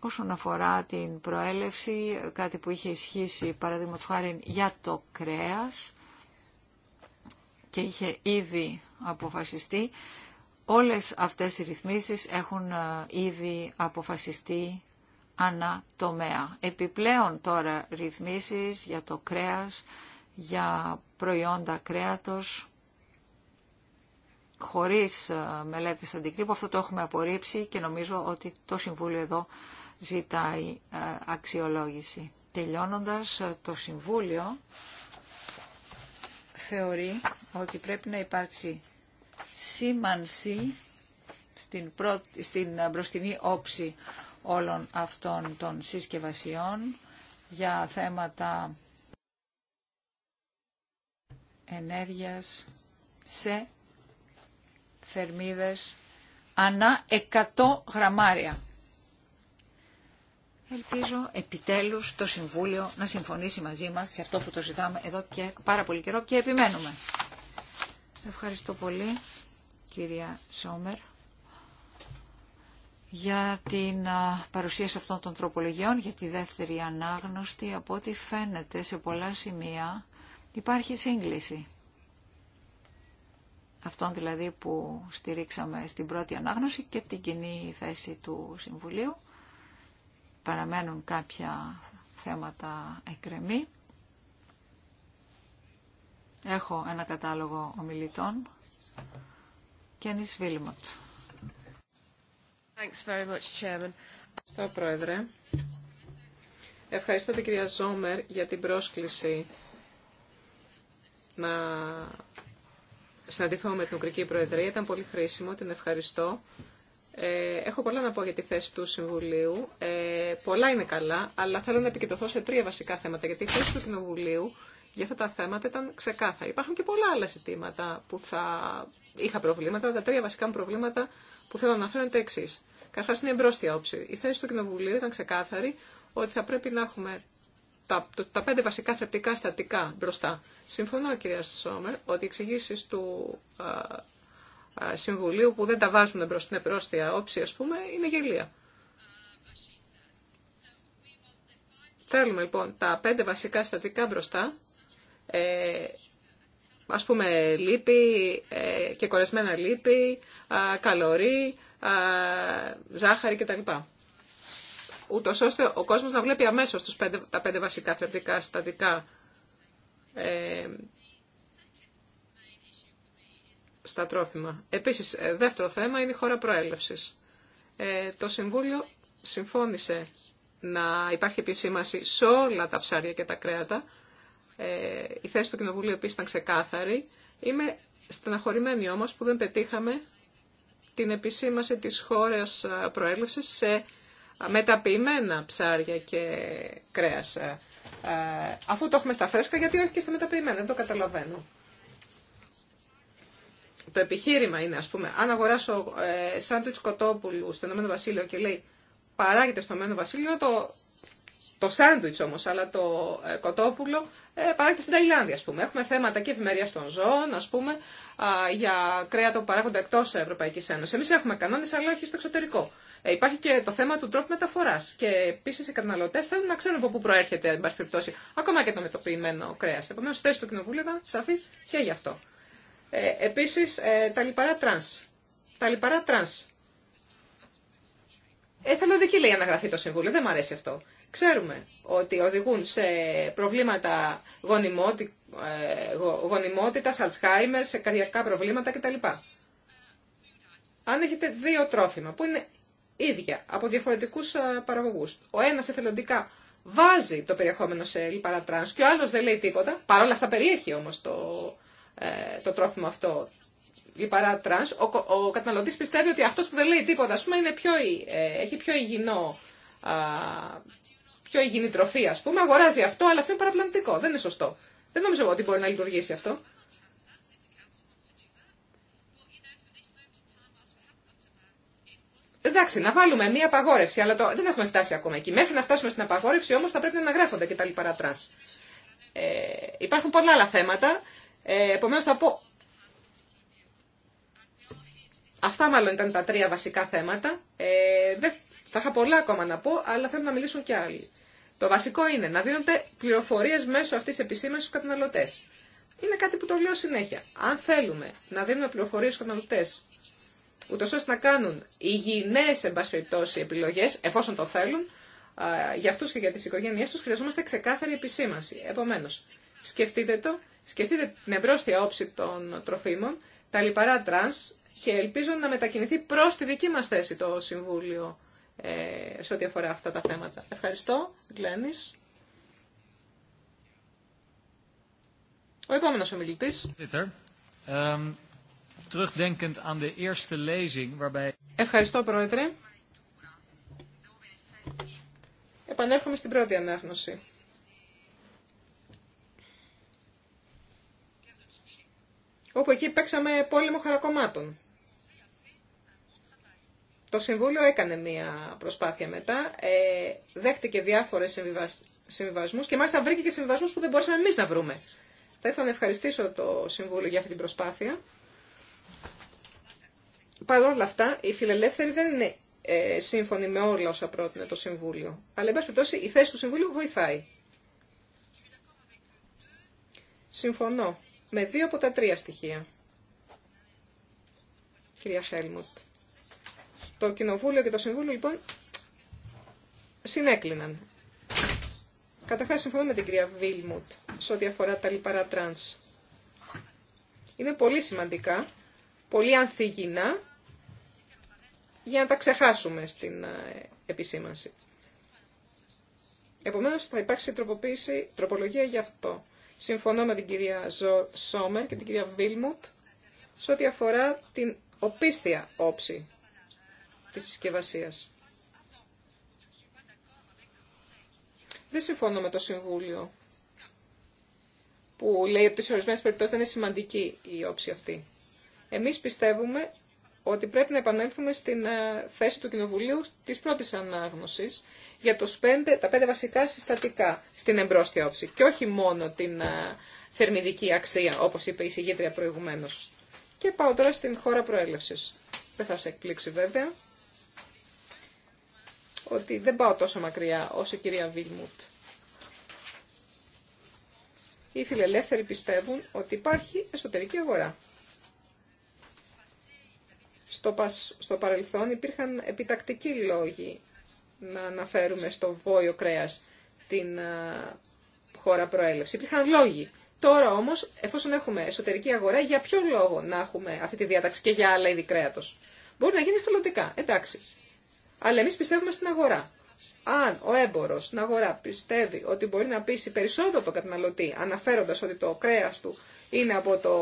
όσον αφορά την προέλευση, κάτι που είχε ισχύσει παραδείγματος χάρη για το κρέας, και είχε ήδη αποφασιστεί. Όλες αυτές οι ρυθμίσεις έχουν ε, ήδη αποφασιστεί ανατομέα. Επιπλέον τώρα ρυθμίσεις για το κρέας, για προϊόντα κρέατος, χωρίς ε, μελέτες αντικρύπου. Αυτό το έχουμε απορρίψει και νομίζω ότι το Συμβούλιο εδώ ζητάει ε, αξιολόγηση. Τελειώνοντας, το Συμβούλιο θεωρεί ότι πρέπει να υπάρξει σήμανση στην, στην ε, μπροστινή όψη όλων αυτών των συσκευασιών για θέματα ενέργειας σε θερμίδες ανά 100 γραμμάρια. Ελπίζω επιτέλους το Συμβούλιο να συμφωνήσει μαζί μας σε αυτό που το ζητάμε εδώ και πάρα πολύ καιρό και επιμένουμε. Ευχαριστώ πολύ κυρία Σόμερ για την παρουσίαση αυτών των τροπολογιών, για τη δεύτερη ανάγνωστη. Από ό,τι φαίνεται σε πολλά σημεία υπάρχει σύγκληση. Αυτόν δηλαδή που στηρίξαμε στην πρώτη ανάγνωση και την κοινή θέση του Συμβουλίου παραμένουν κάποια θέματα εκκρεμή. Έχω ένα κατάλογο ομιλητών. Κένις Βίλμοτ. Ευχαριστώ, Πρόεδρε. Ευχαριστώ την κυρία Ζόμερ για την πρόσκληση να συναντηθώ με την Ουγγρική Προεδρία. Ήταν πολύ χρήσιμο, την ευχαριστώ. Ε, έχω πολλά να πω για τη θέση του Συμβουλίου. Ε, πολλά είναι καλά, αλλά θέλω να επικεντρωθώ σε τρία βασικά θέματα. Γιατί η θέση του Κοινοβουλίου για αυτά τα θέματα ήταν ξεκάθαρη. Υπάρχουν και πολλά άλλα ζητήματα που θα είχα προβλήματα. Τα τρία βασικά μου προβλήματα που θέλω να αναφέρω είναι τα εξή. Καταρχά, είναι εμπρόστια όψη. Η θέση του Κοινοβουλίου ήταν ξεκάθαρη ότι θα πρέπει να έχουμε τα, τα πέντε βασικά θρεπτικά στατικά μπροστά. Συμφωνώ, κυρία Σόμερ, ότι οι εξηγήσει του Συμβουλίου που δεν τα βάζουν προς την επρόστια όψη, ας πούμε, είναι γελία. Θέλουμε λοιπόν τα πέντε βασικά στατικά μπροστά, ε, ας πούμε λίπη ε, και κορεσμένα λίπη, α, καλωρί, ζάχαρη κτλ. Ούτω ώστε ο κόσμος να βλέπει αμέσως τους πέντε, τα πέντε βασικά θρεπτικά στατικά ε, στα τρόφιμα. Επίσης, ε, δεύτερο θέμα είναι η χώρα προέλευσης. Ε, το Συμβούλιο συμφώνησε να υπάρχει επισήμαση σε όλα τα ψάρια και τα κρέατα. Ε, η θέση του Κοινοβουλίου επίσης ήταν ξεκάθαρη. Είμαι στεναχωρημένη όμως που δεν πετύχαμε την επισήμαση της χώρας ε, προέλευσης σε μεταποιημένα ψάρια και κρέας. Ε, αφού το έχουμε στα φρέσκα, γιατί όχι και στα μεταποιημένα, δεν το καταλαβαίνω το επιχείρημα είναι, ας πούμε, αν αγοράσω ε, σάντουιτς κοτόπουλου στο Ενωμένο Βασίλειο και λέει παράγεται στο Ενωμένο Βασίλειο, το, το σάντουιτς όμως, αλλά το ε, κοτόπουλο ε, παράγεται στην Ταϊλάνδη, ας πούμε. Έχουμε θέματα και ευημερία των ζώων, ας πούμε, α, για κρέατα που παράγονται εκτός Ευρωπαϊκής Ένωσης. Εμείς έχουμε κανόνες, αλλά όχι στο εξωτερικό. Ε, υπάρχει και το θέμα του τρόπου μεταφορά. Και επίση οι καταναλωτέ θέλουν να ξέρουν από πού προέρχεται, εν πάση περιπτώσει, ακόμα και το μετοποιημένο κρέα. Επομένω, θέση του Κοινοβούλου ήταν σαφή και γι' αυτό. Ε, επίσης, ε, τα λιπαρά τρανς. Τα λιπαρά τρανς. Εθελοντική λέει αναγραφή το Συμβούλιο, δεν μου αρέσει αυτό. Ξέρουμε ότι οδηγούν σε προβλήματα γονιμότη, ε, γονιμότητας, Αλτσχάιμερ, σε καρδιακά προβλήματα κτλ. Αν έχετε δύο τρόφιμα που είναι ίδια από διαφορετικούς παραγωγούς, ο ένας εθελοντικά βάζει το περιεχόμενο σε λιπαρά τρανς και ο άλλος δεν λέει τίποτα, παρόλα αυτά περιέχει όμως το ε, το τρόφιμο αυτό λιπαρά τρανς, ο, ο καταναλωτής πιστεύει ότι αυτός που δεν λέει τίποτα, ας πούμε, είναι πιο, ε, έχει πιο υγιεινό, α, πιο υγιεινή τροφή, ας πούμε, αγοράζει αυτό, αλλά αυτό είναι παραπλανητικό, δεν είναι σωστό. Δεν νομίζω ότι μπορεί να λειτουργήσει αυτό. Εντάξει, να βάλουμε μία απαγόρευση, αλλά το... δεν έχουμε φτάσει ακόμα εκεί. Μέχρι να φτάσουμε στην απαγόρευση όμως θα πρέπει να αναγράφονται και τα λοιπά τρανς. Ε, υπάρχουν πολλά άλλα θέματα ε, επομένως θα πω... Αυτά μάλλον ήταν τα τρία βασικά θέματα. Ε, δεν, θα είχα πολλά ακόμα να πω, αλλά θέλω να μιλήσουν και άλλοι. Το βασικό είναι να δίνονται πληροφορίες μέσω αυτής της επισήμανσης στους καταναλωτές. Είναι κάτι που το λέω συνέχεια. Αν θέλουμε να δίνουμε πληροφορίες στους καταναλωτές, ούτως ώστε να κάνουν υγιεινές περιπτώσει, επιλογές, εφόσον το θέλουν, για αυτούς και για τις οικογένειές τους χρειαζόμαστε ξεκάθαρη επισήμανση. Επομένω, σκεφτείτε το Σκεφτείτε την εμπρόστια όψη των τροφίμων, τα λιπαρά τρανς και ελπίζω να μετακινηθεί προς τη δική μας θέση το Συμβούλιο ε, σε ό,τι αφορά αυτά τα θέματα. Ευχαριστώ, Γκλένης. Ο επόμενος ομιλητής. Ευχαριστώ, Πρόεδρε. Επανέρχομαι στην πρώτη ανάγνωση. όπου εκεί παίξαμε πόλεμο χαρακομμάτων. Το Συμβούλιο έκανε μία προσπάθεια μετά, ε, δέχτηκε διάφορες συμβιβασμούς και μάλιστα βρήκε και συμβιβασμούς που δεν μπορούσαμε εμείς να βρούμε. Θα ήθελα να ευχαριστήσω το Συμβούλιο για αυτή την προσπάθεια. Παρ' όλα αυτά, οι φιλελεύθεροι δεν είναι ε, σύμφωνοι με όλα όσα πρότεινε το Συμβούλιο. Αλλά, εν πάση η θέση του Συμβούλιου βοηθάει. Συμφωνώ με δύο από τα τρία στοιχεία. Κυρία Χέλμουτ. Το Κοινοβούλιο και το Συμβούλιο λοιπόν συνέκλειναν. Καταρχά συμφωνώ με την κυρία Βίλμουτ σε ό,τι αφορά τα λιπαρά τραν. Είναι πολύ σημαντικά, πολύ ανθυγινά για να τα ξεχάσουμε στην ε, επισήμανση. Επομένως θα υπάρξει τροπολογία για αυτό. Συμφωνώ με την κυρία Ζω, Σόμερ και την κυρία Βίλμουτ σε ό,τι αφορά την οπίστια όψη της συσκευασία. Δεν συμφωνώ με το Συμβούλιο που λέει ότι σε ορισμένες περιπτώσει δεν είναι σημαντική η όψη αυτή. Εμείς πιστεύουμε ότι πρέπει να επανέλθουμε στην ε, θέση του Κοινοβουλίου της πρώτης ανάγνωσης για τους πέντε, τα πέντε βασικά συστατικά στην εμπρόστια όψη και όχι μόνο την ε, θερμιδική αξία, όπως είπε η συγγήτρια προηγουμένως. Και πάω τώρα στην χώρα προέλευσης. Δεν θα σε εκπλήξει βέβαια ότι δεν πάω τόσο μακριά όσο η κυρία Βίλμουτ. Οι φιλελεύθεροι πιστεύουν ότι υπάρχει εσωτερική αγορά. Στο, παρελθόν υπήρχαν επιτακτικοί λόγοι να αναφέρουμε στο βόλιο κρέας την χώρα προέλευση. Υπήρχαν λόγοι. Τώρα όμως, εφόσον έχουμε εσωτερική αγορά, για ποιο λόγο να έχουμε αυτή τη διάταξη και για άλλα είδη κρέατος. Μπορεί να γίνει θελοντικά, εντάξει. Αλλά εμείς πιστεύουμε στην αγορά. Αν ο εμπορο στην αγορά πιστεύει ότι μπορεί να πείσει περισσότερο το καταναλωτή, αναφέροντα ότι το κρέα του είναι από, το,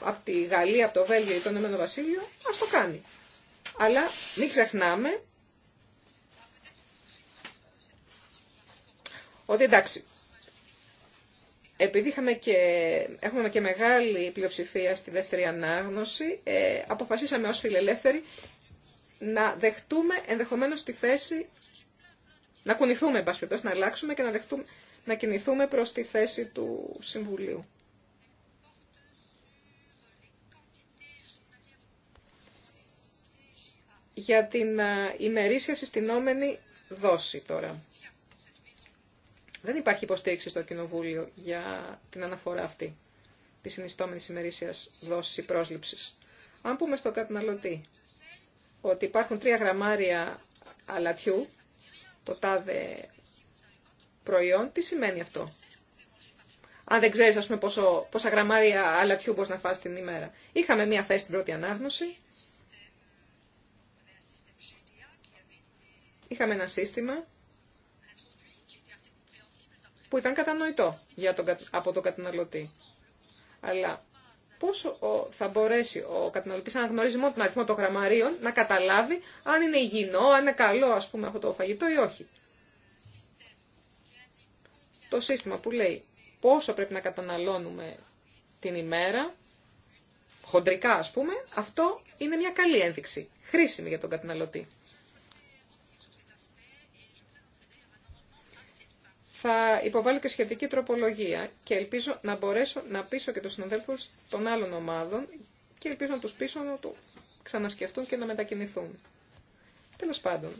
από τη Γαλλία, από το Βέλγιο ή το Ηνωμένο Βασίλειο, α το κάνει. Αλλά μην ξεχνάμε ότι εντάξει, επειδή είχαμε και, έχουμε και μεγάλη πλειοψηφία στη δεύτερη ανάγνωση, ε, αποφασίσαμε ως φιλελεύθεροι να δεχτούμε ενδεχομένως τη θέση, να κουνηθούμε, εν να αλλάξουμε και να, δεχτούμε, να κινηθούμε προς τη θέση του Συμβουλίου. Για την ε, ημερήσια συστηνόμενη δόση τώρα. Δεν υπάρχει υποστήριξη στο Κοινοβούλιο για την αναφορά αυτή τη συνιστόμενη ημερήσια δόση ή πρόσληψη. Αν πούμε στον καταναλωτή ότι υπάρχουν τρία γραμμάρια αλατιού, το τάδε προϊόν, τι σημαίνει αυτό. Αν δεν ξέρει, α πούμε, πόσο, πόσα γραμμάρια αλατιού μπορεί να φας την ημέρα. Είχαμε μία θέση στην πρώτη ανάγνωση. Είχαμε ένα σύστημα που ήταν κατανοητό για από τον καταναλωτή. Αλλά πώς θα μπορέσει ο καταναλωτής να γνωρίζει μόνο τον αριθμό των γραμμαρίων, να καταλάβει αν είναι υγιεινό, αν είναι καλό ας πούμε αυτό το φαγητό ή όχι. Το σύστημα που λέει πόσο πρέπει να καταναλώνουμε την ημέρα, χοντρικά ας πούμε, αυτό είναι μια καλή ένδειξη, χρήσιμη για τον καταναλωτή. θα υποβάλω και σχετική τροπολογία και ελπίζω να μπορέσω να πείσω και τους συναδέλφους των άλλων ομάδων και ελπίζω να τους πείσω να το ξανασκεφτούν και να μετακινηθούν. Τέλος πάντων,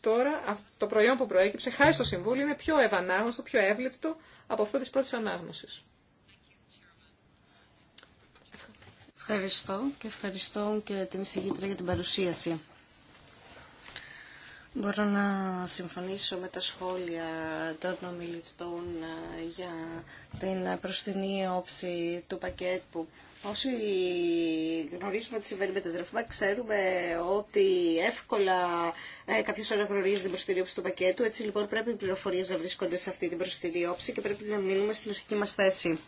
τώρα το προϊόν που προέκυψε χάρη στο Συμβούλιο είναι πιο ευανάγνωστο, πιο εύληπτο από αυτό της πρώτης ανάγνωσης. Ευχαριστώ και ευχαριστώ και την εισηγήτρια για την παρουσίαση. Μπορώ να συμφωνήσω με τα σχόλια των ομιλητών ε, για την προστινή όψη του πακέτου. Όσοι γνωρίζουμε τι συμβαίνει με τα τραφήμα, ξέρουμε ότι εύκολα ε, κάποιο αναγνωρίζει την προστινή όψη του πακέτου. Έτσι λοιπόν πρέπει οι πληροφορίε να βρίσκονται σε αυτή την προστινή όψη και πρέπει να μείνουμε στην αρχική μα θέση.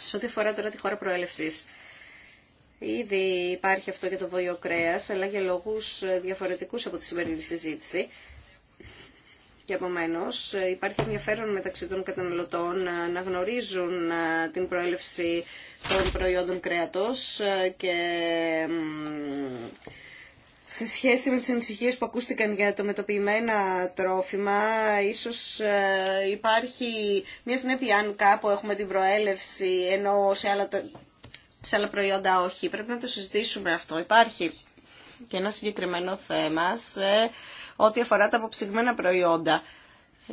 Σε ό,τι αφορά τώρα τη χώρα προέλευση. Ήδη υπάρχει αυτό για το βόλιο κρέα, αλλά για λόγους διαφορετικούς από τη σημερινή συζήτηση. Και επομένω υπάρχει ενδιαφέρον μεταξύ των καταναλωτών να γνωρίζουν την προέλευση των προϊόντων κρέατος και σε σχέση με τις ανησυχίες που ακούστηκαν για το μετοποιημένα τρόφιμα, ίσως υπάρχει μια συνέπεια αν κάπου έχουμε την προέλευση, ενώ σε άλλα σε άλλα προϊόντα όχι. Πρέπει να το συζητήσουμε αυτό. Υπάρχει και ένα συγκεκριμένο θέμα σε ό,τι αφορά τα αποψυγμένα προϊόντα.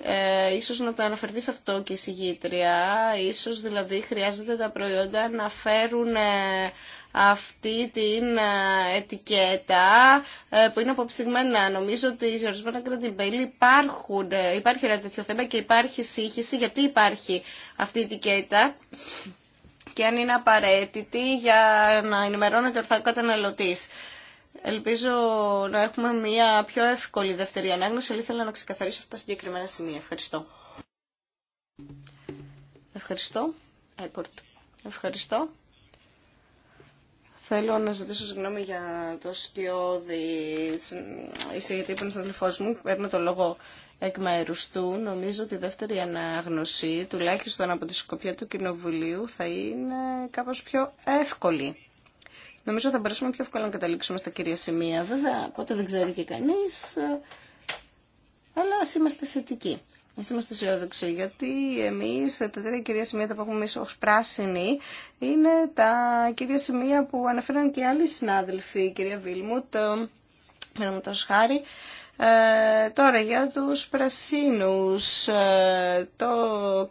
Ε, ίσως να το αναφερθεί σε αυτό και η συγγήτρια, ίσως δηλαδή χρειάζεται τα προϊόντα να φέρουν ε, αυτή την ε, ετικέτα ε, που είναι αποψηγμένα. Νομίζω ότι οι ορισμένα κρατημπέλη υπάρχουν, υπάρχει ένα τέτοιο θέμα και υπάρχει σύγχυση γιατί υπάρχει αυτή η ετικέτα και αν είναι απαραίτητη για να ενημερώνεται ορθά ο καταναλωτή. Ελπίζω να έχουμε μια πιο εύκολη δεύτερη ανάγνωση, αλλά ήθελα να ξεκαθαρίσω αυτά τα συγκεκριμένα σημεία. Ευχαριστώ. Ευχαριστώ. Ευχαριστώ. Θέλω να ζητήσω συγγνώμη για το σκιώδη εισηγητή που είναι στον μου. Παίρνω το λόγο εκ του. Νομίζω ότι η δεύτερη ανάγνωση, τουλάχιστον από τη σκοπιά του Κοινοβουλίου, θα είναι κάπως πιο εύκολη. Νομίζω θα μπορέσουμε πιο εύκολα να καταλήξουμε στα κυρία σημεία. Βέβαια, πότε δεν ξέρει και κανείς, αλλά ας είμαστε θετικοί. Α είμαστε αισιόδοξοι, γιατί εμείς τα τρία κυρία σημεία που έχουμε εμεί ω πράσινοι είναι τα κυρία σημεία που αναφέραν και άλλοι συνάδελφοι, η κυρία Βίλμουτ, με χάρη, ε, τώρα για τους πρασίνους ε, το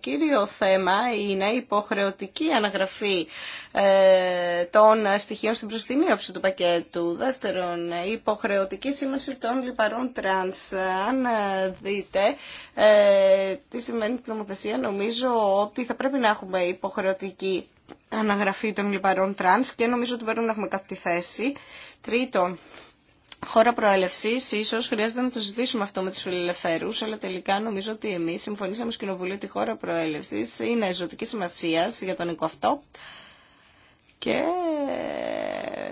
κύριο θέμα είναι η υποχρεωτική αναγραφή ε, των στοιχείων στην προστιμίωση του πακέτου. Δεύτερον, η υποχρεωτική σήμανση των λιπαρών τρανς. Αν δείτε τι σημαίνει την νομοθεσία, νομίζω ότι θα πρέπει να έχουμε υποχρεωτική αναγραφή των λιπαρών τρανς και νομίζω ότι μπορούμε να έχουμε κάτι θέση. Τρίτον, χώρα προέλευση ίσως χρειάζεται να το συζητήσουμε αυτό με του φιλελευθέρου, αλλά τελικά νομίζω ότι εμείς συμφωνήσαμε στο Κοινοβουλίο ότι η χώρα προέλευση είναι ζωτική σημασία για τον οίκο αυτό. Και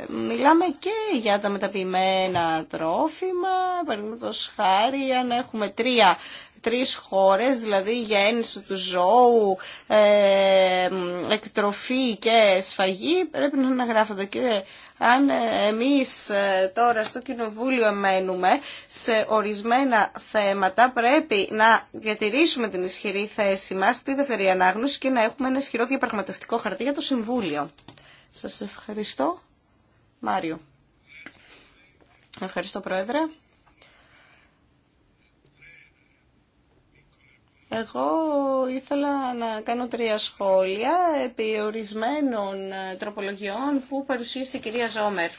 μιλάμε και για τα μεταποιημένα τρόφιμα, παραδείγματο χάρη, αν έχουμε τρία τρεις χώρες, δηλαδή γέννηση του ζώου, ε, εκτροφή και σφαγή, πρέπει να αναγράφονται και αν ε, εμείς ε, τώρα στο Κοινοβούλιο μένουμε σε ορισμένα θέματα, πρέπει να διατηρήσουμε την ισχυρή θέση μας στη δεύτερη ανάγνωση και να έχουμε ένα ισχυρό διαπραγματευτικό χαρτί για το Συμβούλιο. Σας ευχαριστώ. Μάριο. Ευχαριστώ, Πρόεδρε. Εγώ ήθελα να κάνω τρία σχόλια επί ορισμένων ε, τροπολογιών που παρουσίασε η κυρία Ζόμερ.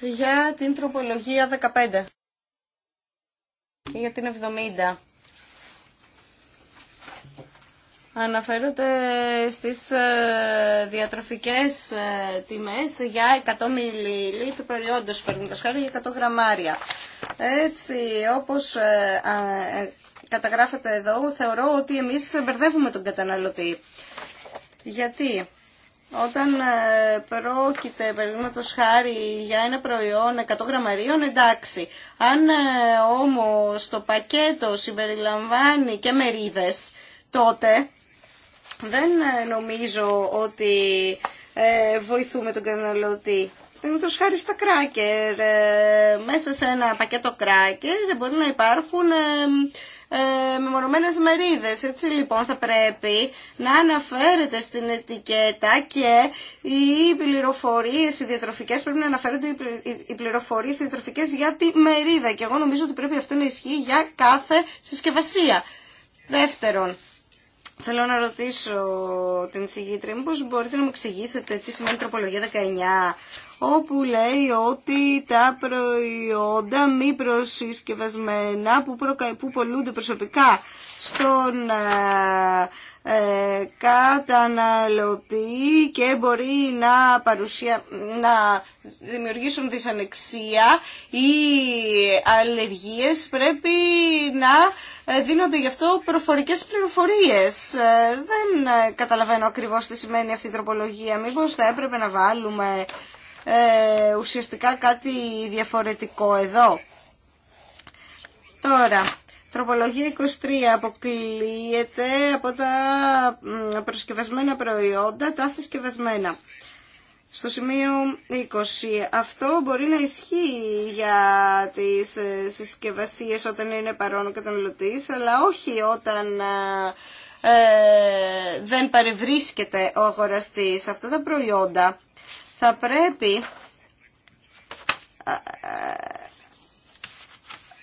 Για την τροπολογία 15. Για την 70. αναφέρονται στις ε, διατροφικές ε, τιμές για 100 γραμμάρια, έτσι όπως καταγράφεται εδώ, προϊόντος, παραδείγματος χάρη για 100 γραμμάρια. Έτσι, όπως ε, καταγράφεται εδώ, θεωρώ ότι εμείς μπερδεύουμε τον καταναλωτή. Γιατί όταν πρόκειται, παραδείγματος χάρη, για ένα προϊόν 100 γραμμαρίων, εντάξει. Αν όμως το πακέτο συμπεριλαμβάνει και μερίδες, τότε δεν ε, νομίζω ότι ε, βοηθούμε τον καταναλωτή. τόσο χάρη στα κράκερ. Ε, μέσα σε ένα πακέτο κράκερ μπορεί να υπάρχουν ε, μεμονωμένε μερίδε. Έτσι λοιπόν θα πρέπει να αναφέρεται στην ετικέτα και οι πληροφορίε, οι διατροφικέ, πρέπει να αναφέρονται οι πληροφορίε, διατροφικέ για τη μερίδα. Και εγώ νομίζω ότι πρέπει αυτό να ισχύει για κάθε συσκευασία. Δεύτερον, Θέλω να ρωτήσω την μου πώς μπορείτε να μου εξηγήσετε τι σημαίνει τροπολογία 19, όπου λέει ότι τα προϊόντα μη προσυσκευασμένα που, προκα... που πολλούνται προσωπικά στον ε, ε, καταναλωτή και μπορεί να, παρουσια... να δημιουργήσουν δυσανεξία ή αλλεργίες πρέπει να ε, δίνονται γι' αυτό προφορικές πληροφορίες. Ε, δεν ε, καταλαβαίνω ακριβώς τι σημαίνει αυτή η τροπολογία. Μήπως θα έπρεπε να βάλουμε ουσιαστικά κάτι διαφορετικό εδώ. Τώρα, τροπολογία 23 αποκλείεται από τα προσκευασμένα προϊόντα, τα συσκευασμένα στο σημείο 20. Αυτό μπορεί να ισχύει για τις ε, συσκευασίες όταν είναι παρόν ο καταναλωτής, αλλά όχι όταν ε, ε, δεν παρευρίσκεται ο αγοραστής. Αυτά τα προϊόντα θα πρέπει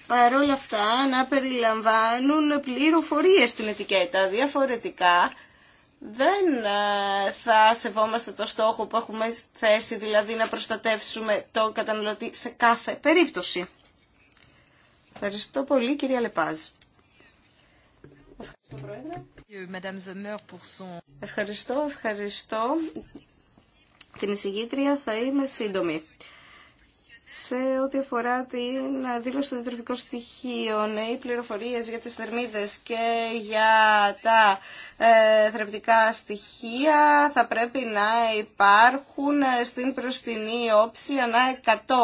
παρόλα αυτά να περιλαμβάνουν πληροφορίες στην ετικέτα. Διαφορετικά δεν ε, θα σεβόμαστε το στόχο που έχουμε θέσει, δηλαδή να προστατεύσουμε το καταναλωτή σε κάθε περίπτωση. Ευχαριστώ πολύ κυρία Λεπάζ. Ευχαριστώ, Ευχαριστώ, ευχαριστώ. Την εισηγήτρια θα είμαι σύντομη σε ό,τι αφορά την δήλωση των διατροφικών στοιχείων, οι πληροφορίες για τις θερμίδες και για τα ε, θρεπτικά στοιχεία θα πρέπει να υπάρχουν στην προστινή όψη ανά 100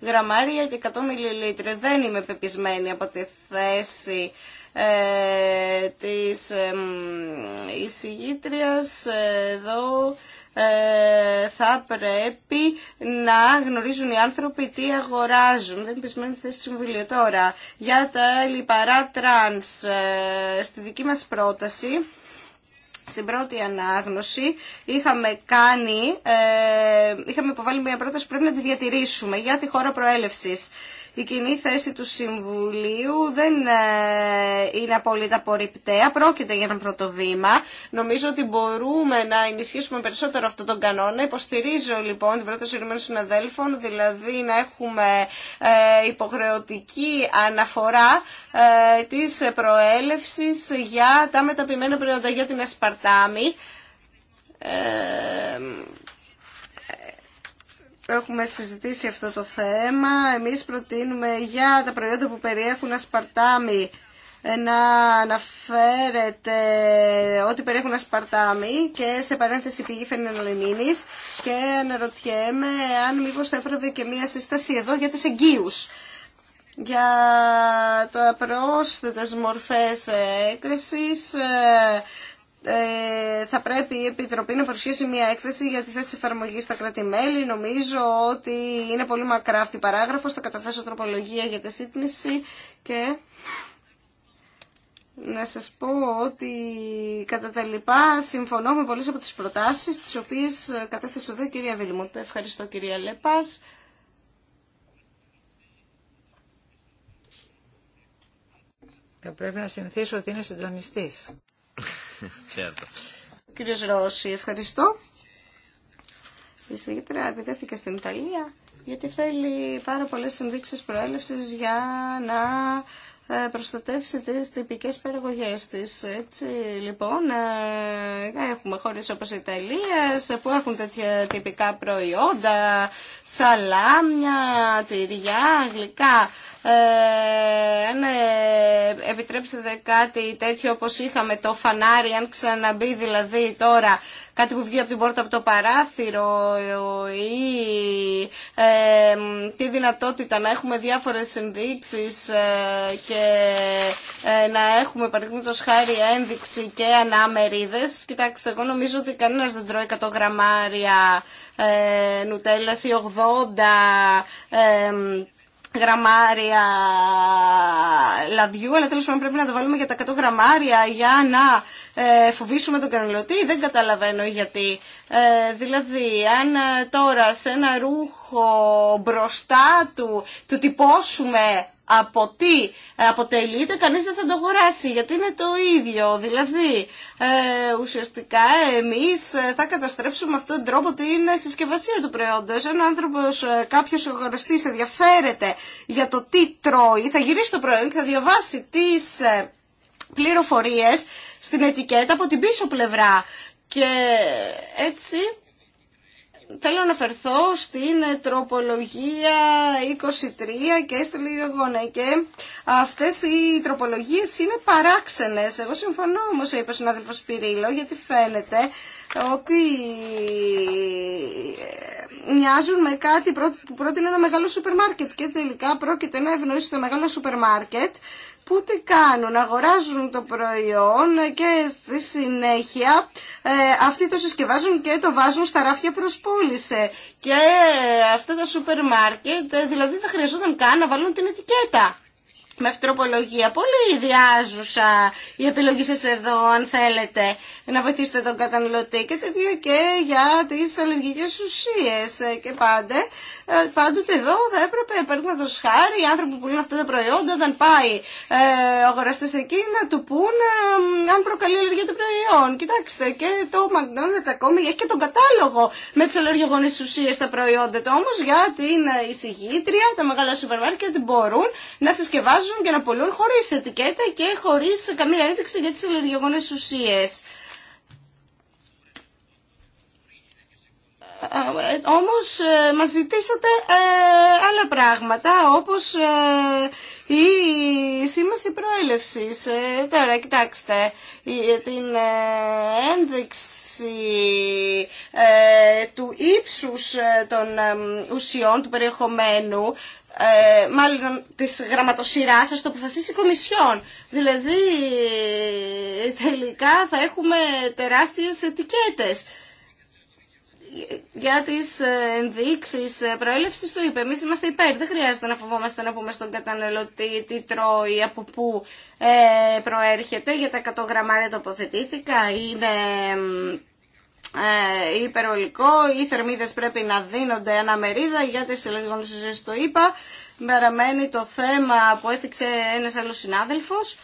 γραμμάρια και 100 μιλιλίτρια. Δεν είμαι πεπισμένη από τη θέση ε, της εισηγήτριας εδώ ε, θα πρέπει να γνωρίζουν οι άνθρωποι τι αγοράζουν. Δεν είναι θέση τη βιβλίο Τώρα, για τα λιπαρά τρανς, ε, στη δική μας πρόταση, στην πρώτη ανάγνωση είχαμε κάνει, ε, είχαμε υποβάλει μια πρόταση που πρέπει να τη διατηρήσουμε για τη χώρα προέλευσης η κοινή θέση του Συμβουλίου δεν ε, είναι απόλυτα απορριπταία, πρόκειται για ένα πρώτο βήμα. Νομίζω ότι μπορούμε να ενισχύσουμε περισσότερο αυτόν τον κανόνα. Υποστηρίζω λοιπόν την πρόταση Ηνωμένων συναδέλφων, δηλαδή να έχουμε ε, υποχρεωτική αναφορά ε, της προέλευσης για τα μεταπημένα προϊόντα για την Ασπαρτάμι έχουμε συζητήσει αυτό το θέμα. Εμείς προτείνουμε για τα προϊόντα που περιέχουν ασπαρτάμι να αναφέρεται ότι περιέχουν ασπαρτάμι και σε παρένθεση πηγή φαινενολενίνης και αναρωτιέμαι αν μήπως θα έπρεπε και μία σύσταση εδώ για τις εγκύους για τα πρόσθετες μορφές έκρησης ε, ε, θα πρέπει η Επιτροπή να παρουσιάσει μια έκθεση για τη θέση εφαρμογή στα κράτη-μέλη. Νομίζω ότι είναι πολύ μακρά αυτή η παράγραφος. Θα καταθέσω τροπολογία για τη σύγκριση και να σα πω ότι κατά τα λοιπά συμφωνώ με πολλές από τις προτάσεις τις οποίες κατέθεσε εδώ η κυρία Βελιμούτα Ευχαριστώ κυρία Λέπας. Θα πρέπει να συνηθίσω ότι είναι συντονιστής. Κύριε Ρώση, ευχαριστώ. Η επιτέθηκε στην Ιταλία γιατί θέλει πάρα πολλές συνδείξεις προέλευσης για να ε, προστατεύσει τις τυπικές παραγωγές της. Έτσι, λοιπόν, ε, έχουμε χώρες όπως η Ιταλία που έχουν τέτοια τυπικά προϊόντα, σαλάμια, τυριά, γλυκά, ε, αν ε, επιτρέψετε κάτι τέτοιο όπως είχαμε το φανάρι, αν ξαναμπεί δηλαδή τώρα κάτι που βγει από την πόρτα από το παράθυρο ή ε, τη δυνατότητα να έχουμε διάφορες συνδείξεις ε, και να έχουμε παραδείγματος χάρη ένδειξη και αναμερίδες. Κοιτάξτε, εγώ νομίζω ότι κανένας δεν τρώει 100 γραμμάρια ε, ή 80 ε, γραμμάρια λαδιού, αλλά τέλος πάντων πρέπει να το βάλουμε για τα 100 γραμμάρια για να ε, φοβήσουμε τον καναλωτή. Δεν καταλαβαίνω γιατί. Ε, δηλαδή, αν ε, τώρα σε ένα ρούχο μπροστά του του τυπώσουμε από τι αποτελείται, κανείς δεν θα το αγοράσει, γιατί είναι το ίδιο. Δηλαδή, ε, ουσιαστικά εμείς ε, θα καταστρέψουμε αυτόν τον τρόπο την συσκευασία του προϊόντος. Αν άνθρωπος, ε, κάποιος αγοραστής ενδιαφέρεται για το τι τρώει, θα γυρίσει το προϊόν και θα διαβάσει τις ε, πληροφορίες στην ετικέτα από την πίσω πλευρά. Και έτσι θέλω να αναφερθώ στην τροπολογία 23 και στην Λιρογόνα και αυτές οι τροπολογίες είναι παράξενες. Εγώ συμφωνώ όμως, είπε ο συνάδελφος Σπυρίλο, γιατί φαίνεται ότι ε, μοιάζουν με κάτι που πρότεινε ένα μεγάλο σούπερ μάρκετ και τελικά πρόκειται να ευνοήσει το μεγάλο σούπερ μάρκετ που τι κάνουν, αγοράζουν το προϊόν και στη συνέχεια ε, αυτοί το συσκευάζουν και το βάζουν στα ράφια προς Και αυτά τα σούπερ μάρκετ ε, δηλαδή δεν χρειαζόταν καν να βάλουν την ετικέτα με αυτροπολογία. Πολύ ιδιάζουσα η επιλογή σα εδώ, αν θέλετε, να βοηθήσετε τον καταναλωτή και το ίδιο και για τις αλλεργικές ουσίες και πάντε. Ε, πάντοτε εδώ θα έπρεπε, παραδείγματο χάρη, οι άνθρωποι που πουλούν αυτά τα προϊόντα, όταν πάει ε, ο αγοραστή εκεί, να του πούν ε, αν προκαλεί αλλεργία το προϊόν. Κοιτάξτε, και το McDonald's ακόμη έχει και τον κατάλογο με τις αλλεργογόνες ουσίες τα προϊόντα του. Όμως για την εισηγήτρια, τα μεγάλα σούπερ μάρκετ μπορούν να συσκευάζουν αγοράζουν και να πολλούν χωρί ετικέτα και χωρί καμία ένδειξη για τι αλλεργιογόνες ουσίες. Ε, όμως ε, μας ζητήσατε ε, άλλα πράγματα όπως η σήμαση προέλευσης. Τώρα κοιτάξτε την ένδειξη του ύψου των ουσιών του περιεχομένου ε, μάλλον της γραμματοσυράς σα το αποφασίσει η Κομισιόν. Δηλαδή τελικά θα έχουμε τεράστιες ετικέτες για τις ε, ενδείξεις ε, προέλευσης του είπε. Εμείς είμαστε υπέρ, δεν χρειάζεται να φοβόμαστε να πούμε στον καταναλωτή τι τρώει, από πού ε, προέρχεται, για τα 100 γραμμάρια τοποθετήθηκα, είναι ε, υπερολικό, οι θερμίδες πρέπει να δίνονται αναμερίδα για τις ελεγγονωσίες, το είπα. Μεραμένει το θέμα που έθιξε ένας άλλος συνάδελφος,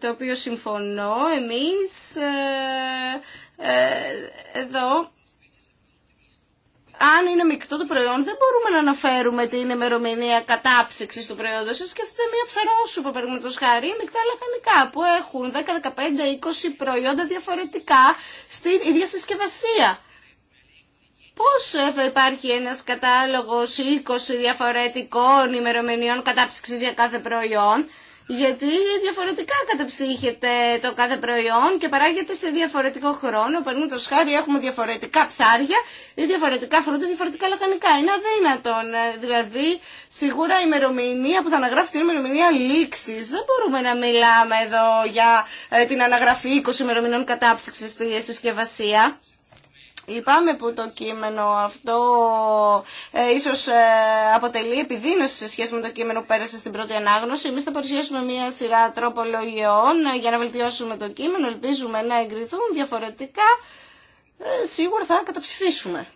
το οποίο συμφωνώ εμείς. Ε, ε, εδώ αν είναι μεικτό το προϊόν, δεν μπορούμε να αναφέρουμε την ημερομηνία κατάψυξη του προϊόντο. Σα σκεφτείτε μία ψαρόσουπα, παραδείγματο χάρη, μεικτά λαχανικά που έχουν 10, 15, 20 προϊόντα διαφορετικά στην ίδια συσκευασία. Πώ θα υπάρχει ένα κατάλογο 20 διαφορετικών ημερομηνιών κατάψυξη για κάθε προϊόν, γιατί διαφορετικά καταψύχεται το κάθε προϊόν και παράγεται σε διαφορετικό χρόνο. Παραδείγματο χάρη το ψάρια ή διαφορετικά φρούτα, διαφορετικά λαχανικά. Είναι αδύνατον. Ε, δηλαδή, σίγουρα η ημερομηνία που θα αναγράφει την ημερομηνία λήξη. Δεν μπορούμε να μιλάμε εδώ για ε, την αναγραφή 20 ημερομηνών κατάψυξη στη συσκευασία. Λυπάμαι που το κείμενο αυτό ε, ίσως ε, αποτελεί επιδείνωση σε σχέση με το κείμενο που πέρασε στην πρώτη ανάγνωση. Εμείς θα παρουσιάσουμε μια σειρά τροπολογιών ε, για να βελτιώσουμε το κείμενο. Ελπίζουμε να εγκριθούν διαφορετικά. Ε, σίγουρα θα καταψηφίσουμε.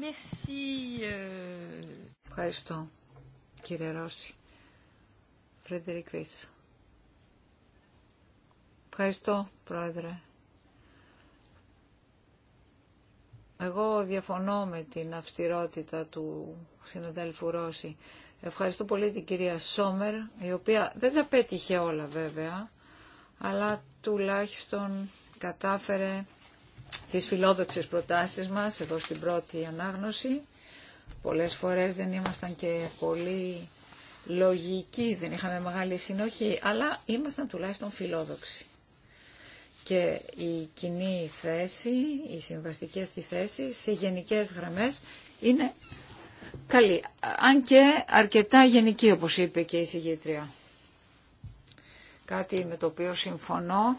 Merci. Ε. Ευχαριστώ κύριε Ρώση. Φρεντερικ Ευχαριστώ πρόεδρε. Εγώ διαφωνώ με την αυστηρότητα του συναδέλφου Ρώση. Ευχαριστώ πολύ την κυρία Σόμερ, η οποία δεν τα πέτυχε όλα βέβαια, αλλά τουλάχιστον κατάφερε τις φιλόδοξες προτάσεις μας εδώ στην πρώτη ανάγνωση. Πολλές φορές δεν ήμασταν και πολύ λογικοί, δεν είχαμε μεγάλη συνοχή, αλλά ήμασταν τουλάχιστον φιλόδοξοι και η κοινή θέση, η συμβαστική αυτή θέση, σε γενικές γραμμές είναι καλή. Αν και αρκετά γενική, όπως είπε και η συγγήτρια. Κάτι με το οποίο συμφωνώ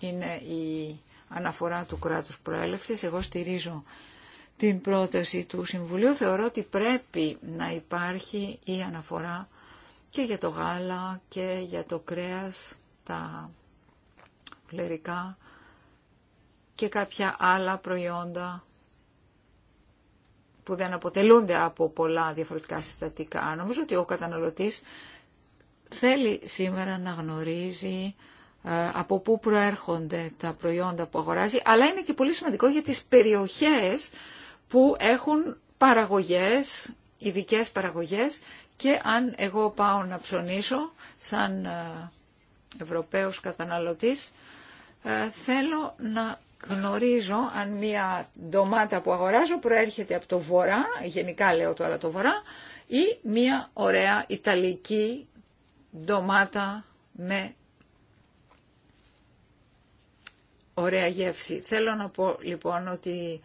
είναι η αναφορά του κράτους προέλευσης. Εγώ στηρίζω την πρόταση του Συμβουλίου. Θεωρώ ότι πρέπει να υπάρχει η αναφορά και για το γάλα και για το κρέας, τα κλερικά και κάποια άλλα προϊόντα που δεν αποτελούνται από πολλά διαφορετικά συστατικά. Νομίζω ότι ο καταναλωτής θέλει σήμερα να γνωρίζει ε, από πού προέρχονται τα προϊόντα που αγοράζει, αλλά είναι και πολύ σημαντικό για τις περιοχές που έχουν παραγωγές, ειδικέ παραγωγές και αν εγώ πάω να ψωνίσω σαν ε, Ευρωπαίος καταναλωτής, ε, θέλω να γνωρίζω αν μια ντομάτα που αγοράζω προέρχεται από το βορρά, γενικά λέω τώρα το βορρά, ή μια ωραία ιταλική ντομάτα με ωραία γεύση. Θέλω να πω λοιπόν ότι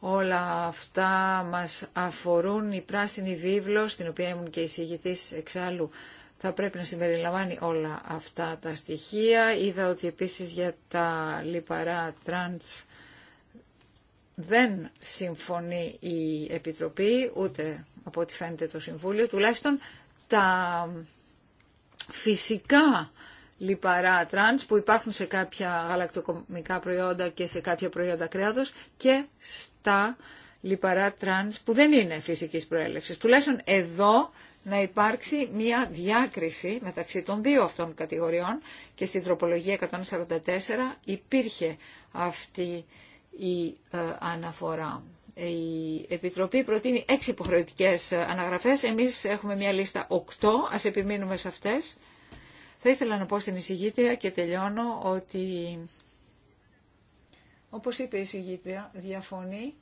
όλα αυτά μας αφορούν η πράσινη βίβλο στην οποία ήμουν και εισηγητής εξάλλου θα πρέπει να συμπεριλαμβάνει όλα αυτά τα στοιχεία. Είδα ότι επίσης για τα λιπαρά τρανς δεν συμφωνεί η Επιτροπή, ούτε από ό,τι φαίνεται το Συμβούλιο, τουλάχιστον τα φυσικά λιπαρά τρανς που υπάρχουν σε κάποια γαλακτοκομικά προϊόντα και σε κάποια προϊόντα κρέατος και στα λιπαρά τρανς που δεν είναι φυσικής προέλευσης. Τουλάχιστον εδώ να υπάρξει μία διάκριση μεταξύ των δύο αυτών κατηγοριών και στην τροπολογία 144 υπήρχε αυτή η ε, αναφορά. Η Επιτροπή προτείνει έξι υποχρεωτικές ε, αναγραφές. Εμείς έχουμε μια λίστα οκτώ. Ας επιμείνουμε σε αυτές. Θα ήθελα να πω στην εισηγήτρια και τελειώνω ότι, όπως είπε η εισηγήτρια, διαφωνεί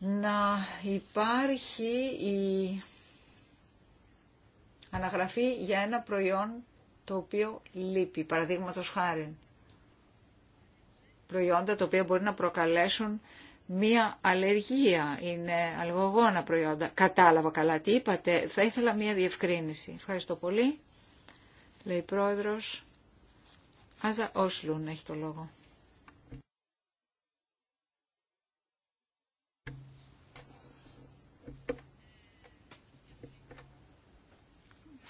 να υπάρχει η αναγραφή για ένα προϊόν το οποίο λείπει, παραδείγματος χάρη. Προϊόντα τα οποία μπορεί να προκαλέσουν μία αλλεργία, είναι αλγογόνα προϊόντα. Κατάλαβα καλά τι είπατε, θα ήθελα μία διευκρίνηση. Ευχαριστώ πολύ, λέει Πρόεδρος. Άζα Όσλουν έχει το λόγο.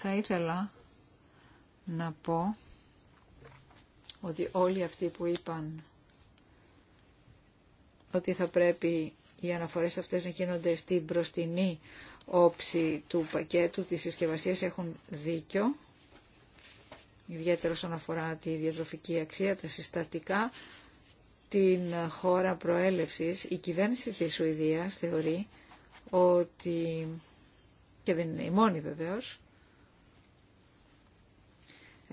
Θα ήθελα να πω ότι όλοι αυτοί που είπαν ότι θα πρέπει οι αναφορές αυτές να γίνονται στην προστινή όψη του πακέτου της συσκευασία έχουν δίκιο, ιδιαίτερα όσον αφορά τη διατροφική αξία, τα συστατικά, την χώρα προέλευσης. Η κυβέρνηση της Σουηδίας θεωρεί ότι, και δεν είναι η μόνη βεβαίως,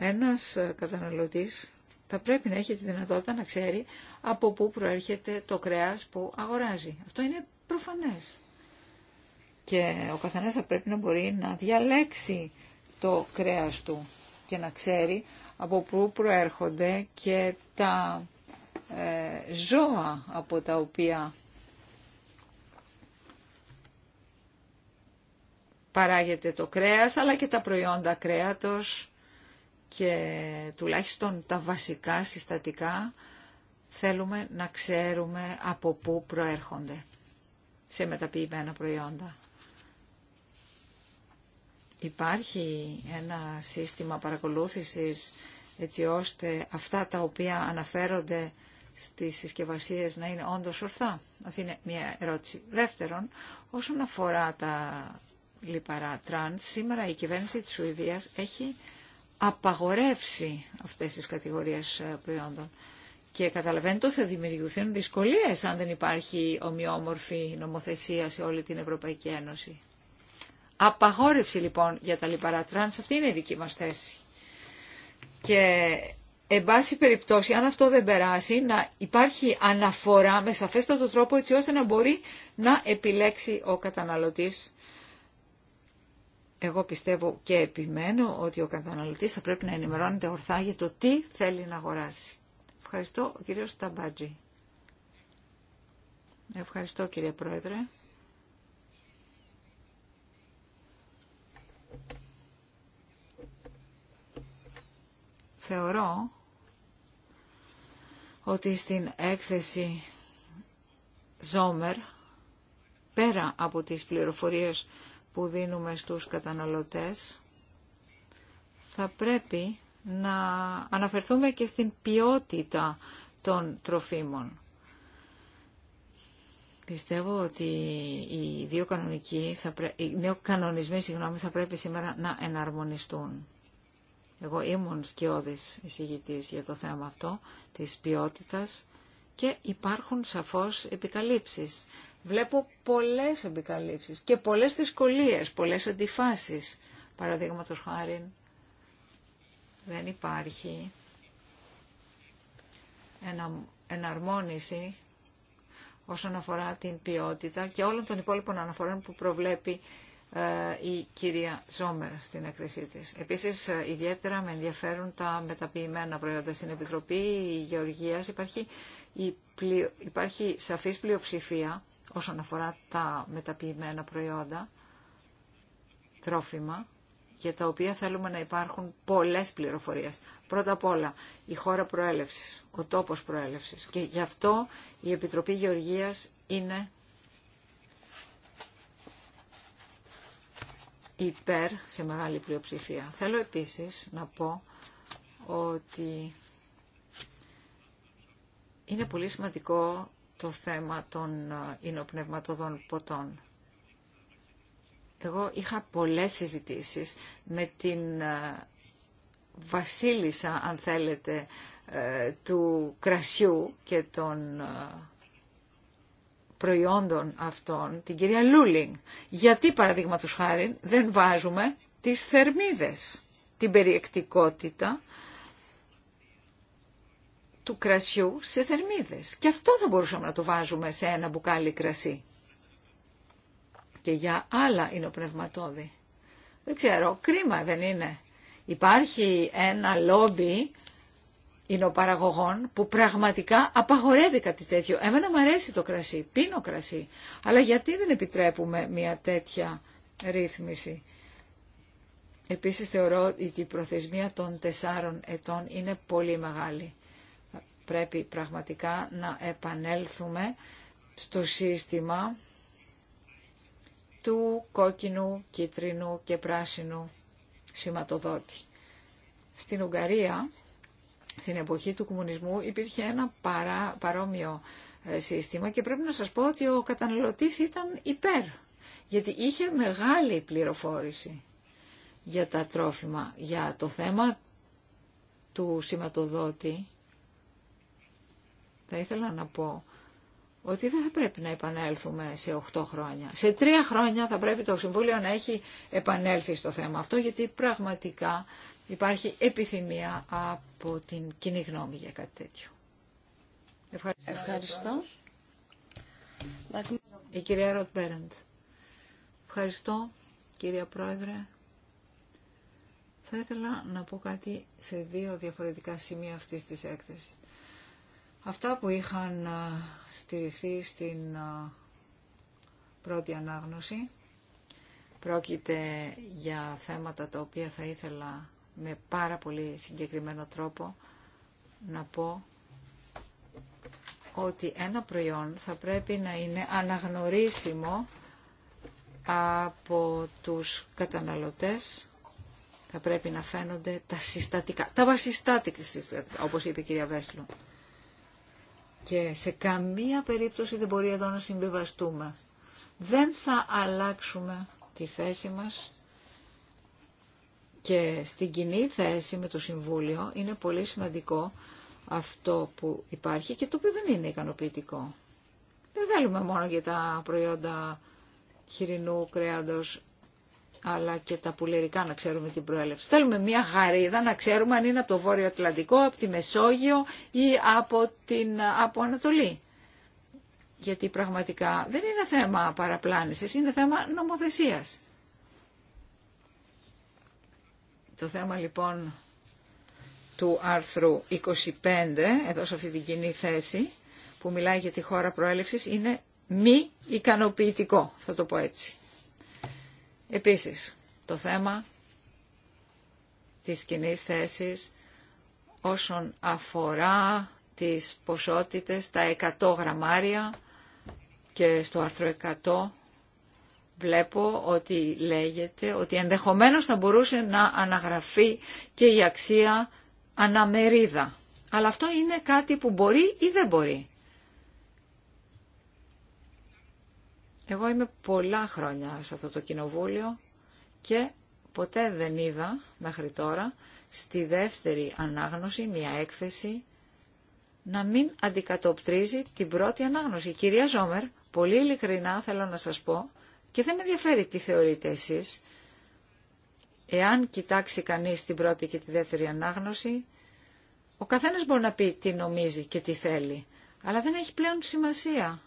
ένας ε, καταναλωτής θα πρέπει να έχει τη δυνατότητα να ξέρει από πού προέρχεται το κρέας που αγοράζει. Αυτό είναι προφανές. Και ο καθένας θα πρέπει να μπορεί να διαλέξει το κρέας του και να ξέρει από πού προέρχονται και τα ε, ζώα από τα οποία παράγεται το κρέας, αλλά και τα προϊόντα κρέατος και τουλάχιστον τα βασικά συστατικά θέλουμε να ξέρουμε από πού προέρχονται σε μεταποιημένα προϊόντα. Υπάρχει ένα σύστημα παρακολούθησης έτσι ώστε αυτά τα οποία αναφέρονται στις συσκευασίες να είναι όντως ορθά. Αυτή είναι μια ερώτηση. Δεύτερον, όσον αφορά τα λιπαρά τρανς, σήμερα η κυβέρνηση της Σουηδίας έχει απαγορεύσει αυτές τις κατηγορίες ε, προϊόντων. Και καταλαβαίνετε ότι θα δημιουργηθούν δυσκολίες αν δεν υπάρχει ομοιόμορφη νομοθεσία σε όλη την Ευρωπαϊκή Ένωση. Απαγόρευση λοιπόν για τα λιπαρά τρανς, αυτή είναι η δική μας θέση. Και εν πάση περιπτώσει, αν αυτό δεν περάσει, να υπάρχει αναφορά με σαφέστατο τρόπο έτσι ώστε να μπορεί να επιλέξει ο καταναλωτής εγώ πιστεύω και επιμένω ότι ο καταναλωτής θα πρέπει να ενημερώνεται ορθά για το τι θέλει να αγοράσει. Ευχαριστώ, ο κύριος Ευχαριστώ, κύριε Πρόεδρε. Θεωρώ ότι στην έκθεση Ζόμερ, πέρα από τις πληροφορίες που δίνουμε στους καταναλωτές, θα πρέπει να αναφερθούμε και στην ποιότητα των τροφίμων. Πιστεύω ότι οι δύο κανονικοί, θα οι νέο κανονισμοί συγγνώμη, θα πρέπει σήμερα να εναρμονιστούν. Εγώ ήμουν σκιώδης εισηγητής για το θέμα αυτό της ποιότητας και υπάρχουν σαφώς επικαλύψεις. Βλέπω πολλές επικαλύψεις και πολλές δυσκολίες, πολλές αντιφάσεις. Παραδείγματο χάρη δεν υπάρχει ενα, εναρμόνιση όσον αφορά την ποιότητα και όλων των υπόλοιπων αναφορών που προβλέπει ε, η κυρία Ζόμερ στην έκθεσή της. Επίσης, ε, ιδιαίτερα με ενδιαφέρουν τα μεταποιημένα προϊόντα στην Επιτροπή Γεωργίας. Υπάρχει, η υπάρχει σαφής πλειοψηφία όσον αφορά τα μεταποιημένα προϊόντα, τρόφιμα, για τα οποία θέλουμε να υπάρχουν πολλές πληροφορίες. Πρώτα απ' όλα, η χώρα προέλευσης, ο τόπος προέλευσης. Και γι' αυτό η Επιτροπή Γεωργίας είναι υπέρ σε μεγάλη πλειοψηφία. Θέλω επίσης να πω ότι είναι πολύ σημαντικό το θέμα των υνοπνευματοδών ε, ποτών. Εγώ είχα πολλές συζητήσεις με την ε, βασίλισσα, αν θέλετε, ε, του κρασιού και των προϊόντων αυτών, την κυρία Λούλινγκ. Γιατί, παραδείγματος χάρη, δεν βάζουμε τις θερμίδες, την περιεκτικότητα του κρασιού σε θερμίδες. Και αυτό θα μπορούσαμε να το βάζουμε σε ένα μπουκάλι κρασί. Και για άλλα είναι ο πνευματόδη. Δεν ξέρω, κρίμα δεν είναι. Υπάρχει ένα λόμπι εινοπαραγωγών που πραγματικά απαγορεύει κάτι τέτοιο. Εμένα μου αρέσει το κρασί, πίνω κρασί. Αλλά γιατί δεν επιτρέπουμε μια τέτοια ρύθμιση. Επίσης θεωρώ ότι η προθεσμία των τεσσάρων ετών είναι πολύ μεγάλη πρέπει πραγματικά να επανέλθουμε στο σύστημα του κόκκινου, κίτρινου και πράσινου σηματοδότη. Στην Ουγγαρία, στην εποχή του κομμουνισμού, υπήρχε ένα παρά, παρόμοιο ε, σύστημα και πρέπει να σας πω ότι ο καταναλωτής ήταν υπέρ, γιατί είχε μεγάλη πληροφόρηση για τα τρόφιμα, για το θέμα του σηματοδότη θα ήθελα να πω ότι δεν θα πρέπει να επανέλθουμε σε 8 χρόνια. Σε 3 χρόνια θα πρέπει το Συμβούλιο να έχει επανέλθει στο θέμα αυτό, γιατί πραγματικά υπάρχει επιθυμία από την κοινή γνώμη για κάτι τέτοιο. Ευχαριστώ. Ευχαριστώ. Η κυρία Ροτ Ευχαριστώ, κυρία Πρόεδρε. Θα ήθελα να πω κάτι σε δύο διαφορετικά σημεία αυτής της έκθεσης. Αυτά που είχαν στηριχθεί στην πρώτη ανάγνωση πρόκειται για θέματα τα οποία θα ήθελα με πάρα πολύ συγκεκριμένο τρόπο να πω ότι ένα προϊόν θα πρέπει να είναι αναγνωρίσιμο από τους καταναλωτές θα πρέπει να φαίνονται τα συστατικά, τα βασιστάτικα, συστατικά, όπως είπε η κυρία Βέσλου και σε καμία περίπτωση δεν μπορεί εδώ να συμβιβαστούμε. Δεν θα αλλάξουμε τη θέση μας και στην κοινή θέση με το Συμβούλιο είναι πολύ σημαντικό αυτό που υπάρχει και το οποίο δεν είναι ικανοποιητικό. Δεν θέλουμε μόνο για τα προϊόντα χοιρινού κρέατος αλλά και τα πουλερικά να ξέρουμε την προέλευση. Θέλουμε μια γαρίδα να ξέρουμε αν είναι από το Βόρειο Ατλαντικό, από τη Μεσόγειο ή από την από Ανατολή. Γιατί πραγματικά δεν είναι θέμα παραπλάνησης, είναι θέμα νομοθεσίας. Το θέμα λοιπόν του άρθρου 25, εδώ σε αυτή την κοινή θέση, που μιλάει για τη χώρα προέλευσης, είναι μη ικανοποιητικό, θα το πω έτσι. Επίσης, το θέμα της κοινή θέσης όσον αφορά τις ποσότητες, τα 100 γραμμάρια και στο άρθρο 100 βλέπω ότι λέγεται ότι ενδεχομένως θα μπορούσε να αναγραφεί και η αξία αναμερίδα. Αλλά αυτό είναι κάτι που μπορεί ή δεν μπορεί. Εγώ είμαι πολλά χρόνια σε αυτό το κοινοβούλιο και ποτέ δεν είδα μέχρι τώρα στη δεύτερη ανάγνωση μια έκθεση να μην αντικατοπτρίζει την πρώτη ανάγνωση. Κυρία Ζόμερ, πολύ ειλικρινά θέλω να σας πω και δεν με ενδιαφέρει τι θεωρείτε εσείς. Εάν κοιτάξει κανείς την πρώτη και τη δεύτερη ανάγνωση, ο καθένας μπορεί να πει τι νομίζει και τι θέλει, αλλά δεν έχει πλέον σημασία.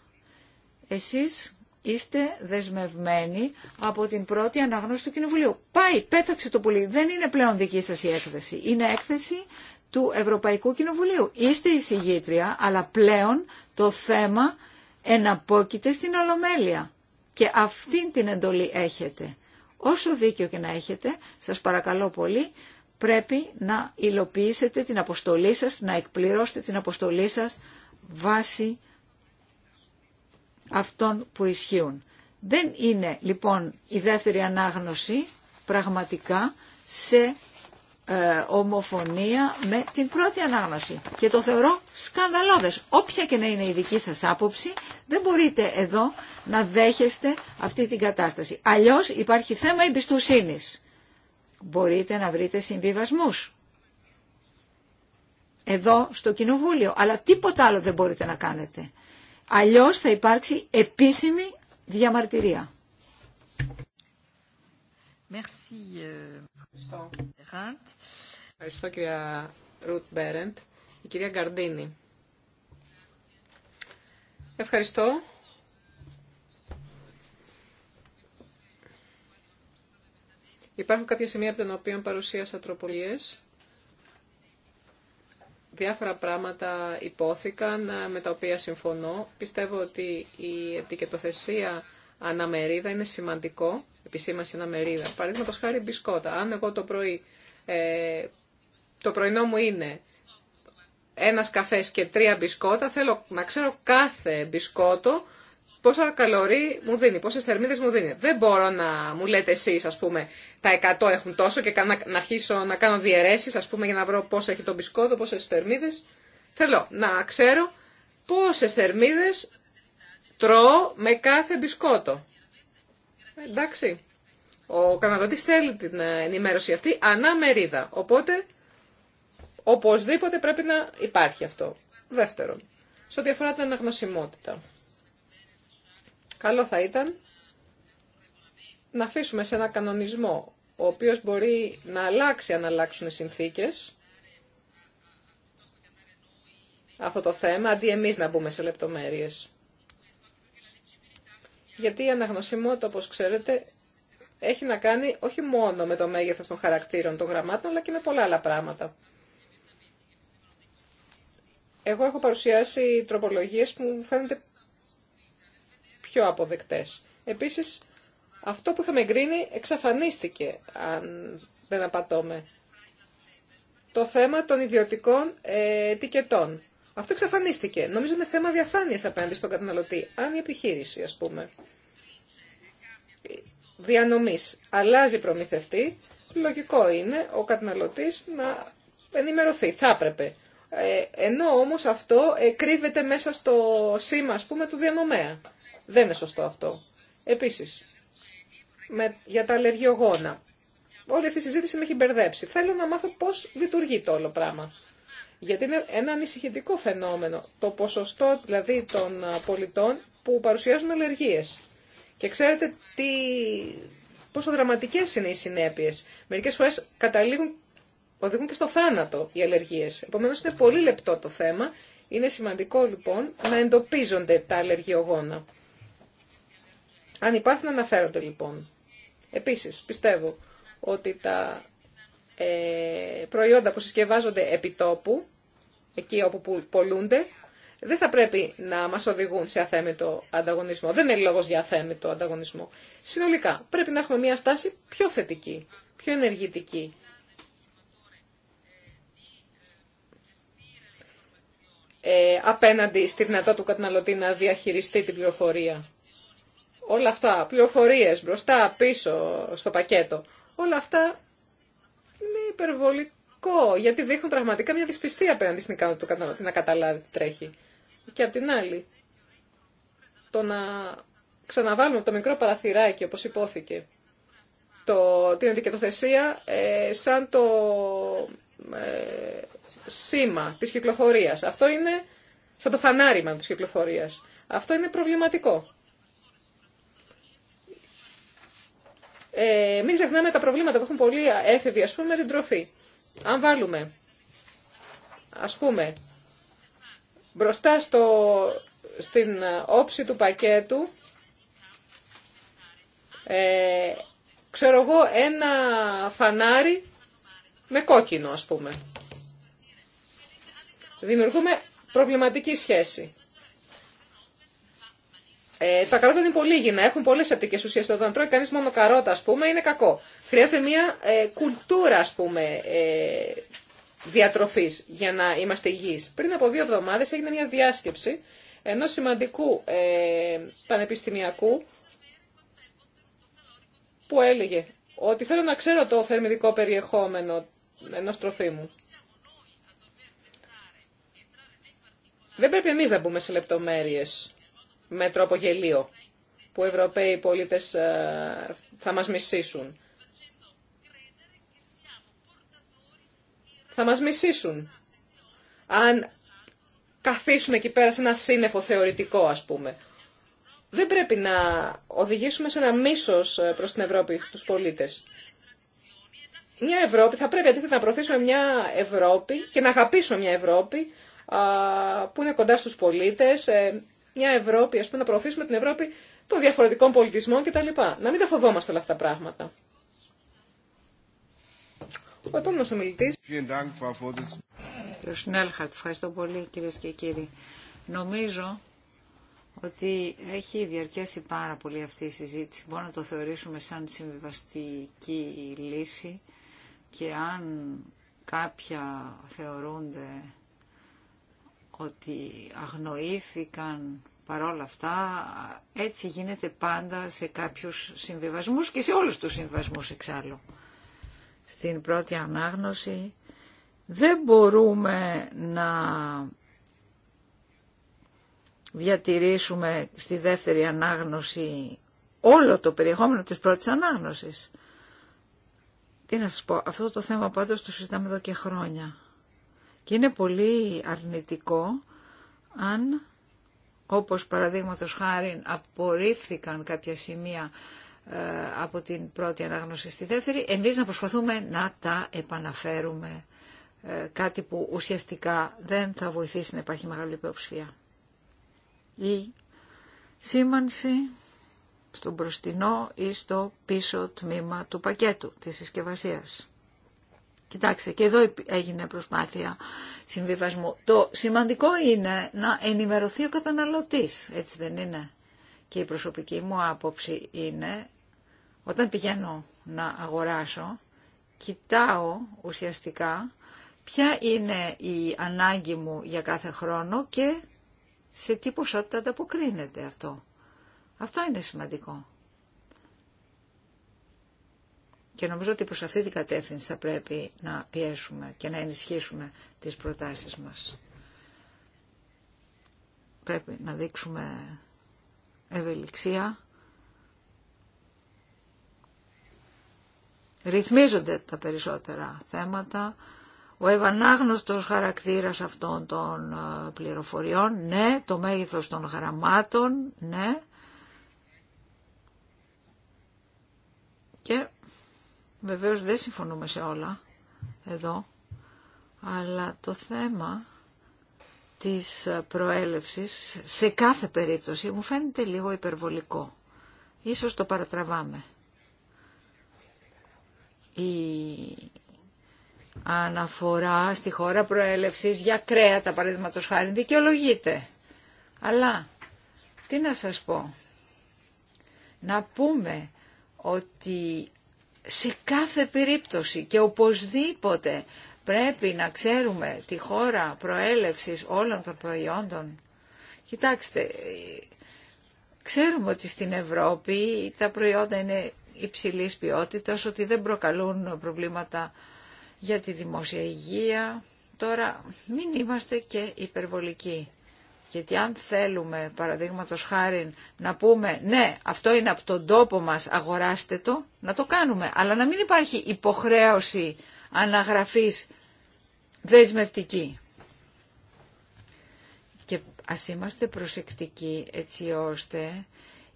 Εσείς είστε δεσμευμένοι από την πρώτη ανάγνωση του Κοινοβουλίου. Πάει, πέταξε το πουλί. Δεν είναι πλέον δική σας η έκθεση. Είναι έκθεση του Ευρωπαϊκού Κοινοβουλίου. Είστε συγγήτρια, αλλά πλέον το θέμα εναπόκειται στην Ολομέλεια. Και αυτήν την εντολή έχετε. Όσο δίκιο και να έχετε, σας παρακαλώ πολύ, πρέπει να υλοποιήσετε την αποστολή σας, να εκπληρώσετε την αποστολή σας βάσει αυτών που ισχύουν. Δεν είναι λοιπόν η δεύτερη ανάγνωση πραγματικά σε ε, ομοφωνία με την πρώτη ανάγνωση. Και το θεωρώ σκανδαλώδες. Όποια και να είναι η δική σας άποψη, δεν μπορείτε εδώ να δέχεστε αυτή την κατάσταση. Αλλιώς υπάρχει θέμα εμπιστοσύνης. Μπορείτε να βρείτε συμβιβασμούς. Εδώ στο Κοινοβούλιο. Αλλά τίποτα άλλο δεν μπορείτε να κάνετε. Αλλιώς θα υπάρξει επίσημη διαμαρτυρία. Merci. Euh, Ευχαριστώ. Ευχαριστώ κυρία Ρουτ Μπέρεντ. Η κυρία Γκαρντίνη. Ευχαριστώ. Υπάρχουν κάποια σημεία από τα οποία παρουσίασα τροπολίες διάφορα πράγματα υπόθηκαν ε, με τα οποία συμφωνώ. Πιστεύω ότι η ετικετοθεσία αναμερίδα είναι σημαντικό, επισήμαση αναμερίδα. Παραδείγματος χάρη μπισκότα. Αν εγώ το πρωί, ε, το πρωινό μου είναι ένας καφές και τρία μπισκότα, θέλω να ξέρω κάθε μπισκότο πόσα καλωρί μου δίνει, πόσε θερμίδε μου δίνει. Δεν μπορώ να μου λέτε εσεί, α πούμε, τα 100 έχουν τόσο και να αρχίσω να κάνω διαιρέσει, α πούμε, για να βρω πόσο έχει το μπισκότο, πόσε θερμίδε. Θέλω να ξέρω πόσε θερμίδε τρώω με κάθε μπισκότο. Εντάξει. Ο καναλωτή θέλει την ε, ενημέρωση αυτή ανά μερίδα. Οπότε, οπωσδήποτε πρέπει να υπάρχει αυτό. Δεύτερον, σε ό,τι αφορά την αναγνωσιμότητα. Καλό θα ήταν να αφήσουμε σε ένα κανονισμό, ο οποίος μπορεί να αλλάξει αν αλλάξουν οι συνθήκες, αυτό το θέμα, αντί εμείς να μπούμε σε λεπτομέρειες. Γιατί η αναγνωσιμότητα, όπως ξέρετε, έχει να κάνει όχι μόνο με το μέγεθος των χαρακτήρων των γραμμάτων, αλλά και με πολλά άλλα πράγματα. Εγώ έχω παρουσιάσει τροπολογίες που μου φαίνονται πιο αποδεκτές. Επίσης, αυτό που είχαμε εγκρίνει εξαφανίστηκε, αν δεν απατώμε. Το θέμα των ιδιωτικών ε, ετικετών. Αυτό εξαφανίστηκε. Νομίζω είναι θέμα διαφάνειας απέναντι στον καταναλωτή. Αν η επιχείρηση, ας πούμε, διανομής αλλάζει προμηθευτή, λογικό είναι ο καταναλωτής να ενημερωθεί. Θα έπρεπε. Ε, ενώ όμως αυτό ε, κρύβεται μέσα στο σήμα, ας πούμε, του διανομέα. Δεν είναι σωστό αυτό. Επίσης, για τα αλλεργιογόνα. Όλη αυτή η συζήτηση με έχει μπερδέψει. Θέλω να μάθω πώς λειτουργεί το όλο πράγμα. Γιατί είναι ένα ανησυχητικό φαινόμενο το ποσοστό δηλαδή των πολιτών που παρουσιάζουν αλλεργίε. Και ξέρετε τι, πόσο δραματικές είναι οι συνέπειες. Μερικές φορές καταλήγουν, οδηγούν και στο θάνατο οι αλλεργίε. Επομένω, είναι πολύ λεπτό το θέμα. Είναι σημαντικό λοιπόν να εντοπίζονται τα αλλεργιογόνα. Αν υπάρχουν, αναφέρονται λοιπόν. Επίσης, πιστεύω ότι τα ε, προϊόντα που συσκευάζονται επί τόπου, εκεί όπου πολλούνται, δεν θα πρέπει να μας οδηγούν σε αθέμητο ανταγωνισμό. Δεν είναι λόγος για αθέμητο ανταγωνισμό. Συνολικά, πρέπει να έχουμε μια στάση πιο θετική, πιο ενεργητική. Ε, απέναντι στη δυνατότητα του καταναλωτή να διαχειριστεί την πληροφορία όλα αυτά, πληροφορίες μπροστά, πίσω στο πακέτο, όλα αυτά είναι υπερβολικό, γιατί δείχνουν πραγματικά μια δυσπιστία απέναντι στην ικανότητα του καταναλωτή να καταλάβει τι τρέχει. Και απ' την άλλη, το να ξαναβάλουμε το μικρό παραθυράκι, όπως υπόθηκε, το, την ετικετοθεσία ε, σαν το ε, σήμα της κυκλοφορίας. Αυτό είναι σαν το φανάριμα της κυκλοφορίας. Αυτό είναι προβληματικό. Ε, μην ξεχνάμε τα προβλήματα που έχουν πολλοί έφηβοι, ας πούμε, με την τροφή. Αν βάλουμε, ας πούμε, μπροστά στο, στην όψη του πακέτου, ε, ξέρω εγώ, ένα φανάρι με κόκκινο, ας πούμε. Δημιουργούμε προβληματική σχέση. Ε, τα καρότα είναι πολύ υγιεινά, έχουν πολλέ θετικέ ουσίε. Όταν τρώει κανεί μόνο καρότα, α πούμε, είναι κακό. Χρειάζεται μια ε, κουλτούρα, α πούμε, ε, διατροφή για να είμαστε υγιεί. Πριν από δύο εβδομάδε έγινε μια διάσκεψη ενό σημαντικού ε, πανεπιστημιακού που έλεγε ότι θέλω να ξέρω το θερμιδικό περιεχόμενο ενός τροφίμου. Δεν πρέπει εμείς να μπούμε σε λεπτομέρειες με τρόπο γελίο που οι Ευρωπαίοι πολίτες ε, θα μας μισήσουν. Θα μας μισήσουν. Αν καθίσουμε εκεί πέρα σε ένα σύννεφο θεωρητικό, ας πούμε. Δεν πρέπει να οδηγήσουμε σε ένα μίσος ε, προς την Ευρώπη τους πολίτες. Μια Ευρώπη, θα πρέπει αντίθετα να προωθήσουμε μια Ευρώπη και να αγαπήσουμε μια Ευρώπη που είναι κοντά στους πολίτες, ε, μια Ευρώπη, α πούμε, να προωθήσουμε την Ευρώπη των διαφορετικών πολιτισμών κτλ. Να μην τα φοβόμαστε όλα αυτά τα πράγματα. Ο επόμενο ομιλητή. Κύριο Σνέλχαρτ, ευχαριστώ πολύ κυρίε και κύριοι. Νομίζω ότι έχει διαρκέσει πάρα πολύ αυτή η συζήτηση. Μπορούμε να το θεωρήσουμε σαν συμβιβαστική λύση και αν κάποια θεωρούνται ότι αγνοήθηκαν παρόλα αυτά. Έτσι γίνεται πάντα σε κάποιους συμβιβασμούς και σε όλους τους συμβιβασμούς εξάλλου. Στην πρώτη ανάγνωση δεν μπορούμε να διατηρήσουμε στη δεύτερη ανάγνωση όλο το περιεχόμενο της πρώτης ανάγνωσης. Τι να σας πω, αυτό το θέμα πάντως το συζητάμε εδώ και χρόνια. Και είναι πολύ αρνητικό αν, όπως παραδείγματο χάρη απορρίφθηκαν κάποια σημεία ε, από την πρώτη ανάγνωση στη δεύτερη, εμείς να προσπαθούμε να τα επαναφέρουμε. Ε, κάτι που ουσιαστικά δεν θα βοηθήσει να υπάρχει μεγάλη υποψηφία. Η σήμανση στον μπροστινό ή στο πίσω τμήμα του πακέτου της συσκευασίας. Κοιτάξτε, και εδώ έγινε προσπάθεια συμβιβασμού. Το σημαντικό είναι να ενημερωθεί ο καταναλωτής, έτσι δεν είναι. Και η προσωπική μου άποψη είναι, όταν πηγαίνω να αγοράσω, κοιτάω ουσιαστικά ποια είναι η ανάγκη μου για κάθε χρόνο και σε τι ποσότητα ανταποκρίνεται αυτό. Αυτό είναι σημαντικό. Και νομίζω ότι προς αυτή την κατεύθυνση θα πρέπει να πιέσουμε και να ενισχύσουμε τις προτάσεις μας. Πρέπει να δείξουμε ευελιξία. Ρυθμίζονται τα περισσότερα θέματα. Ο ευανάγνωστος χαρακτήρας αυτών των ε, πληροφοριών, ναι, το μέγεθος των γραμμάτων, ναι. Και Βεβαίως δεν συμφωνούμε σε όλα εδώ, αλλά το θέμα της προέλευσης σε κάθε περίπτωση μου φαίνεται λίγο υπερβολικό. Ίσως το παρατραβάμε. Η αναφορά στη χώρα προέλευσης για κρέατα, παραδείγματος χάρη, δικαιολογείται. Αλλά, τι να σας πω, να πούμε ότι σε κάθε περίπτωση και οπωσδήποτε πρέπει να ξέρουμε τη χώρα προέλευσης όλων των προϊόντων. Κοιτάξτε, ξέρουμε ότι στην Ευρώπη τα προϊόντα είναι υψηλής ποιότητας, ότι δεν προκαλούν προβλήματα για τη δημόσια υγεία. Τώρα μην είμαστε και υπερβολικοί. Γιατί αν θέλουμε, παραδείγματο χάρη, να πούμε ναι, αυτό είναι από τον τόπο μας, αγοράστε το, να το κάνουμε. Αλλά να μην υπάρχει υποχρέωση αναγραφής δεσμευτική. Και α είμαστε προσεκτικοί έτσι ώστε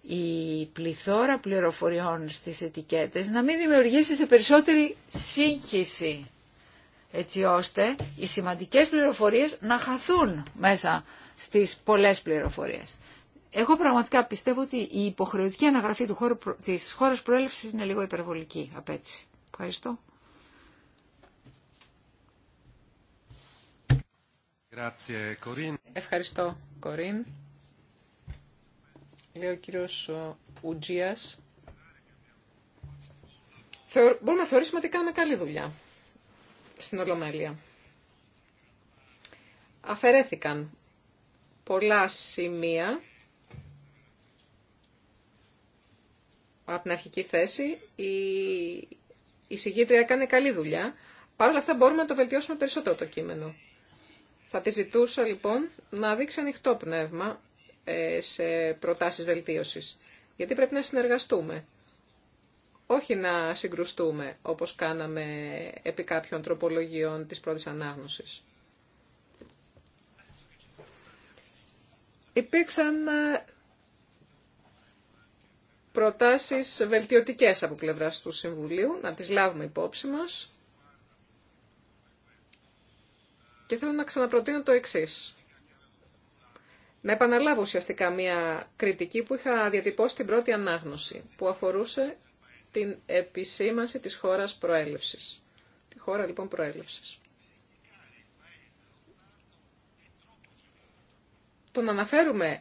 η πληθώρα πληροφοριών στις ετικέτες να μην δημιουργήσει σε περισσότερη σύγχυση έτσι ώστε οι σημαντικές πληροφορίες να χαθούν μέσα στις πολλές πληροφορίες. Εγώ πραγματικά πιστεύω ότι η υποχρεωτική αναγραφή του χώρου, της χώρας προέλευσης είναι λίγο υπερβολική έτσι. Ευχαριστώ. Ευχαριστώ, Κορίν. Λέω ο κύριος Ουτζίας. Μπορούμε να θεωρήσουμε ότι κάνουμε καλή δουλειά στην Ολομέλεια. Αφαιρέθηκαν πολλά σημεία από την αρχική θέση. Η, η έκανε καλή δουλειά. Παρ' όλα αυτά μπορούμε να το βελτιώσουμε περισσότερο το κείμενο. Θα τη ζητούσα λοιπόν να δείξει ανοιχτό πνεύμα ε, σε προτάσεις βελτίωσης. Γιατί πρέπει να συνεργαστούμε. Όχι να συγκρουστούμε όπως κάναμε επί κάποιων τροπολογιών της πρώτης ανάγνωσης. Υπήρξαν ε, προτάσεις βελτιωτικές από πλευράς του Συμβουλίου, να τις λάβουμε υπόψη μας. Και θέλω να ξαναπροτείνω το εξής. Να επαναλάβω ουσιαστικά μια κριτική που είχα διατυπώσει την πρώτη ανάγνωση, που αφορούσε την επισήμανση της χώρας προέλευσης. Τη χώρα λοιπόν προέλευσης. το να αναφέρουμε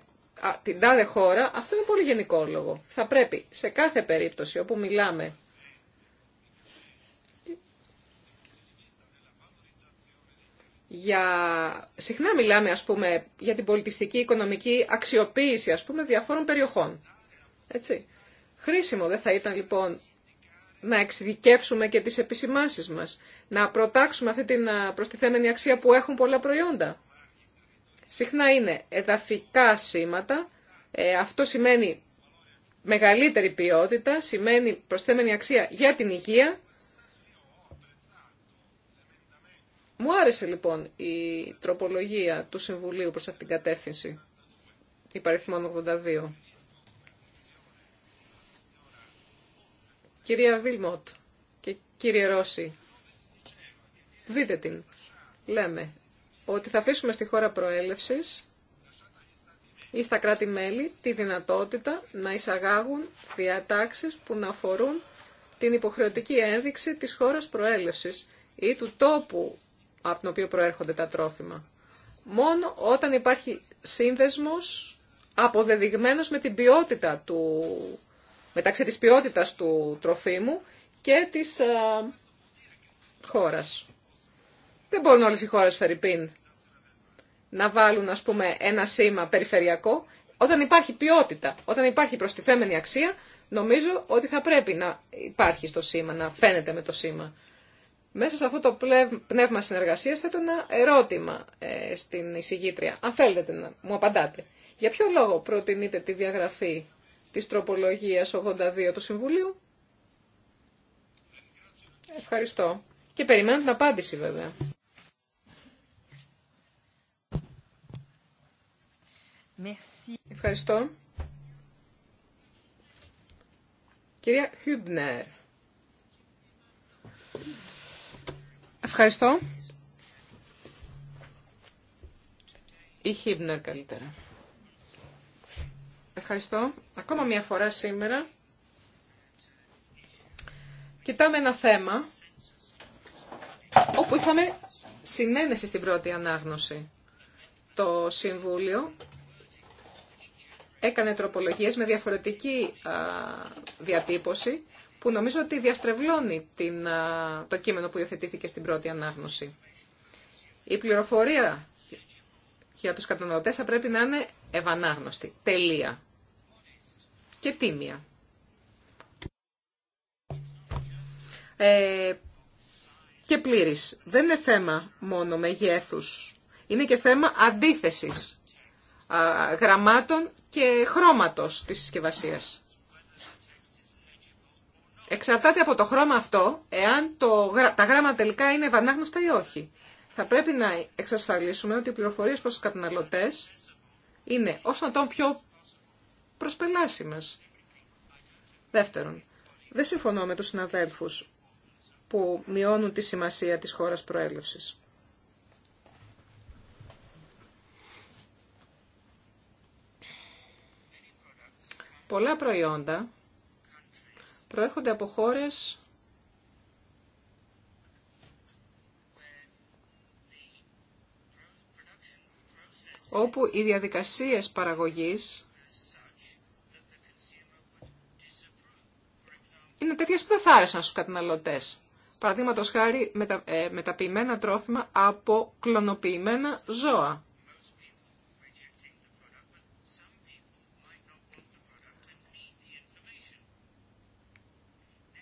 την τάδε χώρα, αυτό είναι πολύ γενικό λόγο. Θα πρέπει σε κάθε περίπτωση όπου μιλάμε για... Συχνά μιλάμε, ας πούμε, για την πολιτιστική, οικονομική αξιοποίηση, ας πούμε, διαφόρων περιοχών. Έτσι. Χρήσιμο δεν θα ήταν, λοιπόν, να εξειδικεύσουμε και τις επισημάσεις μας, να προτάξουμε αυτή την προστιθέμενη αξία που έχουν πολλά προϊόντα συχνά είναι εδαφικά σήματα. Ε, αυτό σημαίνει μεγαλύτερη ποιότητα, σημαίνει προσθέμενη αξία για την υγεία. Μου άρεσε λοιπόν η τροπολογία του Συμβουλίου προς αυτήν την κατεύθυνση, η παριθμόν 82. Κυρία Βίλμοτ και κύριε Ρώση, δείτε την. Λέμε ότι θα αφήσουμε στη χώρα προέλευσης ή στα κράτη-μέλη τη δυνατότητα να εισαγάγουν διατάξεις που να αφορούν την υποχρεωτική ένδειξη της χώρας προέλευσης ή του τόπου από τον οποίο προέρχονται τα τρόφιμα. Μόνο όταν υπάρχει σύνδεσμος αποδεδειγμένος με την ποιότητα του, μεταξύ της ποιότητας του τροφίμου και της α, χώρας δεν μπορούν όλες οι χώρες Φερρυπίν να βάλουν ας πούμε ένα σήμα περιφερειακό. Όταν υπάρχει ποιότητα, όταν υπάρχει προστιθέμενη αξία, νομίζω ότι θα πρέπει να υπάρχει στο σήμα, να φαίνεται με το σήμα. Μέσα σε αυτό το πνεύμα συνεργασίας θα ήταν ένα ερώτημα ε, στην εισηγήτρια. Αν θέλετε να μου απαντάτε. Για ποιο λόγο προτείνετε τη διαγραφή της τροπολογίας 82 του Συμβουλίου. Ευχαριστώ. Και περιμένω την απάντηση βέβαια. Ευχαριστώ. Κυρία Χιμπνερ. Ευχαριστώ. Ή Χίμπνερ καλύτερα. Ευχαριστώ. Ακόμα μια φορά σήμερα κοιτάμε ένα θέμα όπου είχαμε συνένεση στην πρώτη ανάγνωση. Το Συμβούλιο έκανε τροπολογίες με διαφορετική διατύπωση που νομίζω ότι διαστρεβλώνει την, το κείμενο που υιοθετήθηκε στην πρώτη ανάγνωση. Η πληροφορία για τους καταναλωτές θα πρέπει να είναι ευανάγνωστη, τελεία και τίμια. Ε, και πλήρης. Δεν είναι θέμα μόνο μεγέθους. Είναι και θέμα αντίθεσης γραμμάτων και χρώματος της συσκευασία. Εξαρτάται από το χρώμα αυτό, εάν τα γράμματα τελικά είναι ευανάγνωστα ή όχι. Θα πρέπει να εξασφαλίσουμε ότι οι πληροφορίες προς τους καταναλωτές είναι όσο να τον πιο προσπελάσιμες. Δεύτερον, δεν συμφωνώ με τους συναδέλφους που μειώνουν τη σημασία της χώρας προέλευσης. Πολλά προϊόντα προέρχονται από χώρες όπου οι διαδικασίες παραγωγής είναι τέτοιες που δεν θα άρεσαν στους καταναλωτές. Παραδείγματο χάρη ε, μεταποιημένα τρόφιμα από κλωνοποιημένα ζώα.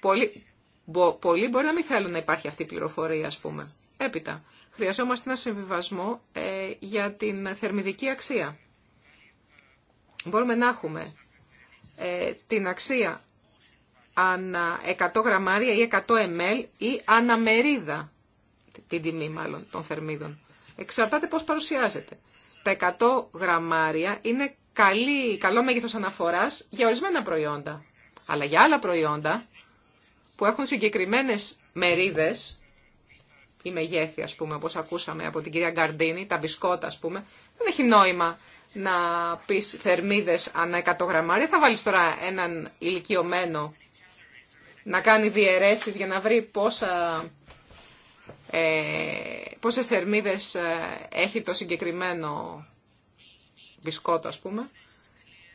Πολλοί, μπορεί να μην θέλουν να υπάρχει αυτή η πληροφορία, ας πούμε. Έπειτα, χρειαζόμαστε ένα συμβιβασμό ε, για την θερμιδική αξία. Μπορούμε να έχουμε ε, την αξία ανά 100 γραμμάρια ή 100 ml ή αναμερίδα, την τιμή μάλλον των θερμίδων. Εξαρτάται πώς παρουσιάζεται. Τα 100 γραμμάρια είναι καλή, καλό μέγεθος αναφοράς για ορισμένα προϊόντα. Αλλά για άλλα προϊόντα που έχουν συγκεκριμένες μερίδες ή μεγέθη, ας πούμε, όπως ακούσαμε από την κυρία Γκαρντίνη, τα μπισκότα, ας πούμε, δεν έχει νόημα να πει θερμίδες ανά 100 γραμμάρια. Θα βάλεις τώρα έναν ηλικιωμένο να κάνει διαιρέσεις για να βρει πόσα, ε, πόσες θερμίδες ε, έχει το συγκεκριμένο μπισκότο, ας πούμε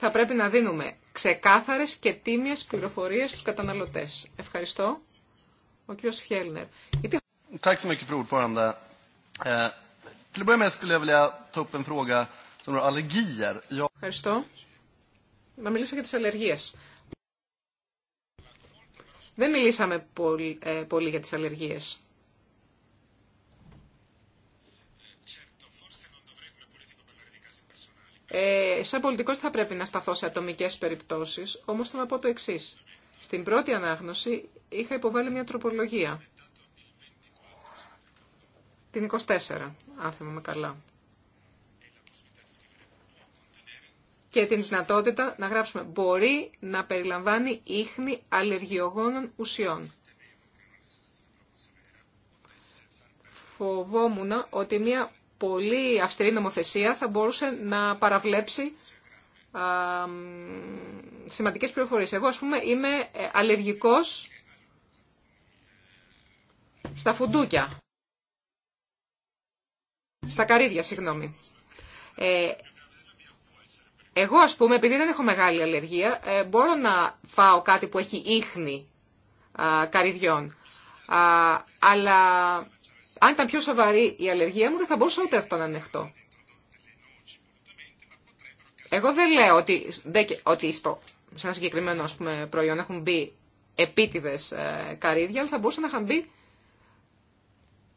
θα πρέπει να δίνουμε ξεκάθαρες και τίμιες πληροφορίε στους καταναλωτέ. Ευχαριστώ. Ο κύριος Φιέλνερ. Ευχαριστώ. Να μιλήσω για τι αλλεργίε. Δεν μιλήσαμε πολύ, ε, πολύ για τις αλλεργίες. Ε, σαν πολιτικός θα πρέπει να σταθώ σε ατομικές περιπτώσεις, όμως θα να πω το εξή. Στην πρώτη ανάγνωση είχα υποβάλει μια τροπολογία. Την 24, αν θυμάμαι καλά. Και την δυνατότητα να γράψουμε μπορεί να περιλαμβάνει ίχνη αλλεργιογόνων ουσιών. Φοβόμουν ότι μια πολύ αυστηρή νομοθεσία θα μπορούσε να παραβλέψει α, σημαντικές πληροφορίες. Εγώ, ας πούμε, είμαι ε, αλλεργικός στα φουντούκια. Στα καρύδια, συγγνώμη. Ε, εγώ, ας πούμε, επειδή δεν έχω μεγάλη αλλεργία, ε, μπορώ να φάω κάτι που έχει ίχνη α, καρυδιών. αλλά αν ήταν πιο σοβαρή η αλλεργία μου, δεν θα μπορούσα ούτε αυτό να ανεχτώ. Εγώ δεν λέω ότι, ότι στο, σε ένα συγκεκριμένο ας πούμε, προϊόν έχουν μπει επίτηδες ε, καρύδια, αλλά θα μπορούσαν να είχαν μπει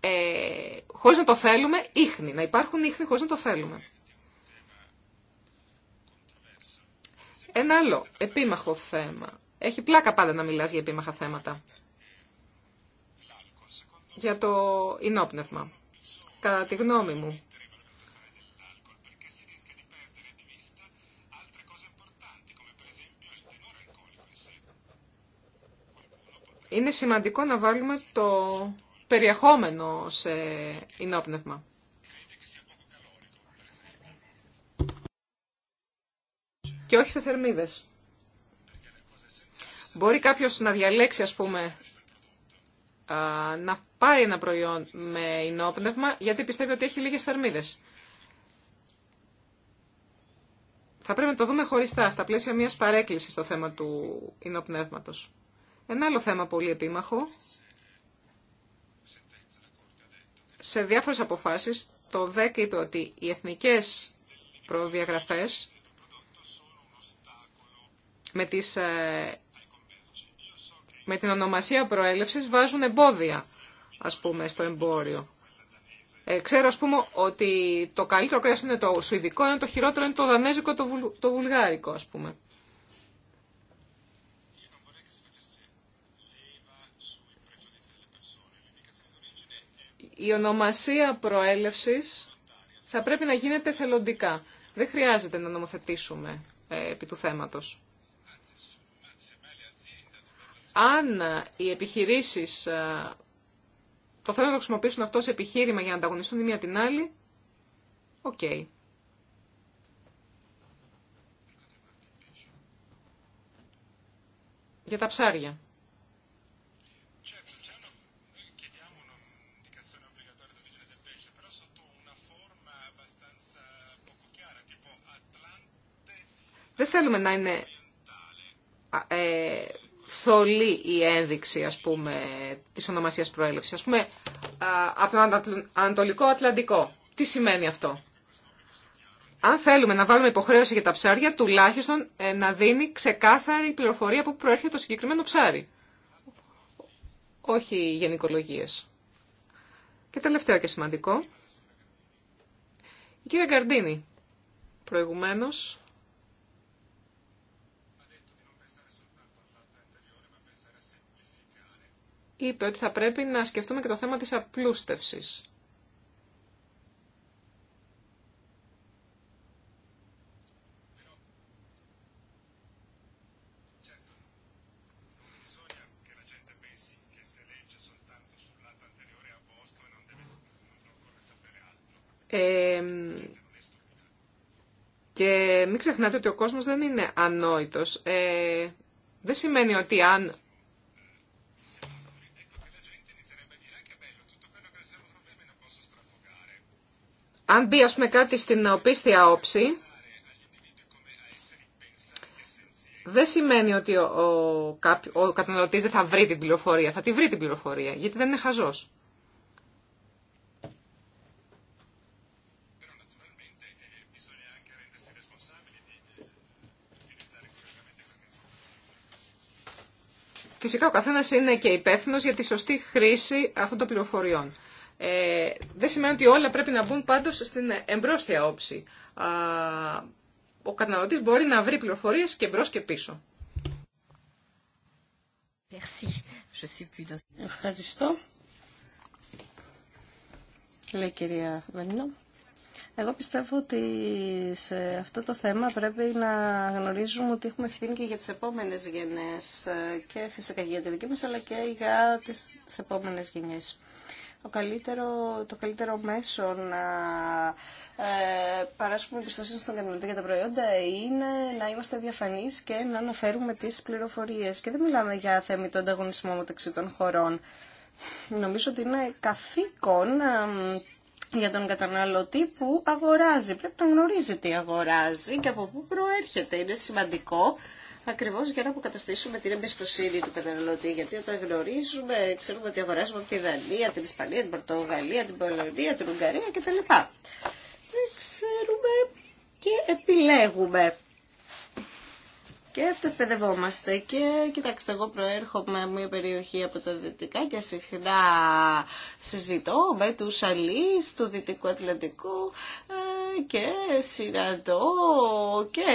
ε, χωρίς να το θέλουμε ίχνη, να υπάρχουν ίχνη χωρίς να το θέλουμε. Ένα άλλο επίμαχο θέμα. Έχει πλάκα πάντα να μιλάς για επίμαχα θέματα για το ενόπνευμα. Κατά τη γνώμη μου, είναι σημαντικό να βάλουμε το περιεχόμενο σε ενόπνευμα. Και όχι σε θερμίδες. Μπορεί κάποιος να διαλέξει, ας πούμε, να πάρει ένα προϊόν με ενόπνευμα γιατί πιστεύει ότι έχει λίγες θερμίδες. Θα πρέπει να το δούμε χωριστά, στα πλαίσια μιας παρέκκλησης στο θέμα του ενόπνευματος. Ένα άλλο θέμα πολύ επίμαχο. Σε διάφορες αποφάσεις, το ΔΕΚ είπε ότι οι εθνικές προδιαγραφές με τις ε, με την ονομασία προέλευσης βάζουν εμπόδια, ας πούμε, στο εμπόριο. Ε, ξέρω, ας πούμε, ότι το καλύτερο κρέας είναι το σουηδικό, ενώ το χειρότερο είναι το δανέζικο, το, το βουλγάρικο, ας πούμε. Η ονομασία προέλευσης θα πρέπει να γίνεται θελοντικά. Δεν χρειάζεται να νομοθετήσουμε ε, επί του θέματος αν ε, οι επιχειρήσει ε, το θέλουν να το χρησιμοποιήσουν αυτό σε επιχείρημα για να ανταγωνιστούν η μία την άλλη, οκ. Για τα ψάρια. Δεν θέλουμε να είναι ε, θολή η ένδειξη, ας πούμε, της ονομασίας προέλευσης. Ας πούμε, από τον Ανατολικό Ατλαντικό. Τι σημαίνει αυτό. Αν θέλουμε να βάλουμε υποχρέωση για τα ψάρια, τουλάχιστον ε, να δίνει ξεκάθαρη πληροφορία που προέρχεται το συγκεκριμένο ψάρι. Όχι γενικολογίες. Και τελευταίο και σημαντικό. Η κυρία Γκαρντίνη, προηγουμένως, είπε ότι θα πρέπει να σκεφτούμε και το θέμα της απλούστευσης. Ε, και μην ξεχνάτε ότι ο κόσμος δεν είναι ανόητος. Ε, δεν σημαίνει ότι αν αν μπει ας πούμε κάτι στην οπίστια όψη, δεν σημαίνει ότι ο, ο, ο καταναλωτής δεν θα βρει την πληροφορία. Θα τη βρει την πληροφορία, γιατί δεν είναι χαζός. Φυσικά ο καθένας είναι και υπεύθυνο για τη σωστή χρήση αυτών των πληροφοριών. Ε, δεν σημαίνει ότι όλα πρέπει να μπουν πάντως στην εμπρόστια όψη. Α, ο καταναλωτής μπορεί να βρει πληροφορίες και μπρος και πίσω. Ευχαριστώ. Λέει κυρία Βενίνο. Εγώ πιστεύω ότι σε αυτό το θέμα πρέπει να γνωρίζουμε ότι έχουμε ευθύνη και για τις επόμενες γενιές ε, και φυσικά για τη δική μας αλλά και για τις επόμενες γενιές ο καλύτερο, το καλύτερο μέσο να ε, παράσχουμε εμπιστοσύνη στον καταναλωτή για τα προϊόντα είναι να είμαστε διαφανείς και να αναφέρουμε τις πληροφορίες. Και δεν μιλάμε για θέμη του ανταγωνισμού μεταξύ των χωρών. Νομίζω ότι είναι καθήκον για τον καταναλωτή που αγοράζει. Πρέπει να γνωρίζει τι αγοράζει και από πού προέρχεται. Είναι σημαντικό ακριβώς για να αποκαταστήσουμε την εμπιστοσύνη του καταναλωτή. Γιατί όταν γνωρίζουμε, ξέρουμε ότι αγοράζουμε από τη Δανία, την Ισπανία, την Πορτογαλία, την Πολωνία, την Ουγγαρία κτλ. Δεν ξέρουμε και επιλέγουμε. Και αυτό εκπαιδευόμαστε. Και κοιτάξτε, εγώ προέρχομαι μια περιοχή από τα Δυτικά και συχνά συζητώ με του αλείς του Δυτικού Ατλαντικού ε, και συναντώ και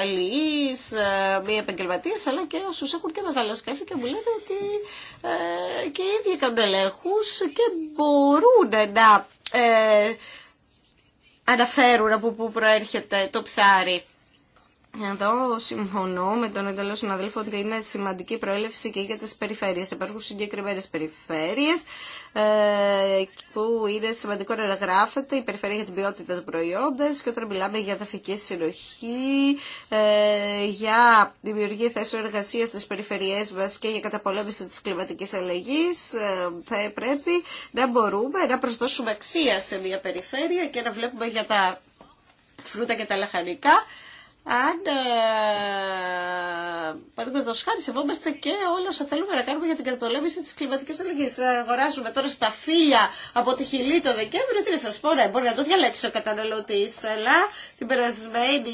αλληλείς ε, μη επαγγελματίες αλλά και όσους έχουν και μεγάλα σκάφη και μου λένε ότι ε, και οι ίδιοι κάνουν και μπορούν να ε, αναφέρουν από πού προέρχεται το ψάρι. Εδώ συμφωνώ με τον εντελώ συναδέλφο ότι είναι σημαντική προέλευση και για τι περιφέρειε. Υπάρχουν συγκεκριμένε περιφέρειε ε, που είναι σημαντικό να γράφεται η περιφέρεια για την ποιότητα των προϊόντα και όταν μιλάμε για ταφική συνοχή, ε, για δημιουργία θέσεων εργασία στι περιφερειέ μα και για καταπολέμηση τη κλιματική αλλαγή, ε, θα πρέπει να μπορούμε να προσδώσουμε αξία σε μια περιφέρεια και να βλέπουμε για τα φρούτα και τα λαχανικά αν ε, παραδείγματο χάρη σεβόμαστε και όλα όσα θέλουμε να κάνουμε για την καταπολέμηση τη κλιματική αλλαγή. Αγοράζουμε τώρα στα φύλλα από τη χιλή το Δεκέμβριο. Τι να σα πω, ναι, μπορεί να το διαλέξει ο καταναλωτή, αλλά την περασμένη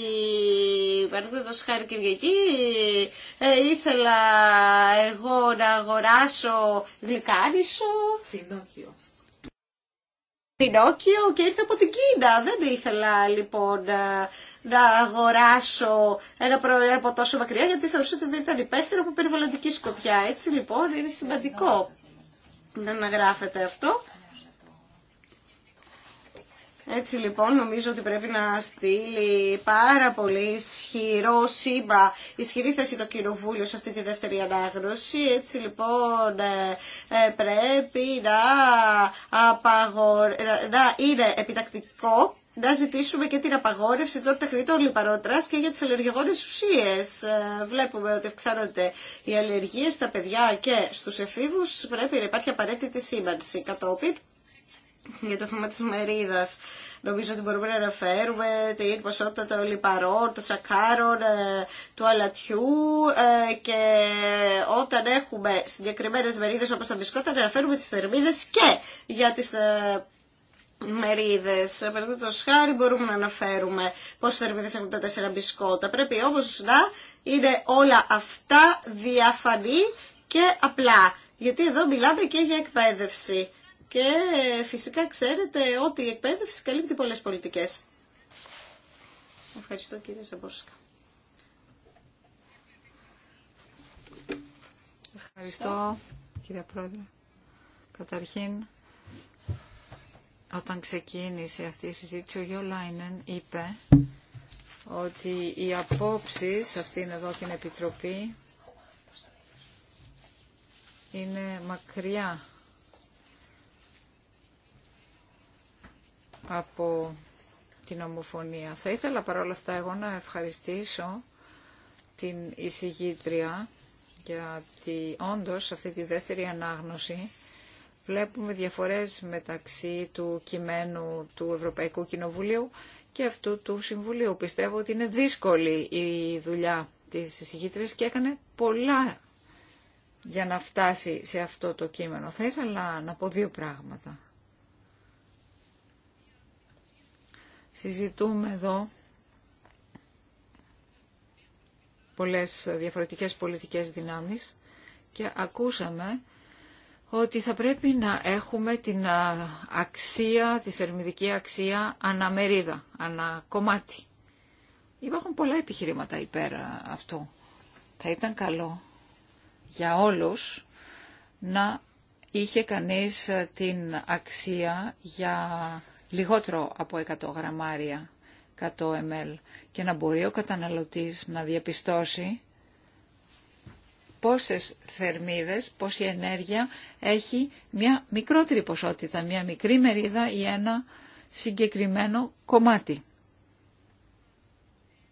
παραδείγματο χάρη Κυριακή ε, ήθελα εγώ να αγοράσω γλυκάνισο. Πινόκιο. Πινόκιο και ήρθε από την Κίνα. Δεν ήθελα λοιπόν ε, να, αγοράσω ένα προϊόν από τόσο μακριά γιατί θεωρούσα ότι δεν ήταν υπεύθυνο από περιβαλλοντική σκοπιά. Έτσι λοιπόν είναι σημαντικό να αναγράφεται αυτό. Έτσι λοιπόν νομίζω ότι πρέπει να στείλει πάρα πολύ ισχυρό σύμπα, ισχυρή θέση το Κοινοβούλιο σε αυτή τη δεύτερη ανάγνωση. Έτσι λοιπόν ε, ε, πρέπει να, είναι επιτακτικό να ζητήσουμε και την απαγόρευση των τεχνητών λιπαρότρας και για τις αλλεργεγόνες ουσίες. Ε, βλέπουμε ότι αυξάνονται οι αλλεργίες στα παιδιά και στους εφήβους. Πρέπει να υπάρχει απαραίτητη σήμανση. Κατόπιν για το θέμα τη μερίδα. Νομίζω ότι μπορούμε να αναφέρουμε την ποσότητα των λιπαρών, των σακάρων, ε, του αλατιού ε, και όταν έχουμε συγκεκριμένε μερίδε, όπω τα μπισκότα να αναφέρουμε τι θερμίδε και για τι ε, μερίδε. Παραδείγματο χάρη μπορούμε να αναφέρουμε πόσε θερμίδε έχουν τα τέσσερα μπισκότα. Πρέπει όμω να είναι όλα αυτά διαφανή και απλά. Γιατί εδώ μιλάμε και για εκπαίδευση. Και ε, φυσικά ξέρετε ότι η εκπαίδευση καλύπτει πολλές πολιτικές. Ευχαριστώ κύριε Ζαμπόρσκα. Ευχαριστώ κύριε Πρόεδρε. Καταρχήν, όταν ξεκίνησε αυτή η συζήτηση, ο Γιώ είπε ότι οι απόψει σε αυτήν εδώ την Επιτροπή είναι μακριά από την ομοφωνία. Θα ήθελα παρόλα αυτά εγώ να ευχαριστήσω την εισηγήτρια γιατί όντως αυτή τη δεύτερη ανάγνωση βλέπουμε διαφορές μεταξύ του κειμένου του Ευρωπαϊκού Κοινοβουλίου και αυτού του Συμβουλίου. Πιστεύω ότι είναι δύσκολη η δουλειά της εισηγήτριας και έκανε πολλά για να φτάσει σε αυτό το κείμενο. Θα ήθελα να πω δύο πράγματα. Συζητούμε εδώ πολλές διαφορετικές πολιτικές δυνάμεις και ακούσαμε ότι θα πρέπει να έχουμε την αξία, τη θερμιδική αξία αναμερίδα, ανακομμάτι. Υπάρχουν πολλά επιχειρήματα υπέρ αυτού. Θα ήταν καλό για όλους να είχε κανείς την αξία για λιγότερο από 100 γραμμάρια 100 ml και να μπορεί ο καταναλωτής να διαπιστώσει πόσες θερμίδες, πόση ενέργεια έχει μια μικρότερη ποσότητα, μια μικρή μερίδα ή ένα συγκεκριμένο κομμάτι.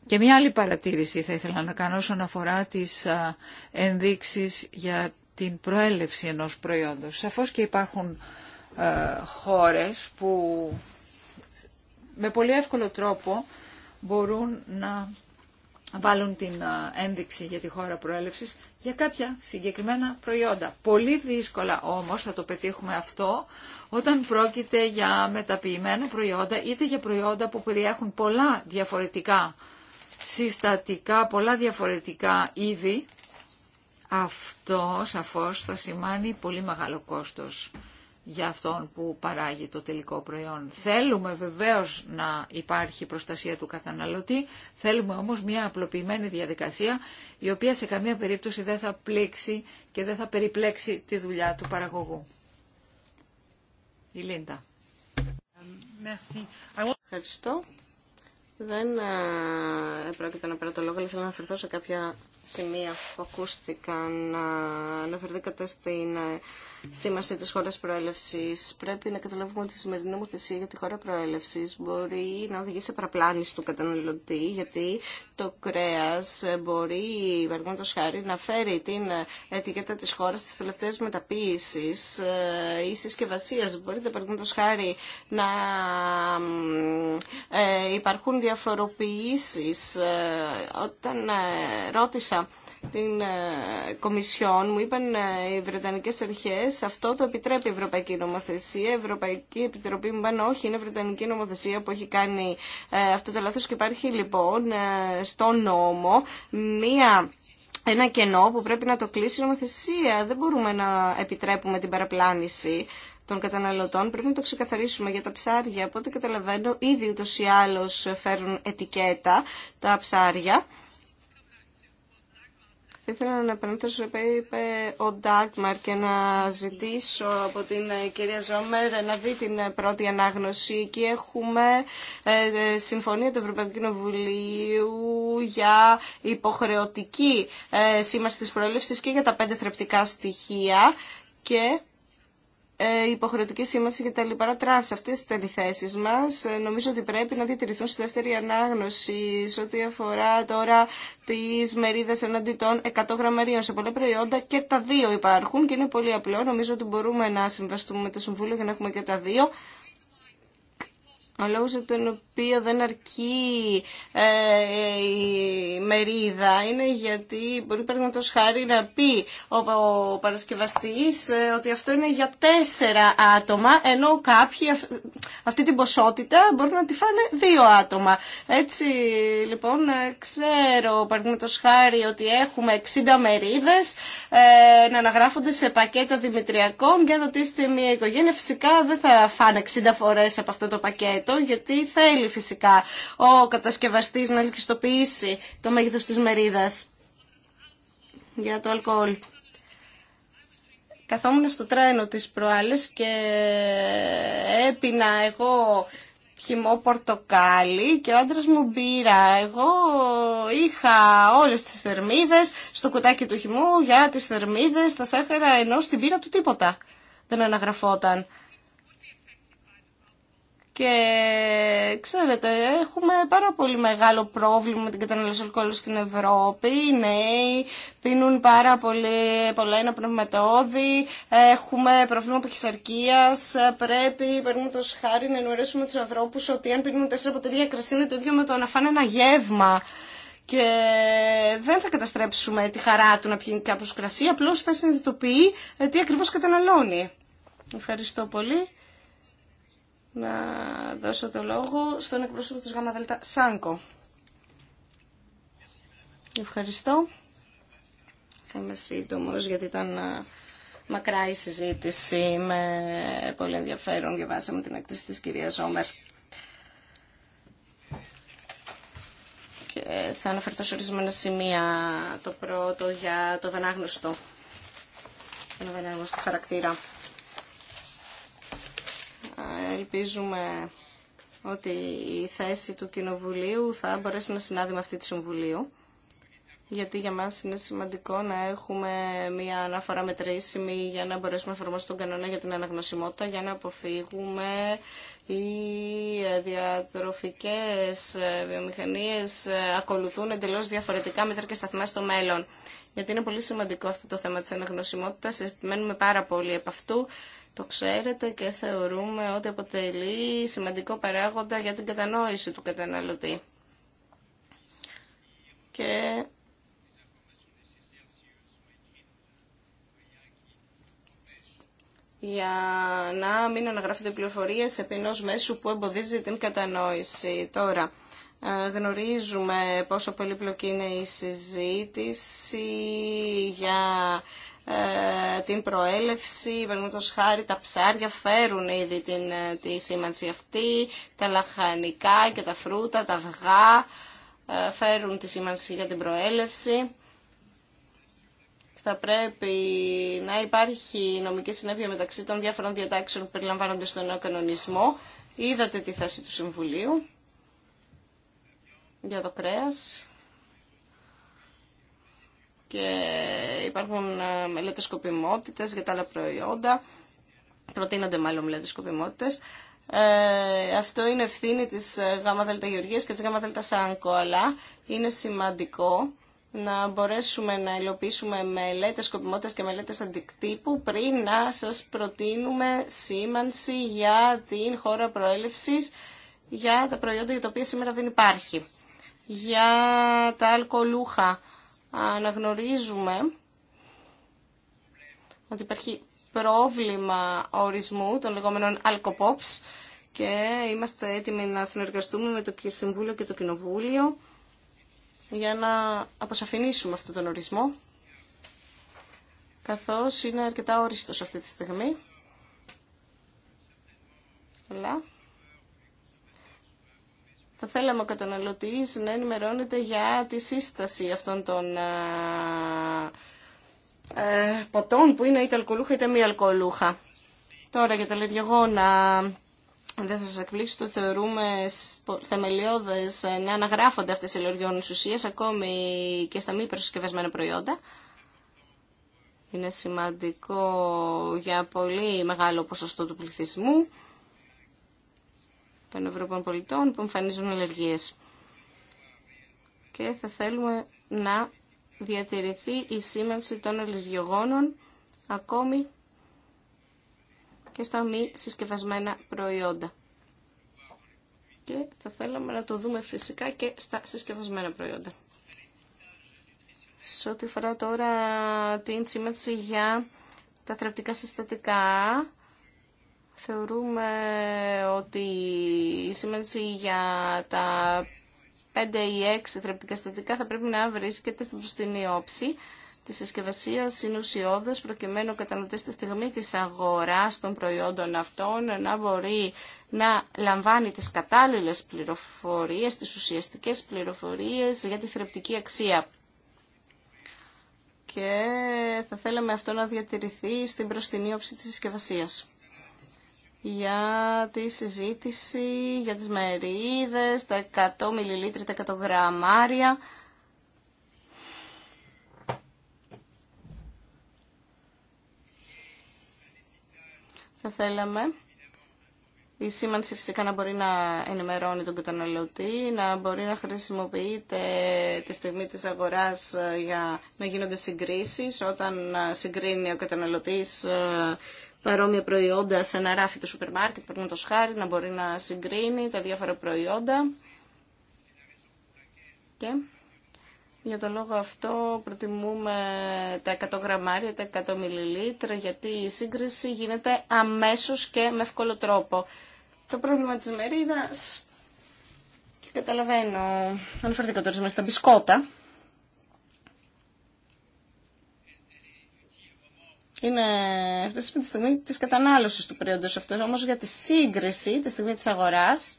Και μια άλλη παρατήρηση θα ήθελα να κάνω όσον αφορά τις ενδείξεις για την προέλευση ενός προϊόντος. Σαφώς και υπάρχουν ε, χώρες που με πολύ εύκολο τρόπο μπορούν να βάλουν την ε, ένδειξη για τη χώρα προέλευσης για κάποια συγκεκριμένα προϊόντα. Πολύ δύσκολα όμως θα το πετύχουμε αυτό όταν πρόκειται για μεταποιημένα προϊόντα είτε για προϊόντα που περιέχουν πολλά διαφορετικά συστατικά, πολλά διαφορετικά είδη. Αυτό σαφώς θα σημάνει πολύ μεγάλο κόστος για αυτόν που παράγει το τελικό προϊόν. Θέλουμε βεβαίως να υπάρχει προστασία του καταναλωτή, θέλουμε όμως μια απλοποιημένη διαδικασία η οποία σε καμία περίπτωση δεν θα πλήξει και δεν θα περιπλέξει τη δουλειά του παραγωγού. Η Λίντα. Ευχαριστώ. Δεν ε, πρόκειται να πάρω το λόγο, αλλά θέλω να αφαιρθώ σε κάποια σημεία που ακούστηκαν αναφερθήκατε στην ε, σήμαση της χώρας προέλευσης. Πρέπει να καταλάβουμε ότι η σημερινή νομοθεσία για τη χώρα προέλευσης μπορεί να οδηγεί σε παραπλάνηση του καταναλωτή, γιατί το κρέας μπορεί, παραδείγματο χάρη, να φέρει την ε, ετικέτα της χώρας της τελευταίες μεταποίησεις ε, ή συσκευασία. Μπορείτε, παραδείγματο χάρη, να υπάρχουν διαφοροποιήσεις. Όταν ρώτησα την ε, Κομισιόν μου είπαν ε, οι Βρετανικές Αρχές αυτό το επιτρέπει η Ευρωπαϊκή Νομοθεσία η Ευρωπαϊκή Επιτροπή μου είπαν όχι είναι Βρετανική Νομοθεσία που έχει κάνει ε, αυτό το λάθος και υπάρχει λοιπόν στο νόμο μία ένα κενό που πρέπει να το κλείσει η νομοθεσία. Δεν μπορούμε να επιτρέπουμε την παραπλάνηση των καταναλωτών. Πρέπει να το ξεκαθαρίσουμε για τα ψάρια. Οπότε καταλαβαίνω, ήδη ούτως ή άλλως φέρουν ετικέτα τα ψάρια ήθελα να επανέλθω σε είπε ο Ντάγμαρ και να ζητήσω από την ε, κυρία Ζόμερ να δει την ε, πρώτη ανάγνωση. Εκεί έχουμε ε, συμφωνία του Ευρωπαϊκού Κοινοβουλίου για υποχρεωτική σήμαση της προέλευσης και για τα πέντε θρεπτικά στοιχεία και ε, υποχρεωτική σήμανση για τα λιπαρά τρανς. Αυτές τις τελειθέσεις μας ε, νομίζω ότι πρέπει να διατηρηθούν στη δεύτερη ανάγνωση σε ό,τι αφορά τώρα τις μερίδες εναντί των 100 γραμμαρίων. Σε πολλά προϊόντα και τα δύο υπάρχουν και είναι πολύ απλό. Νομίζω ότι μπορούμε να συμβαστούμε με το Συμβούλιο για να έχουμε και τα δύο. Ο λόγος για τον οποίο δεν αρκεί ε, η μερίδα είναι γιατί μπορεί παραδείγματο χάρη να πει ο, ο ε, ότι αυτό είναι για τέσσερα άτομα, ενώ κάποιοι αυτή την ποσότητα μπορεί να τη φάνε δύο άτομα. Έτσι λοιπόν ε, ξέρω παραδείγματο χάρη ότι έχουμε 60 μερίδες ε, να αναγράφονται σε πακέτα δημητριακών και αν ρωτήσετε μια οικογένεια φυσικά δεν θα φάνε 60 φορές από αυτό το πακέτο γιατί θέλει φυσικά ο κατασκευαστής να ελκυστοποιήσει το μέγεθος της μερίδας για το αλκοόλ. Καθόμουν στο τρένο της προάλλες και έπινα εγώ χυμό πορτοκάλι και ο άντρας μου μπήρα. Εγώ είχα όλες τις θερμίδες στο κουτάκι του χυμού για τις θερμίδες, τα σάχαρα ενώ στην πύρα του τίποτα δεν αναγραφόταν. Και ξέρετε, έχουμε πάρα πολύ μεγάλο πρόβλημα με την κατανάλωση αλκοόλου στην Ευρώπη. Οι νέοι πίνουν πάρα πολύ, πολλά ένα πνευματόδη. Έχουμε πρόβλημα παχυσαρκία. Πρέπει, παίρνουμε το σχάρι, να ενημερώσουμε του ανθρώπου ότι αν πίνουν τέσσερα ποτήρια κρασί είναι το ίδιο με το να φάνε ένα γεύμα. Και δεν θα καταστρέψουμε τη χαρά του να πιει κάποιο κρασί, απλώ θα συνειδητοποιεί τι ακριβώ καταναλώνει. Ευχαριστώ πολύ να δώσω το λόγο στον εκπρόσωπο της ΓΑΜΑΔΕΛΤΑ ΣΑΝΚΟ. Ευχαριστώ. Θα είμαι σύντομο γιατί ήταν μακρά η συζήτηση με πολύ ενδιαφέρον. Διαβάσαμε την εκτίση της κυρία Ζόμερ. Και θα αναφερθώ σε ορισμένα σημεία. Το πρώτο για το βενάγνωστο. Το βενάγνωστο χαρακτήρα. Ελπίζουμε ότι η θέση του Κοινοβουλίου θα μπορέσει να συνάδει με αυτή τη Συμβουλίου γιατί για μας είναι σημαντικό να έχουμε μια αναφορά μετρήσιμη για να μπορέσουμε να εφαρμόσουμε τον κανόνα για την αναγνωσιμότητα, για να αποφύγουμε οι διατροφικές βιομηχανίες ακολουθούν εντελώς διαφορετικά μέτρα και σταθμά στο μέλλον. Γιατί είναι πολύ σημαντικό αυτό το θέμα της αναγνωσιμότητας, επιμένουμε πάρα πολύ επ' αυτού το ξέρετε και θεωρούμε ότι αποτελεί σημαντικό παράγοντα για την κατανόηση του καταναλωτή. Και για να μην αναγράφονται πληροφορίε επί ενό μέσου που εμποδίζει την κατανόηση. Τώρα, ε, γνωρίζουμε πόσο πολύπλοκη είναι η συζήτηση για ε, την προέλευση, παραδείγματος χάρη τα ψάρια φέρουν ήδη την, ε, τη σήμανση αυτή, τα λαχανικά και τα φρούτα, τα αυγά ε, φέρουν τη σήμανση για την προέλευση. Θα πρέπει να υπάρχει νομική συνέπεια μεταξύ των διάφορων διατάξεων που περιλαμβάνονται στον νέο κανονισμό. Είδατε τη θέση του Συμβουλίου για το κρέας και υπάρχουν ε, μελέτες σκοπιμότητες για τα άλλα προϊόντα, προτείνονται μάλλον μελέτες σκοπιμότητες. Ε, αυτό είναι ευθύνη της ε, ΔΕΛΤΑ Γεωργίας και της ΔΕΛΤΑ ΣΑΝΚΟ, αλλά είναι σημαντικό να μπορέσουμε να υλοποιήσουμε μελέτες σκοπιμότητας και μελέτες αντικτύπου πριν να σας προτείνουμε σήμανση για την χώρα προέλευσης για τα προϊόντα για τα οποία σήμερα δεν υπάρχει. Για τα αλκοολούχα αναγνωρίζουμε ότι υπάρχει πρόβλημα ορισμού των λεγόμενων αλκοπόψ και είμαστε έτοιμοι να συνεργαστούμε με το Συμβούλιο και το Κοινοβούλιο για να αποσαφηνίσουμε αυτόν τον ορισμό καθώς είναι αρκετά οριστός αυτή τη στιγμή. Αλλά θα θέλαμε ο καταναλωτής να ενημερώνεται για τη σύσταση αυτών των ε, ποτών που είναι είτε αλκοολούχα είτε μη αλκοολούχα. Τώρα για τα λεργεγόνα, δεν θα σας εκπλήξω το θεωρούμε θεμελιώδες ε, να αναγράφονται αυτές οι λεργεγόνες ουσίες ακόμη και στα μη προσκευασμένα προϊόντα. Είναι σημαντικό για πολύ μεγάλο ποσοστό του πληθυσμού των Ευρωπαίων πολιτών που εμφανίζουν αλλεργίες. Και θα θέλουμε να διατηρηθεί η σήμανση των αλλεργιογόνων ακόμη και στα μη συσκευασμένα προϊόντα. Και θα θέλαμε να το δούμε φυσικά και στα συσκευασμένα προϊόντα. Σε ό,τι αφορά τώρα την σήμανση για τα θρεπτικά συστατικά, Θεωρούμε ότι η σήμανση για τα 5 ή 6 θρεπτικά συστατικά θα πρέπει να βρίσκεται στην προστινή όψη της συσκευασία είναι προκειμένου ο τη στη στιγμή της αγοράς των προϊόντων αυτών να μπορεί να λαμβάνει τις κατάλληλες πληροφορίες, τις ουσιαστικές πληροφορίες για τη θρεπτική αξία. Και θα θέλαμε αυτό να διατηρηθεί στην προστινή όψη της συσκευασία για τη συζήτηση για τις μερίδες, τα 100 μιλιλίτρια, τα 100 γραμμάρια. Θα θέλαμε η σήμανση φυσικά να μπορεί να ενημερώνει τον καταναλωτή, να μπορεί να χρησιμοποιείται τη στιγμή της αγοράς ε, για να γίνονται συγκρίσεις όταν ε, συγκρίνει ο καταναλωτής ε, παρόμοια προϊόντα σε ένα ράφι του σούπερ μάρκετ, το χάρη, να μπορεί να συγκρίνει τα διάφορα προϊόντα. Και για τον λόγο αυτό προτιμούμε τα 100 γραμμάρια, τα 100 μιλιλίτρα, γιατί η σύγκριση γίνεται αμέσως και με εύκολο τρόπο. Το πρόβλημα της μερίδας, και καταλαβαίνω, αναφέρθηκα τώρα στα μπισκότα, είναι χρήσιμη τη στιγμή της κατανάλωσης του προϊόντος αυτός, Όμως για τη σύγκριση, τη στιγμή της αγοράς,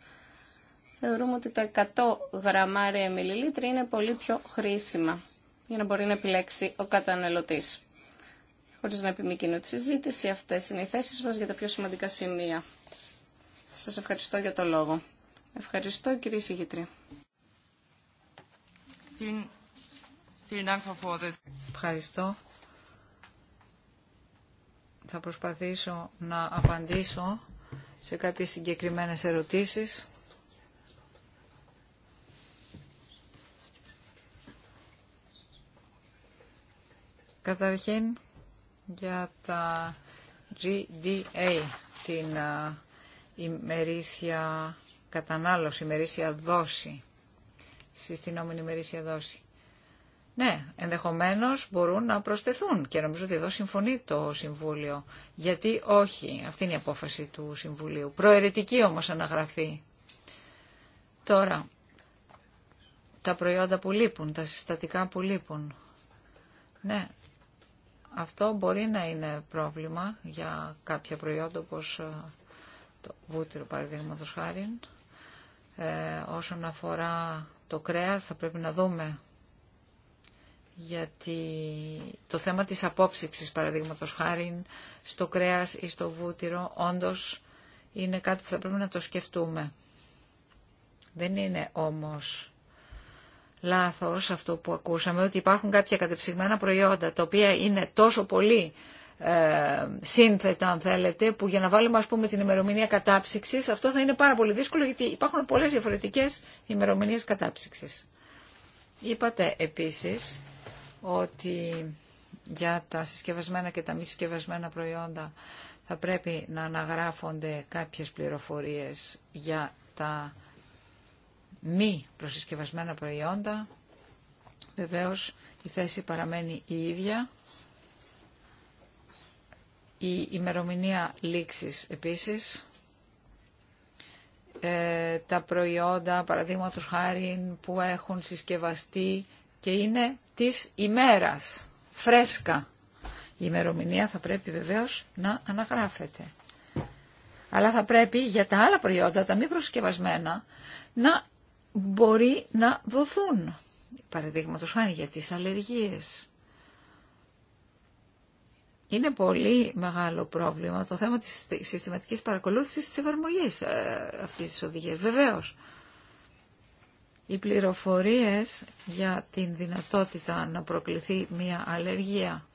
θεωρούμε ότι τα 100 γραμμάρια μιλιλίτρια είναι πολύ πιο χρήσιμα για να μπορεί να επιλέξει ο καταναλωτής. Χωρίς να επιμηκύνω τη συζήτηση, αυτές είναι οι θέσει μας για τα πιο σημαντικά σημεία. Σα ευχαριστώ για το λόγο. Ευχαριστώ κύριε Συγητρία. Ευχαριστώ θα προσπαθήσω να απαντήσω σε κάποιες συγκεκριμένες ερωτήσεις. Καταρχήν για τα GDA, την ημερήσια κατανάλωση, ημερήσια δόση, συστηνόμενη ημερήσια δόση. Ναι, ενδεχομένως μπορούν να προσθεθούν και νομίζω ότι εδώ συμφωνεί το Συμβούλιο. Γιατί όχι, αυτή είναι η απόφαση του Συμβουλίου. Προαιρετική όμως αναγραφή. Τώρα, τα προϊόντα που λείπουν, τα συστατικά που λείπουν. Ναι, αυτό μπορεί να είναι πρόβλημα για κάποια προϊόντα όπως ε, το βούτυρο παραδείγματος χάρη. Ε, όσον αφορά το κρέας θα πρέπει να δούμε γιατί το θέμα της απόψυξης παραδείγματος χάρη στο κρέας ή στο βούτυρο όντως είναι κάτι που θα πρέπει να το σκεφτούμε. Δεν είναι όμως λάθος αυτό που ακούσαμε ότι υπάρχουν κάποια κατεψυγμένα προϊόντα τα οποία είναι τόσο πολύ ε, σύνθετα αν θέλετε που για να βάλουμε ας πούμε την ημερομηνία κατάψυξης αυτό θα είναι πάρα πολύ δύσκολο γιατί υπάρχουν πολλές διαφορετικές ημερομηνίες κατάψυξης. Είπατε επίσης ότι για τα συσκευασμένα και τα μη συσκευασμένα προϊόντα θα πρέπει να αναγράφονται κάποιες πληροφορίες για τα μη προσυσκευασμένα προϊόντα. Βεβαίως η θέση παραμένει η ίδια. Η ημερομηνία λήξης επίσης. Ε, τα προϊόντα, παραδείγματος χάρη, που έχουν συσκευαστεί και είναι της ημέρας, φρέσκα. Η ημερομηνία θα πρέπει βεβαίως να αναγράφεται. Αλλά θα πρέπει για τα άλλα προϊόντα, τα μη προσκευασμένα, να μπορεί να δοθούν. Παραδείγματο χάνει για τις αλλεργίες. Είναι πολύ μεγάλο πρόβλημα το θέμα της συστηματικής παρακολούθησης της εφαρμογής ε, αυτής της οδηγίας. Βεβαίως. Οι πληροφορίες για την δυνατότητα να προκληθεί μια αλλεργία.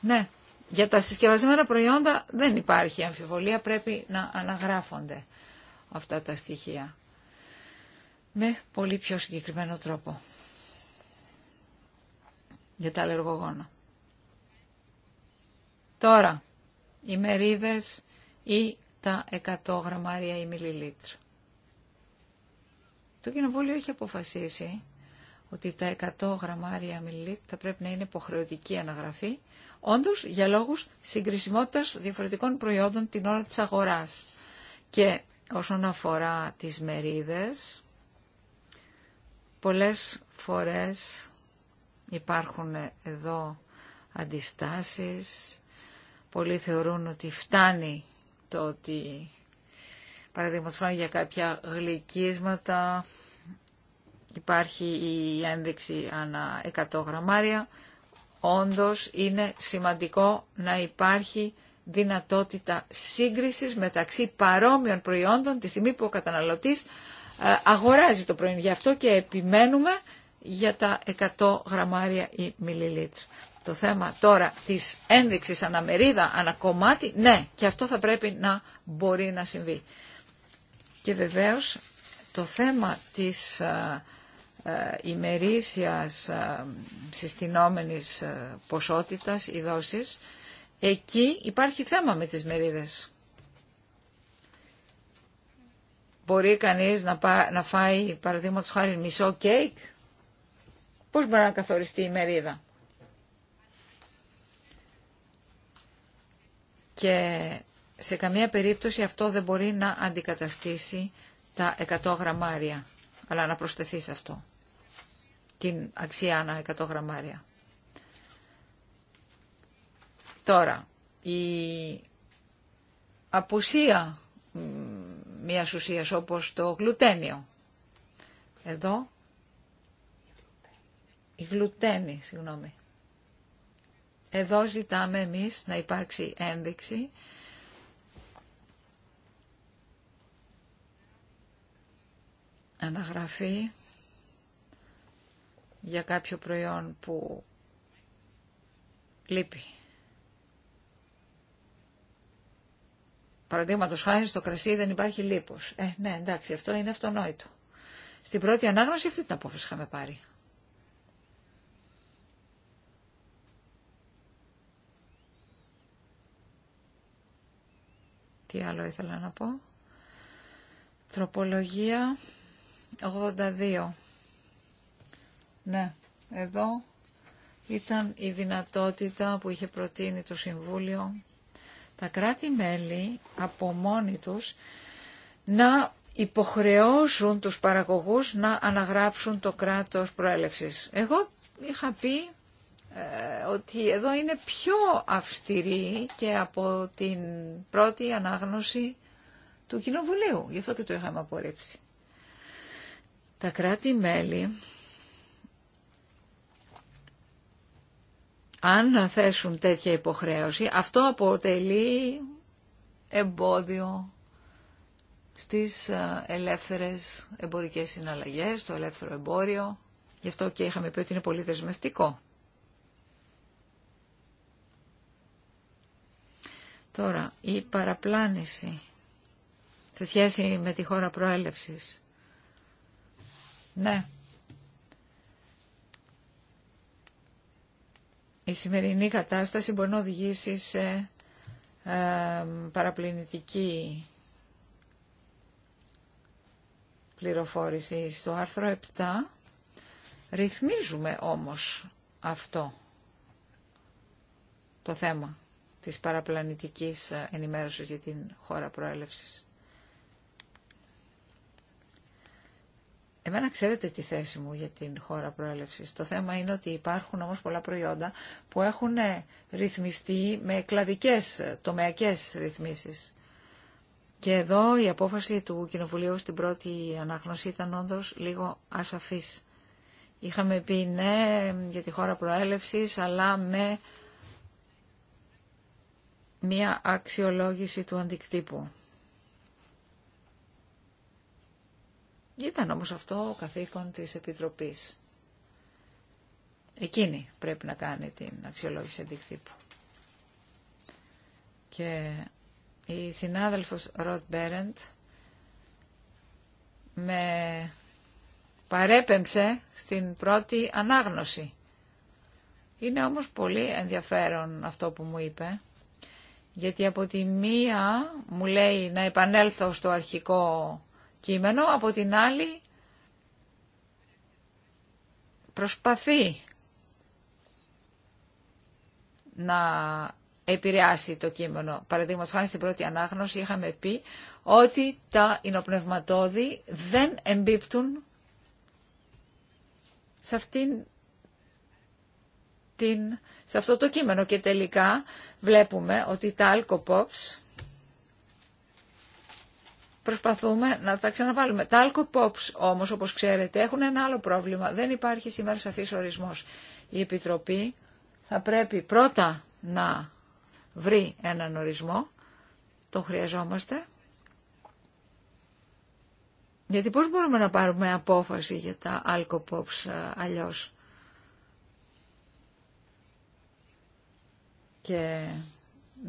Ναι, για τα συσκευασμένα προϊόντα δεν υπάρχει αμφιβολία, πρέπει να αναγράφονται αυτά τα στοιχεία με πολύ πιο συγκεκριμένο τρόπο για τα αλλεργογόνα. Τώρα, οι μερίδες ή τα 100 γραμμάρια ή μιλιλίτρ. Το Κοινοβούλιο έχει αποφασίσει ότι τα 100 γραμμάρια μιλιλίτ θα πρέπει να είναι υποχρεωτική αναγραφή, όντως για λόγους συγκρισιμότητας διαφορετικών προϊόντων την ώρα της αγοράς. Και όσον αφορά τις μερίδες, πολλές φορές υπάρχουν εδώ αντιστάσεις, πολλοί θεωρούν ότι φτάνει το ότι Παραδείγματος για κάποια γλυκίσματα υπάρχει η ένδειξη ανά 100 γραμμάρια. Όντως είναι σημαντικό να υπάρχει δυνατότητα σύγκρισης μεταξύ παρόμοιων προϊόντων τη στιγμή που ο καταναλωτής ε, αγοράζει το προϊόν. Γι' αυτό και επιμένουμε για τα 100 γραμμάρια ή μιλιλίτρ. Το θέμα τώρα της ένδειξης αναμερίδα, ανακομμάτι, ναι, και αυτό θα πρέπει να μπορεί να συμβεί. Και βεβαίως το θέμα της ε, ε, ημερήσιας ε, συστηνόμενης ποσότητας ή δόσης, εκεί υπάρχει θέμα με τις μερίδες. Μπορεί κανείς να, να φάει, παραδείγματος χάρη, μισό κέικ. Πώς μπορεί να καθοριστεί η μερίδα. Και σε καμία περίπτωση αυτό δεν μπορεί να αντικαταστήσει τα 100 γραμμάρια, αλλά να προσθεθεί σε αυτό την αξία ανά 100 γραμμάρια. Τώρα, η απουσία μια ουσία όπως το γλουτένιο. Εδώ, η γλουτένη, συγγνώμη. Εδώ ζητάμε εμείς να υπάρξει ένδειξη αναγραφή για κάποιο προϊόν που λείπει. Παραδείγματος χάρη στο κρασί δεν υπάρχει λίπος. Ε, ναι, εντάξει, αυτό είναι αυτονόητο. Στην πρώτη ανάγνωση αυτή την απόφαση είχαμε πάρει. Τι άλλο ήθελα να πω. Τροπολογία 82. Ναι, εδώ ήταν η δυνατότητα που είχε προτείνει το Συμβούλιο τα κράτη-μέλη από μόνοι τους να υποχρεώσουν τους παραγωγούς να αναγράψουν το κράτος προέλευσης. Εγώ είχα πει ε, ότι εδώ είναι πιο αυστηρή και από την πρώτη ανάγνωση του Κοινοβουλίου. Γι' αυτό και το είχαμε απορρίψει. Τα κράτη-μέλη, αν θέσουν τέτοια υποχρέωση, αυτό αποτελεί εμπόδιο στις ε, ελεύθερες εμπορικές συναλλαγές, το ελεύθερο εμπόριο. Γι' αυτό και είχαμε πει ότι είναι πολύ δεσμευτικό. Τώρα, η παραπλάνηση σε σχέση με τη χώρα προέλευσης. Ναι. Η σημερινή κατάσταση μπορεί να οδηγήσει σε παραπληνητική πληροφόρηση. Στο άρθρο 7 ρυθμίζουμε όμως αυτό το θέμα της παραπλανητικής ενημέρωσης για την χώρα προέλευσης. Εμένα ξέρετε τη θέση μου για την χώρα προέλευσης. Το θέμα είναι ότι υπάρχουν όμως πολλά προϊόντα που έχουν ε, ρυθμιστεί με κλαδικές, ε, τομεακές ρυθμίσεις. Και εδώ η απόφαση του Κοινοβουλίου στην πρώτη ανάγνωση ήταν όντως λίγο ασαφής. Είχαμε πει ναι για τη χώρα προέλευσης, αλλά με μία αξιολόγηση του αντικτύπου. Ήταν όμως αυτό ο καθήκον της Επιτροπής. Εκείνη πρέπει να κάνει την αξιολόγηση αντικτύπου. Και η συνάδελφος Ροτ Μπέρεντ με παρέπεμψε στην πρώτη ανάγνωση. Είναι όμως πολύ ενδιαφέρον αυτό που μου είπε, γιατί από τη μία μου λέει να επανέλθω στο αρχικό κείμενο, από την άλλη προσπαθεί να επηρεάσει το κείμενο. Παραδείγματος χάρη στην πρώτη ανάγνωση είχαμε πει ότι τα υνοπνευματόδη δεν εμπίπτουν σε, την, σε αυτό το κείμενο και τελικά βλέπουμε ότι τα alcopops προσπαθούμε να τα ξαναβάλουμε. Τα αλκοπόψ όμως, όπως ξέρετε, έχουν ένα άλλο πρόβλημα. Δεν υπάρχει σήμερα σαφής ορισμός. Η Επιτροπή θα πρέπει πρώτα να βρει έναν ορισμό, Το χρειαζόμαστε, γιατί πώς μπορούμε να πάρουμε απόφαση για τα αλκοπόψ ε, αλλιώς. Και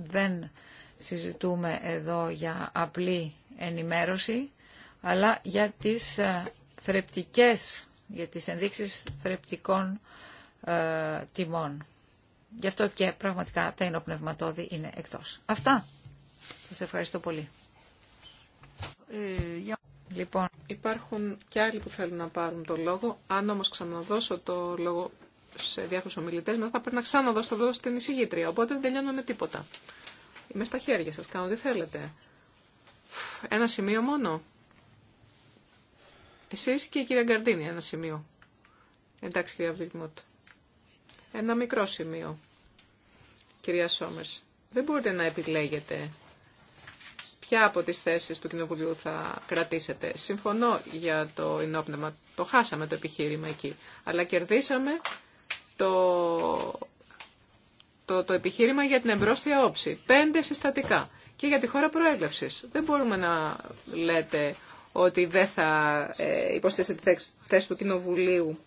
δεν συζητούμε εδώ για απλή ενημέρωση, αλλά για τις ε, θρεπτικές, για τις ενδείξεις θρεπτικών ε, τιμών. Γι' αυτό και πραγματικά τα ενοπνευματώδη είναι εκτός. Αυτά. Σας ευχαριστώ πολύ. Ε, λοιπόν, υπάρχουν και άλλοι που θέλουν να πάρουν το λόγο. Αν όμως ξαναδώσω το λόγο σε διάφορους ομιλητές, μετά θα πρέπει να ξαναδώσω το λόγο στην εισηγήτρια. Οπότε δεν τελειώνω με τίποτα. Είμαι στα χέρια σας, κάνω ό,τι θέλετε ένα σημείο μόνο. Εσείς και η κυρία Γκαρδίνη ένα σημείο. Εντάξει, κυρία Βιγμούτ. Ένα μικρό σημείο, κυρία Σόμερς. Δεν μπορείτε να επιλέγετε ποια από τις θέσεις του Κοινοβουλίου θα κρατήσετε. Συμφωνώ για το ενόπνευμα. Το χάσαμε το επιχείρημα εκεί. Αλλά κερδίσαμε το, το, το επιχείρημα για την εμπρόστια όψη. Πέντε συστατικά και για τη χώρα προέλευση. Δεν μπορούμε να λέτε ότι δεν θα ε, υποστήσετε τη θέση του Κοινοβουλίου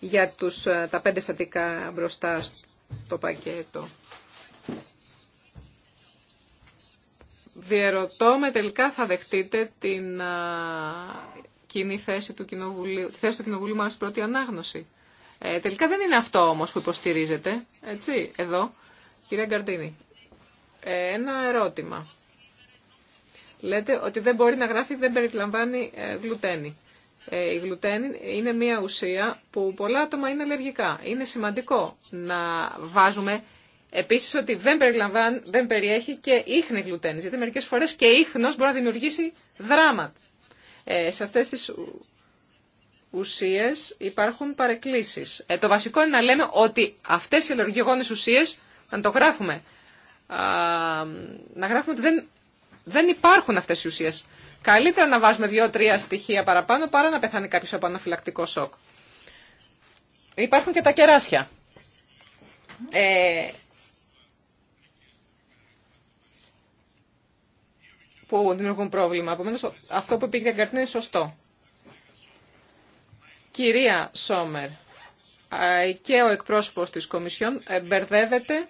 για τους, ε, τα πέντε στατικά μπροστά στο πακέτο. Διερωτώ με τελικά θα δεχτείτε την ε, κοινή θέση του Κοινοβουλίου, τη θέση του Κοινοβουλίου μας πρώτη ανάγνωση. Ε, τελικά δεν είναι αυτό όμως που υποστηρίζετε, έτσι, εδώ. Κυρία Γκαρντίνη, ένα ερώτημα. Λέτε ότι δεν μπορεί να γράφει, δεν περιλαμβάνει ε, γλουτένη. Ε, η γλουτένη είναι μια ουσία που πολλά άτομα είναι αλλεργικά. Είναι σημαντικό να βάζουμε επίσης ότι δεν, περιλαμβάνει, δεν περιέχει και ίχνη γλουτένης, γιατί μερικές φορές και ίχνος μπορεί να δημιουργήσει δράμα. Ε, σε αυτές τις ουσίες υπάρχουν παρεκκλήσεις. το βασικό είναι να λέμε ότι αυτές οι αλλεργικές ουσίες, να το γράφουμε, να γράφουμε ότι δεν, δεν υπάρχουν αυτές οι ουσίες. Καλύτερα να βάζουμε δύο-τρία στοιχεία παραπάνω παρά να πεθάνει κάποιος από αναφυλακτικό σοκ. Υπάρχουν και τα κεράσια. Ε, που δημιουργούν πρόβλημα. Επομένως, αυτό που είπε η καρτίνα είναι σωστό. Κυρία Σόμερ, και ο εκπρόσωπος της Κομισιόν ε, μπερδεύεται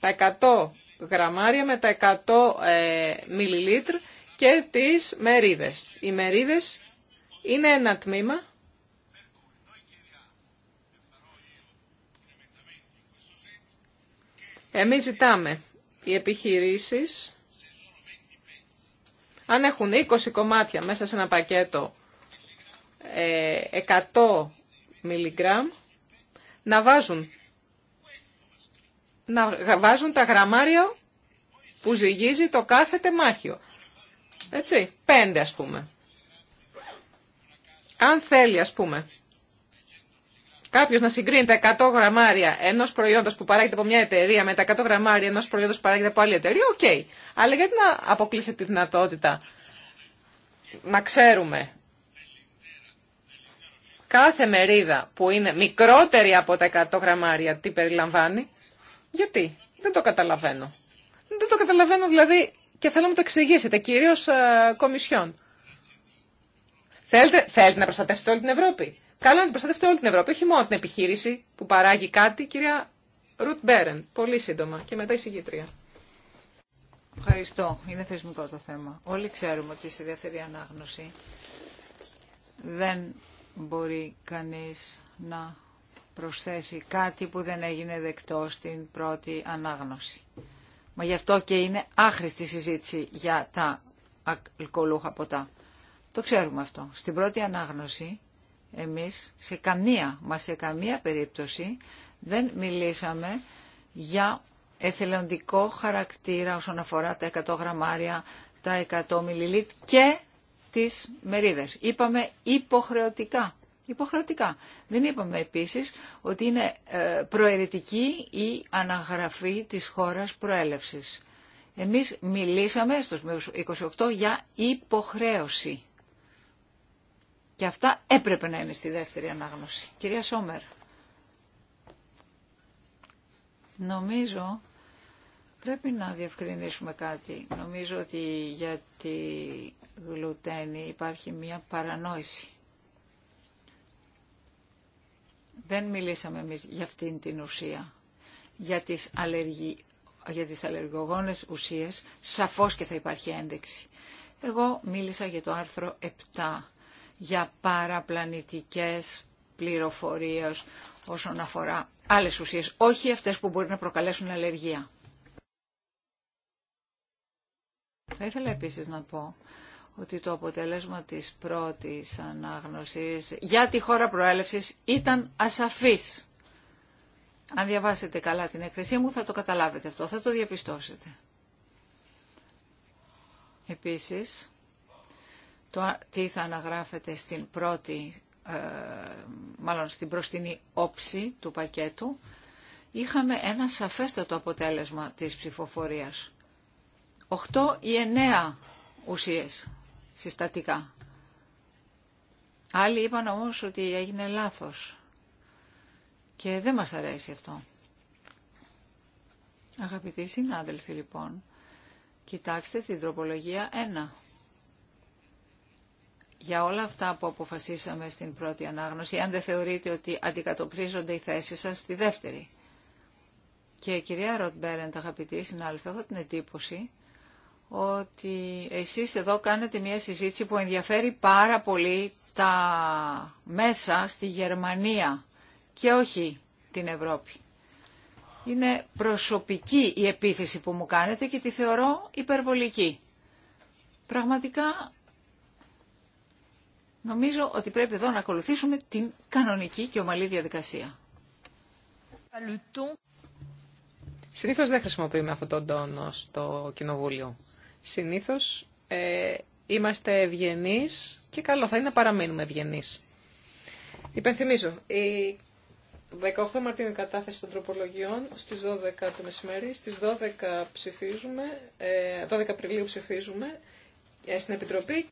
τα 100 γραμμάρια με τα 100 ε, μιλιλίτρ και τις μερίδες. Οι μερίδες είναι ένα τμήμα Εμείς ζητάμε οι επιχειρήσεις, αν έχουν 20 κομμάτια μέσα σε ένα πακέτο 100 ε, μιλιγκράμμ, να βάζουν να βάζουν τα γραμμάρια που ζυγίζει το κάθε τεμάχιο. Έτσι, πέντε ας πούμε. Αν θέλει ας πούμε κάποιος να συγκρίνει τα 100 γραμμάρια ενός προϊόντος που παράγεται από μια εταιρεία με τα 100 γραμμάρια ενός προϊόντος που παράγεται από άλλη εταιρεία, οκ. Αλλά γιατί να αποκλείσετε τη δυνατότητα να ξέρουμε κάθε μερίδα που είναι μικρότερη από τα 100 γραμμάρια τι περιλαμβάνει. Γιατί. Δεν το καταλαβαίνω. Δεν το καταλαβαίνω δηλαδή και θέλω να το εξηγήσετε, κυρίω ε, κομισιόν. Θέλετε, θέλετε να προστατεύσετε όλη την Ευρώπη. Καλό να την προστατεύσετε όλη την Ευρώπη, όχι μόνο την επιχείρηση που παράγει κάτι, κυρία Ρουτ Μπέρεν, πολύ σύντομα και μετά η συγγήτρια. Ευχαριστώ. Είναι θεσμικό το θέμα. Όλοι ξέρουμε ότι στη δεύτερη ανάγνωση δεν μπορεί κανείς να προσθέσει κάτι που δεν έγινε δεκτό στην πρώτη ανάγνωση. Μα γι' αυτό και είναι άχρηστη συζήτηση για τα αλκοολούχα ποτά. Το ξέρουμε αυτό. Στην πρώτη ανάγνωση εμείς σε καμία, μα σε καμία περίπτωση δεν μιλήσαμε για εθελοντικό χαρακτήρα όσον αφορά τα 100 γραμμάρια, τα 100 μιλιλίτ και τις μερίδες. Είπαμε υποχρεωτικά Υποχρεωτικά. Δεν είπαμε επίσης ότι είναι ε, προαιρετική η αναγραφή της χώρας προέλευσης. Εμείς μιλήσαμε στους 28 για υποχρέωση. Και αυτά έπρεπε να είναι στη δεύτερη ανάγνωση. Κυρία Σόμερ. Νομίζω πρέπει να διευκρινίσουμε κάτι. Νομίζω ότι για τη γλουτένη υπάρχει μια παρανόηση. Δεν μιλήσαμε εμείς για αυτήν την ουσία. Για τις, αλλεργι... για τις αλλεργογόνες ουσίες σαφώς και θα υπάρχει ένδειξη. Εγώ μίλησα για το άρθρο 7, για παραπλανητικές πληροφορίες όσον αφορά άλλες ουσίες, όχι αυτές που μπορεί να προκαλέσουν αλλεργία. Θα ήθελα επίσης να πω ότι το αποτέλεσμα της πρώτης ανάγνωσης για τη χώρα προέλευσης ήταν ασαφής. Αν διαβάσετε καλά την έκθεσή μου θα το καταλάβετε αυτό, θα το διαπιστώσετε. Επίσης, το τι θα αναγράφεται στην πρώτη, ε, μάλλον στην προστινή όψη του πακέτου, είχαμε ένα σαφέστατο αποτέλεσμα της ψηφοφορίας. Οχτώ ή εννέα ουσίες συστατικά. Άλλοι είπαν όμως ότι έγινε λάθος και δεν μας αρέσει αυτό. Αγαπητοί συνάδελφοι λοιπόν, κοιτάξτε την τροπολογία 1. Για όλα αυτά που αποφασίσαμε στην πρώτη ανάγνωση, αν δεν θεωρείτε ότι αντικατοπτρίζονται οι θέσεις σας στη δεύτερη. Και κυρία Ροτ Μπέρεντ, αγαπητοί συνάδελφοι, έχω την εντύπωση ότι εσείς εδώ κάνετε μια συζήτηση που ενδιαφέρει πάρα πολύ τα μέσα στη Γερμανία και όχι την Ευρώπη. Είναι προσωπική η επίθεση που μου κάνετε και τη θεωρώ υπερβολική. Πραγματικά νομίζω ότι πρέπει εδώ να ακολουθήσουμε την κανονική και ομαλή διαδικασία. Συνήθως δεν χρησιμοποιούμε αυτόν τον τόνο στο Κοινοβούλιο. Συνήθως ε, είμαστε ευγενεί και καλό θα είναι να παραμείνουμε ευγενεί. Υπενθυμίζω, η 18 Μαρτίου είναι η κατάθεση των τροπολογιών στις 12 το μεσημέρι, στις 12, ψηφίζουμε, 12 ε, Απριλίου ψηφίζουμε ε, στην Επιτροπή